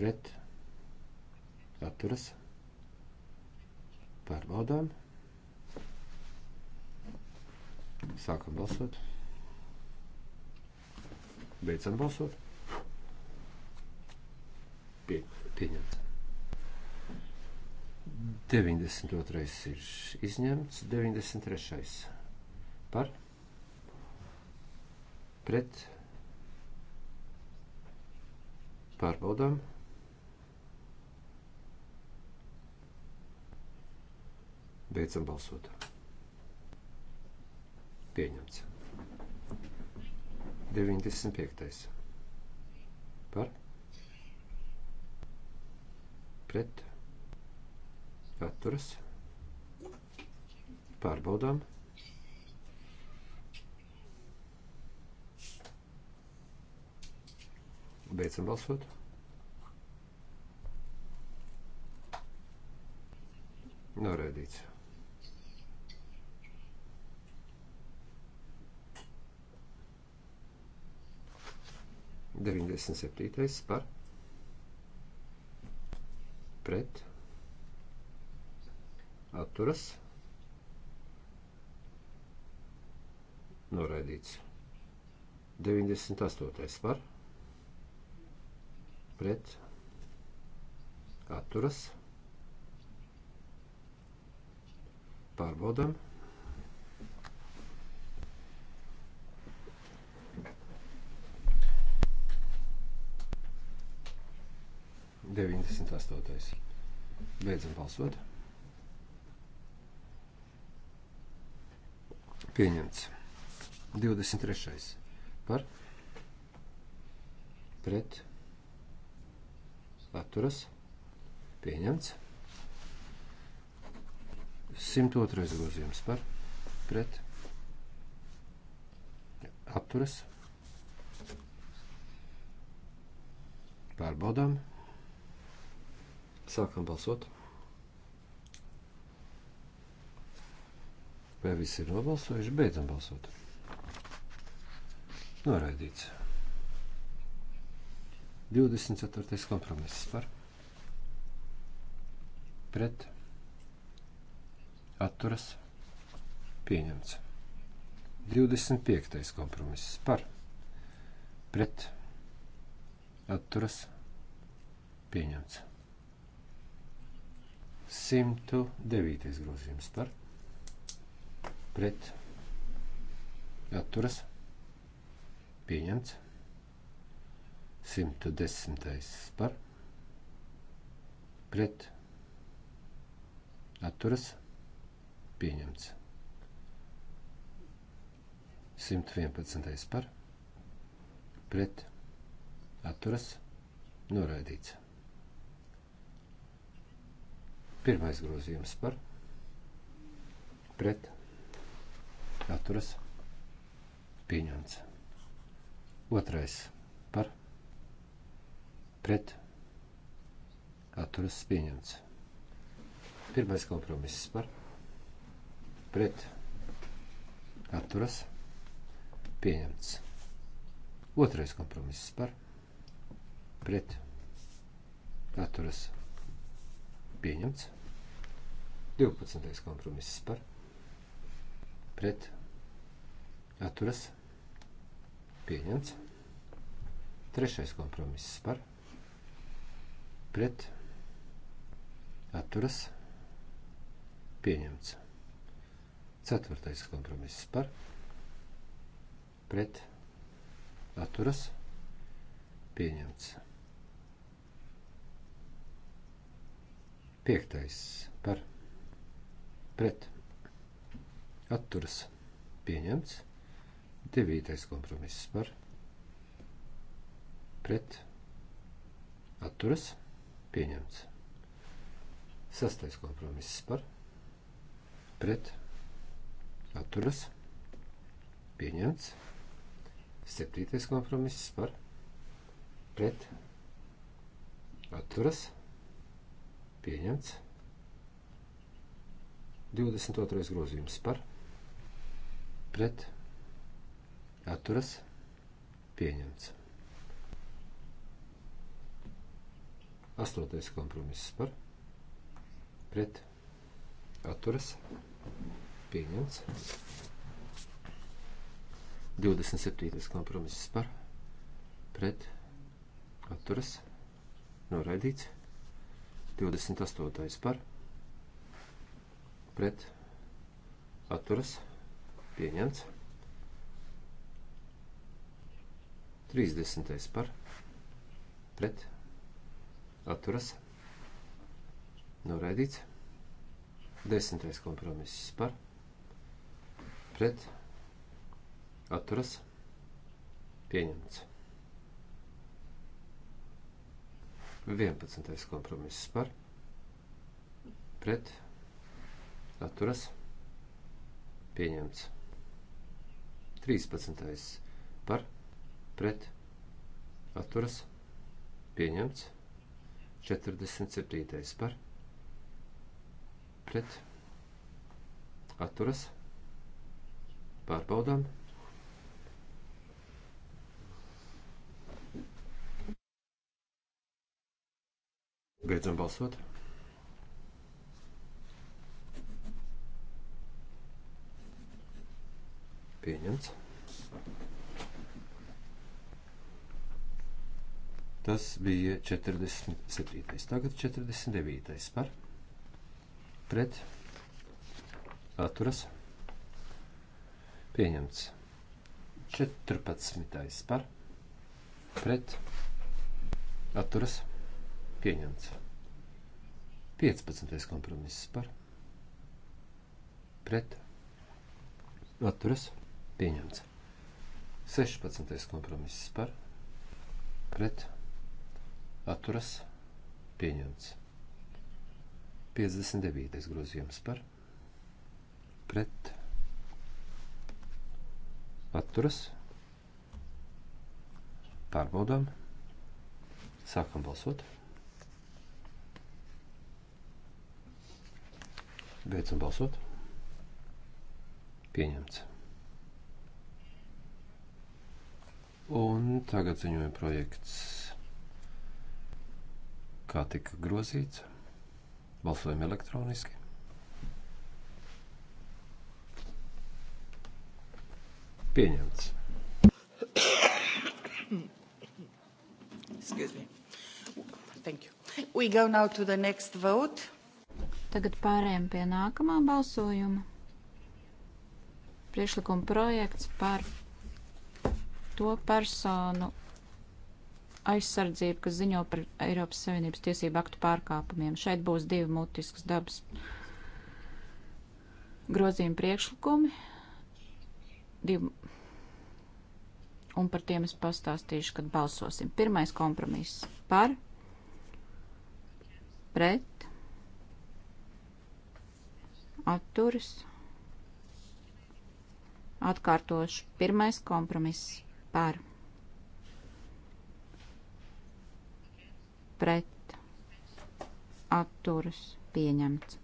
pret atturas pārbaudām. Sākam balsot. Beidzam balsot. Pie, pieņemts. 92. ir izņemts, 93. par pret pārbaudām. Beidzam balsot. Pieņemts. 95. Par? Pret? Atturas? Pārbaudām. Beidzam balsot. Noraidīts. 97. par pret atturas noraidīts. 98. par pret atturas pārbaudam. 98. Beidzam balsot. Pieņemts. 23. Par. Pret. Atturas. Pieņemts. 102. grozījums par. Pret. Atturas. Pārbaudām. 102. Sākam balsot. Vai visi ir nobalsojuši? Beidzam balsot. Noraidīts. 24. kompromiss par pret atturas pieņemts. 25. kompromiss par pret atturas pieņemts. 109. grozījums par pret atturas pieņemts 110. par pret atturas pieņemts 111. par pret atturas noraidīts Pirmais grozījums par pret atturas pieņemts. Otrais par pret atturas pieņemts. Pirmais kompromiss par pret atturas pieņemts. Otrais kompromiss par pret atturas pieņemts Pieņemts. 12. kompromiss par pret atturas pieņemts. 3. kompromiss par pret atturas pieņemts. 4. kompromiss par pret atturas pieņemts. Piektais par pret atturas pieņemts. Devītais kompromiss par pret atturas pieņemts. Sastais kompromiss par pret atturas pieņemts. Septītais kompromiss par pret atturas pieņemts. Pieņemts. 22. grozījums par pret atturas pieņemts. 8. kompromiss par pret atturas pieņemts. 27. kompromiss par pret atturas noraidīts. 28. par pret atturas pieņemts. 30. par pret atturas noraidīts. 10. kompromiss par pret atturas pieņemts. 11. kompromiss par pret atturas pieņemts. 13. par pret atturas pieņemts. 47. par pret atturas pārbaudām pieņemts. Beidzam balsot. Pieņemts. Tas bija 47. Tagad 49. par pret atturas pieņemts. 14. par pret atturas pieņemts. Pieņemts. 15. kompromiss par. Pret. Atturas. Pieņemts. 16. kompromiss par. Pret. Atturas. Pieņemts. 59. grozījums par. Pret. Atturas. Pārbaudām. Sākam balsot. Beidzam balsot. Pieņemts. Un tagad ziņoja projekts, kā tika grozīts. Balsojam elektroniski. Pieņemts. Excuse me. Thank you. We go now to the next vote. Tagad pārējām pie nākamā balsojuma. Priekšlikuma projekts par to personu aizsardzību, kas ziņo par Eiropas Savienības tiesību aktu pārkāpumiem. Šeit būs divi mutiskas dabas grozījuma priekšlikumi. Divi. Un par tiem es pastāstīšu, kad balsosim. Pirmais kompromiss par, pret, atturas. Atkārtošu. Pirmais kompromiss par. Pret. Atturas. Pieņemts.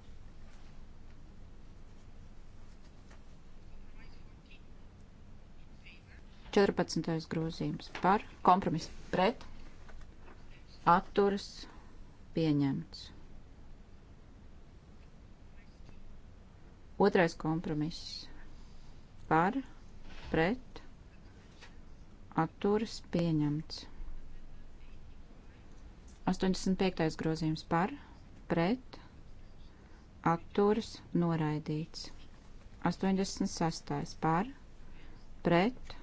Četrpadsmitais grozījums par kompromisu pret atturas pieņemts. Otrais kompromiss par, pret, atturas pieņemts. 85. grozījums par, pret, atturas noraidīts. 86. par, pret,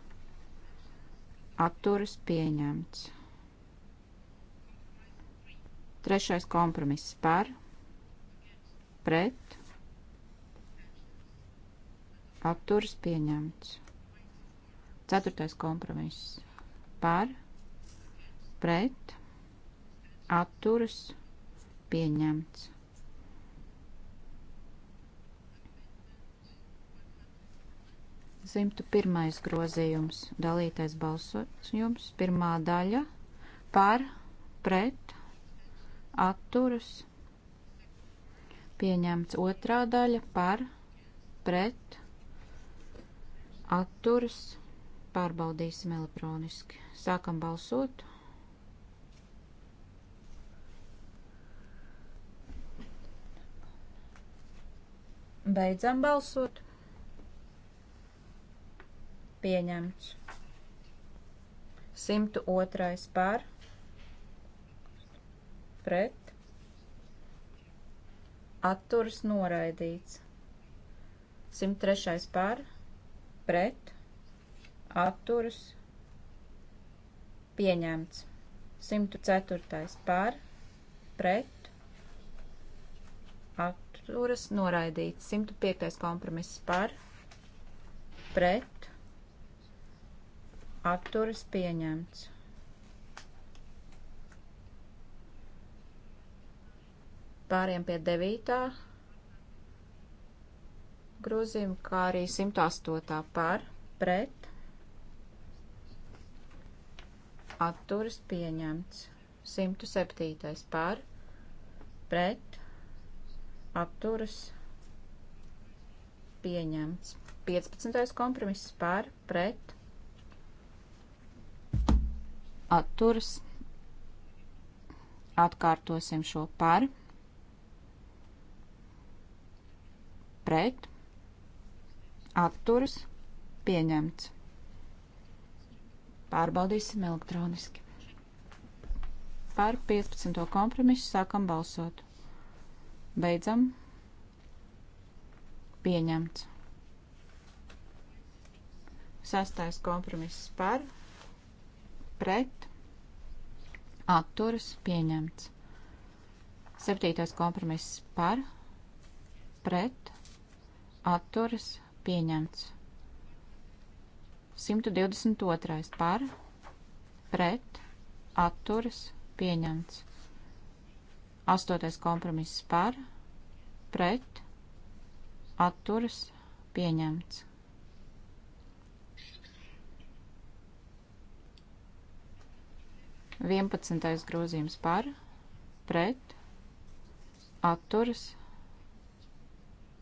atturas pieņemts. Trešais kompromiss par, pret, atturas pieņemts. Ceturtais kompromiss par, pret, atturas pieņemts. Zimtu pirmais grozījums, dalītais balsojums, pirmā daļa par, pret, atturas pieņemts. Otrā daļa par, pret, atturas atturas pārbaudīsim elektroniski. Sākam balsot. Beidzam balsot. Pieņemts. 102. par. Pret. Atturas noraidīts. 103. par pret, atturas, pieņemts. 104. par, pret, atturas, noraidīts. 105. kompromiss par, pret, atturas, pieņemts. Pāriem pie 9 grozījumu, kā arī 108. par pret atturas pieņemts. 107. par pret atturas pieņemts. 15. kompromiss par pret atturas. Atkārtosim šo par pret atturas pieņemts. Pārbaudīsim elektroniski. Par 15. kompromisu sākam balsot. Beidzam. Pieņemts. Sastais kompromiss par, pret, atturas, pieņemts. Septītais kompromiss par, pret, atturas, pieņemts pieņemts. 122. par, pret, atturas, pieņemts. 8. kompromiss par, pret, atturas, pieņemts. Vienpadsmitais grozījums par, pret, atturas,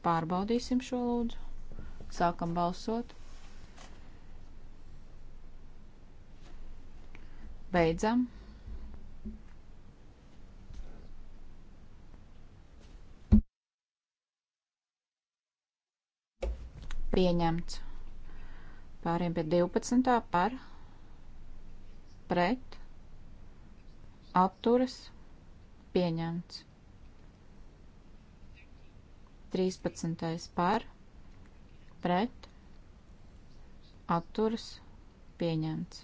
pārbaudīsim šo lūdzu. Sākam balsot. Beidzam. Pieņemts. Pāriem pie 12. par pret atturas pieņemts. 13. par pret pret, atturas, pieņemts.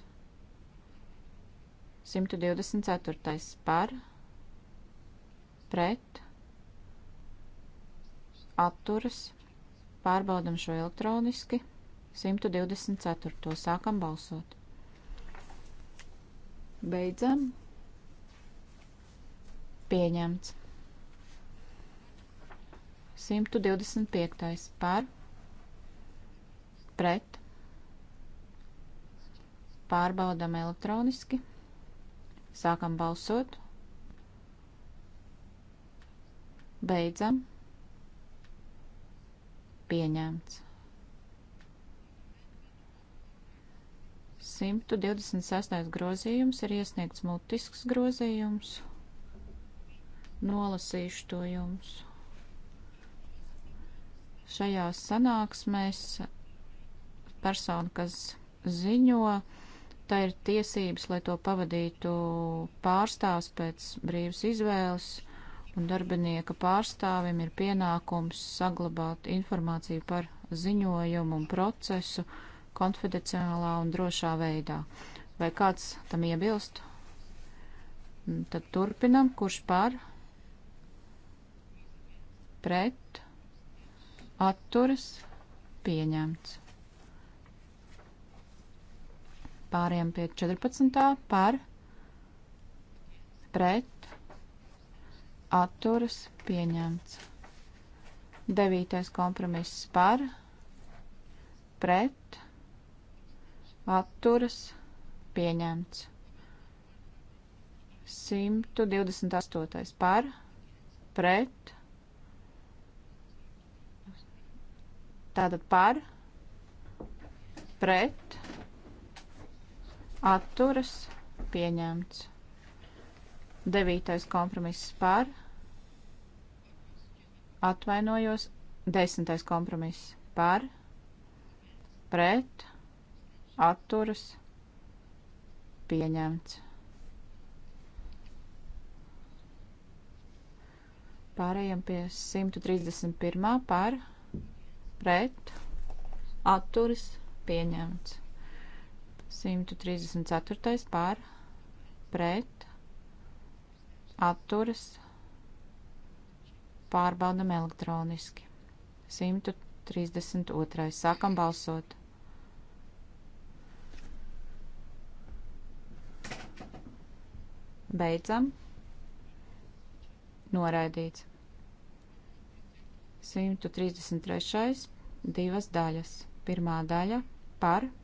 124. par, pret, atturas, pārbaudam šo elektroniski. 124. sākam balsot. Beidzam. Pieņemts. 125. par, pret. Pārbaudam elektroniski. Sākam balsot. Beidzam. Pieņemts. 126. grozījums ir iesniegts mutisks grozījums. Nolasīšu to jums. Šajās sanāksmēs persona, kas ziņo, tā ir tiesības, lai to pavadītu pārstāvs pēc brīvas izvēles, un darbinieka pārstāvim ir pienākums saglabāt informāciju par ziņojumu un procesu konfidenciālā un drošā veidā. Vai kāds tam iebilst? Mm, tad turpinam, kurš par, pret, atturas, pieņemts. Pāriem pie 14. par pret atturas pieņemts. 9. kompromiss par pret atturas pieņemts. 128. par pret tātad par pret atturas pieņemts. Devītais kompromiss par, atvainojos, desmitais kompromiss par, pret, atturas pieņemts. Pārējiem pie 131. par, pret, atturas pieņemts. 134. par pret atturas pārbaudam elektroniski. 132. Sākam balsot. Beidzam. Noraidīts. 133. divas daļas. Pirmā daļa par pret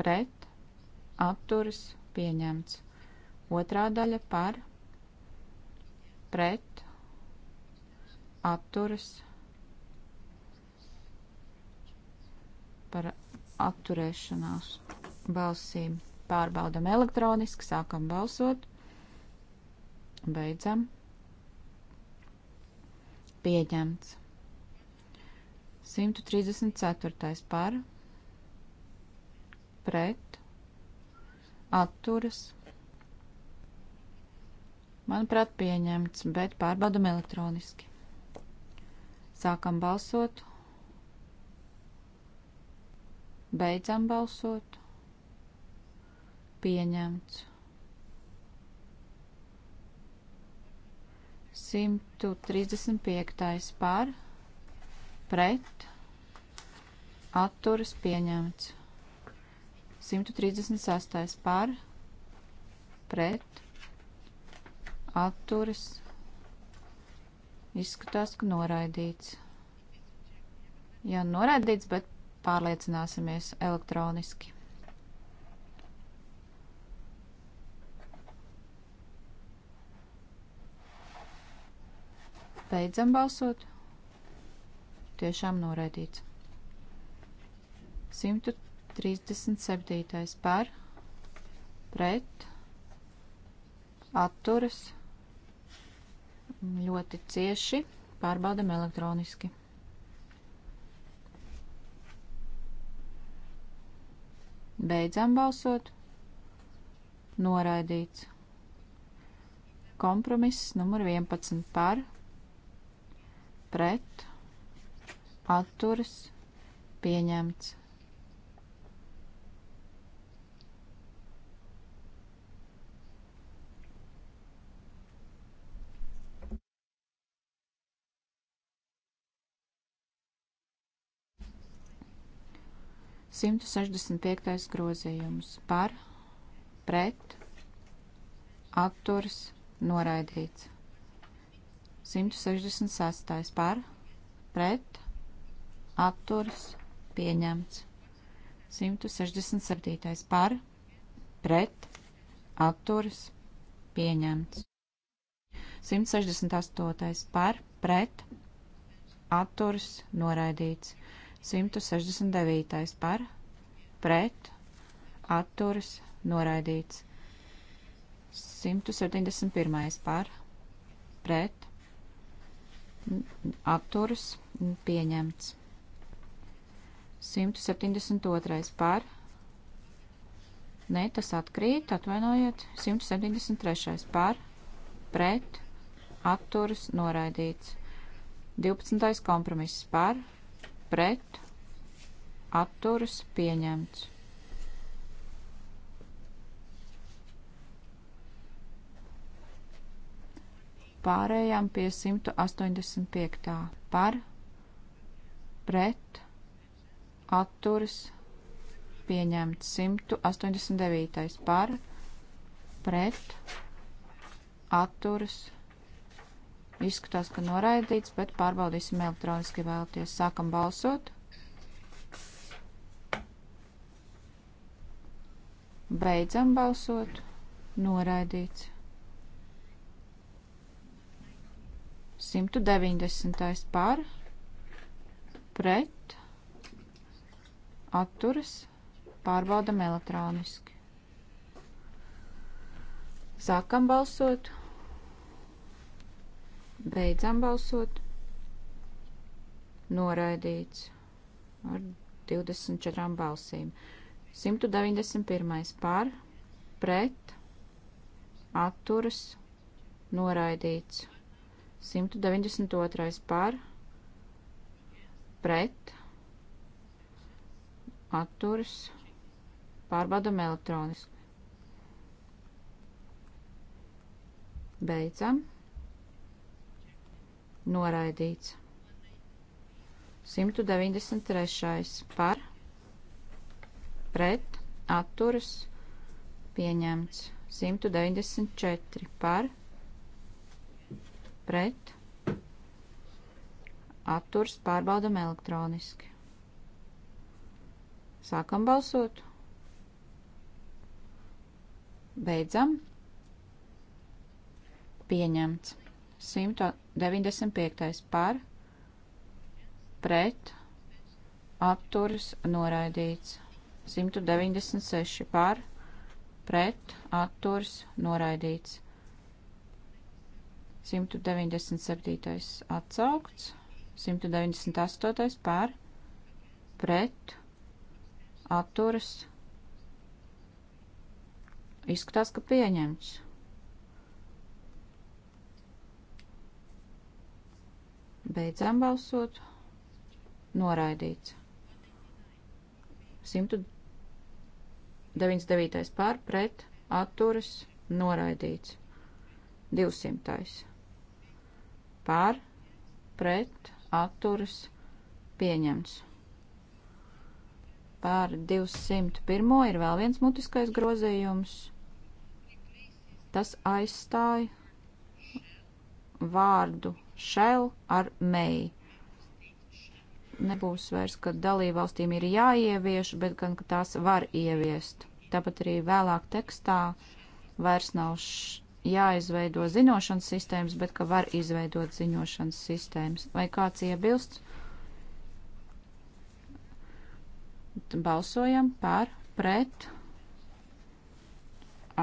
pret, atturas, pieņemts. Otrā daļa par, pret, atturas, par atturēšanās balsīm. Pārbaudam elektroniski, sākam balsot, beidzam. Pieņemts. 134. par, pret, atturas. Manuprāt, pieņemts, bet pārbaudam elektroniski. Sākam balsot. Beidzam balsot. Pieņemts. 135. par, pret, atturas pieņemts. 136. par, pret, atturas, izskatās, ka noraidīts. Jā, noraidīts, bet pārliecināsimies elektroniski. Beidzam balsot. Tiešām noraidīts. 136. 37. par, pret, atturas, ļoti cieši, pārbaudam elektroniski. Beidzam balsot. Noraidīts. Kompromiss numur 11 par, pret, atturas, pieņemts. 165. grozījums par, pret, atturs, noraidīts. 166. par, pret, atturs, pieņemts. 167. par, pret, atturs, pieņemts. 168. par, pret, atturs, noraidīts. 169. par, pret, atturas, noraidīts. 171. par, pret, atturas, pieņemts. 172. par, ne, tas atkrīt, atvainojiet, 173. par, pret, atturas, noraidīts. 12. kompromiss par, pret, pret, atturas pieņemts. Pārējām pie 185. par, pret, atturas pieņemts. 189. par, pret, atturas pieņemts Izskatās, ka noraidīts, bet pārbaudīsim elektroniski vēlties. Sākam balsot. Beidzam balsot. Noraidīts. 190. par, pret, atturas, pārbaudam elektroniski. Sākam balsot. Beidzam balsot. Noraidīts ar 24 balsīm. 191. par, pret, atturas, noraidīts. 192. par, pret, atturas, pārbaudam elektroniski. Beidzam noraidīts. 193. par, pret, atturas, pieņemts. 194 par, pret, atturs pārbaudam elektroniski. Sākam balsot. Beidzam. Pieņemts. 195. par, pret, atturas noraidīts. 196 par, pret, atturas noraidīts. 197. atsaukts, 198. par, pret, atturas. Izskatās, ka pieņemts. Beidzām balsot. Noraidīts. 199. pār pret atturas noraidīts. 200. pār pret atturas pieņemts. Pār 201. ir vēl viens mutiskais grozījums. Tas aizstāja vārdu Šel ar Mei. Nebūs vairs, ka dalībvalstīm ir jāievieš, bet gan, ka tās var ieviest. Tāpat arī vēlāk tekstā vairs nav š... jāizveido ziņošanas sistēmas, bet ka var izveidot ziņošanas sistēmas. Vai kāds iebilst? Balsojam par, pret,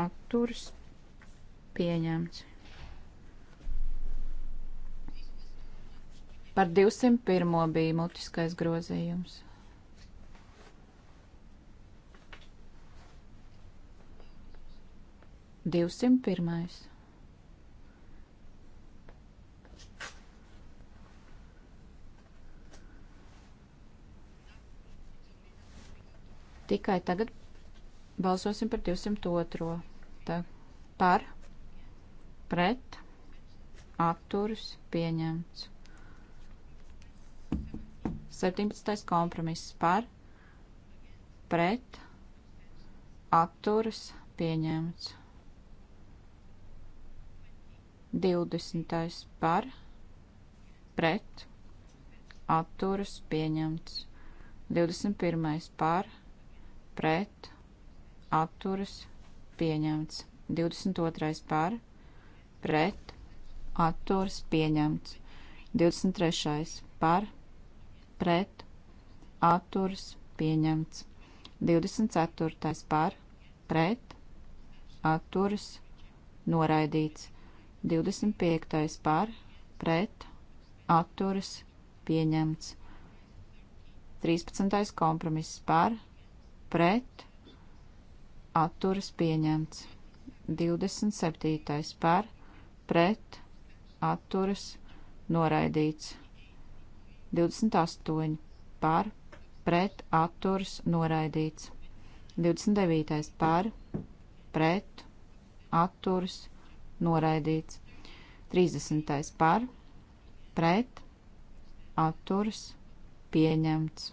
atturs pieņemts. Par 201. bija mutiskais grozījums. Divsimt pirmais. Tikai tagad balsosim par 202. Tā, par, pret, atturas, pieņemts. 17. kompromiss par, pret, atturas pieņemts. 20. par, pret, atturas pieņemts. 21. par, pret, atturas pieņemts. 22. par, pret, atturas pieņemts. 23. par, pret, atturas, pieņemts. 24. par, pret, atturas, noraidīts. 25. par, pret, atturas, pieņemts. 13. kompromiss par, pret, atturas, pieņemts. 27. par, pret, atturas, noraidīts. 28 par, pret, atturs, noraidīts. 29. par, pret, atturs, noraidīts. 30. par, pret, atturs, pieņemts.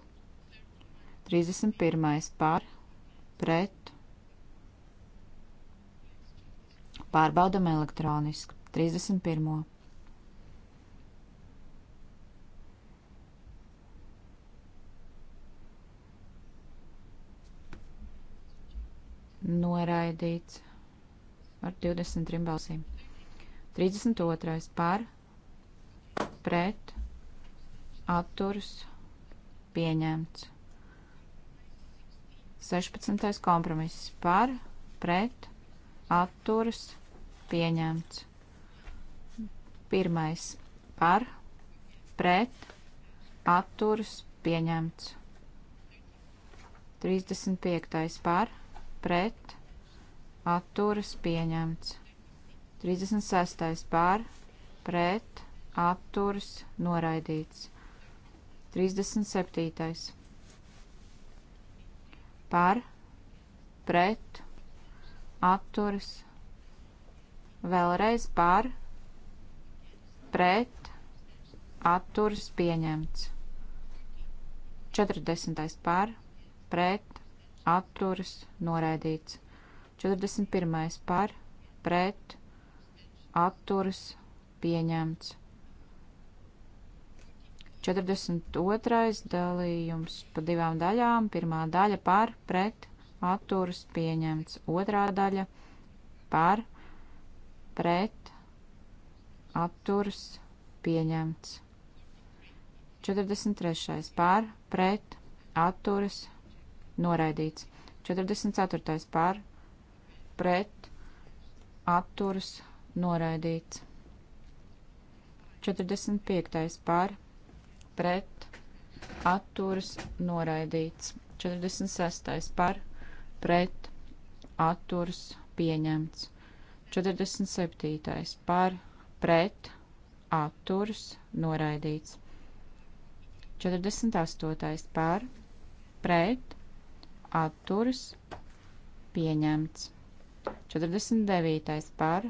31. par, pret, pārbaudam elektroniski. 31. noraidīts ar 23 balsīm. 32. par, pret, atturs, pieņemts. 16. kompromiss par, pret, atturs, pieņemts. 1. par, pret, atturs, pieņemts. 35. par, pret, pret, atturas pieņemts. 36. pār, pret, atturas noraidīts. 37. par, pret, atturas, vēlreiz par, pret, atturas pieņemts. 40. par, pret, atturas, noraidīts. 41. par, pret, atturas, pieņemts. 42. dalījums pa divām daļām. Pirmā daļa par, pret, atturas, pieņemts. Otrā daļa par, pret, atturas, pieņemts. 43. par, pret, atturas, pieņemts noraidīts. 44. par, pret, atturas, noraidīts. 45. par, pret, atturas, noraidīts. 46. par, pret, atturas, pieņemts. 47. par, pret, atturas, noraidīts. 48. par, pret, atturas pieņemts. 49. par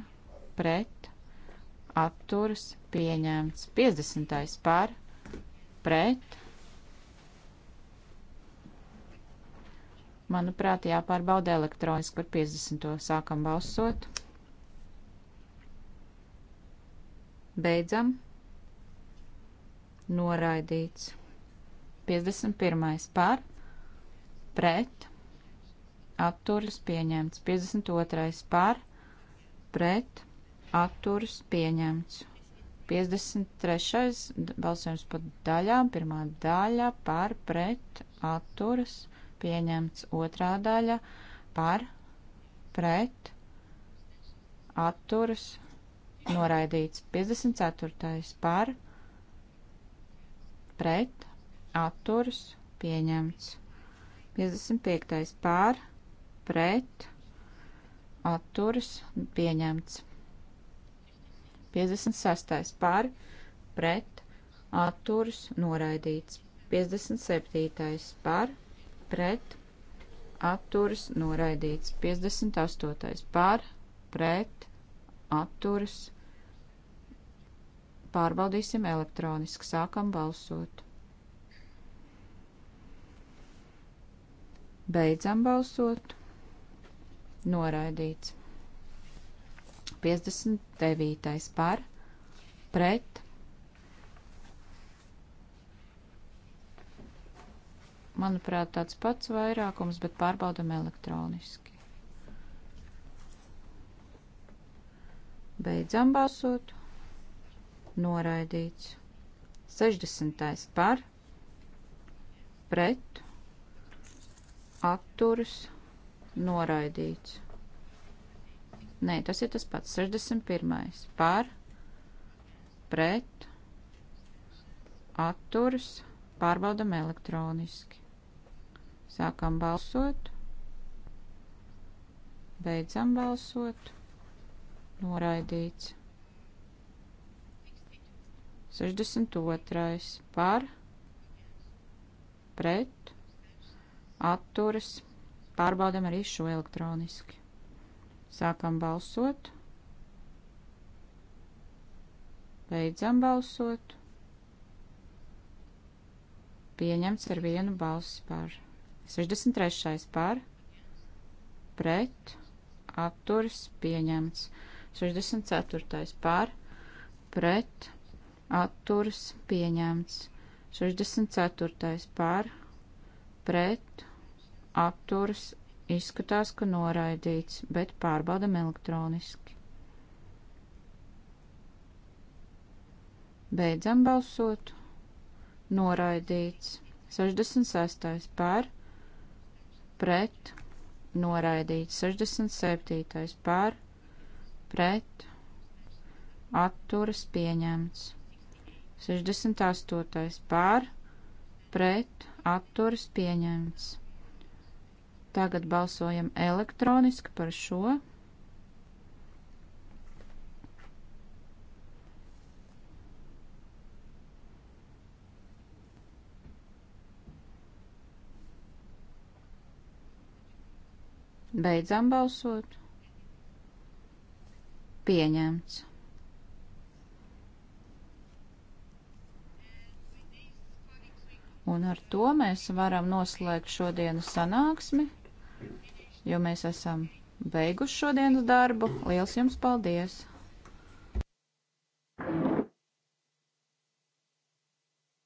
pret atturas pieņemts. 50. par pret. Manuprāt, jāpārbauda elektroniski par 50. sākam balsot. Beidzam. Noraidīts. 51. par pret pret, atturas pieņemts. 52. par, pret, atturas pieņemts. 53. balsojums par daļām, pirmā daļa par, pret, atturas pieņemts. Otrā daļa par, pret, atturas noraidīts. 54. par, pret, atturas pieņemts. 55. pār, pret, atturas, pieņemts. 56. pār, pret, atturas, noraidīts. 57. par, pret, atturas, noraidīts. 58. par, pret, atturas. Pārbaudīsim elektroniski. Sākam balsot. Beidzam balsot. Noraidīts. 59. par, pret. Manuprāt, tāds pats vairākums, bet pārbaudam elektroniski. Beidzam balsot. Noraidīts. 60. par, pret atturas noraidīts. Nē, tas ir tas pats. 61. par, pret, atturas, pārbaudam elektroniski. Sākam balsot, beidzam balsot, noraidīts. 62. par, pret, atturas. Pārbaudam arī šo elektroniski. Sākam balsot. Beidzam balsot. Pieņemts ar vienu balsi par. 63. par. Pret. Atturas. Pieņemts. 64. par. Pret. Atturas. Pieņemts. 64. par pret, apturas, izskatās, ka noraidīts, bet pārbaudam elektroniski. Beidzam balsot. Noraidīts. 66. par, pret, noraidīts. 67. par, pret, atturas pieņemts. 68. par, pret, atturas pieņemts. Tagad balsojam elektroniski par šo. Beidzam balsot. Pieņemts. Un ar to mēs varam noslēgt šodienas sanāksmi, jo mēs esam beiguši šodienas darbu. Liels jums paldies!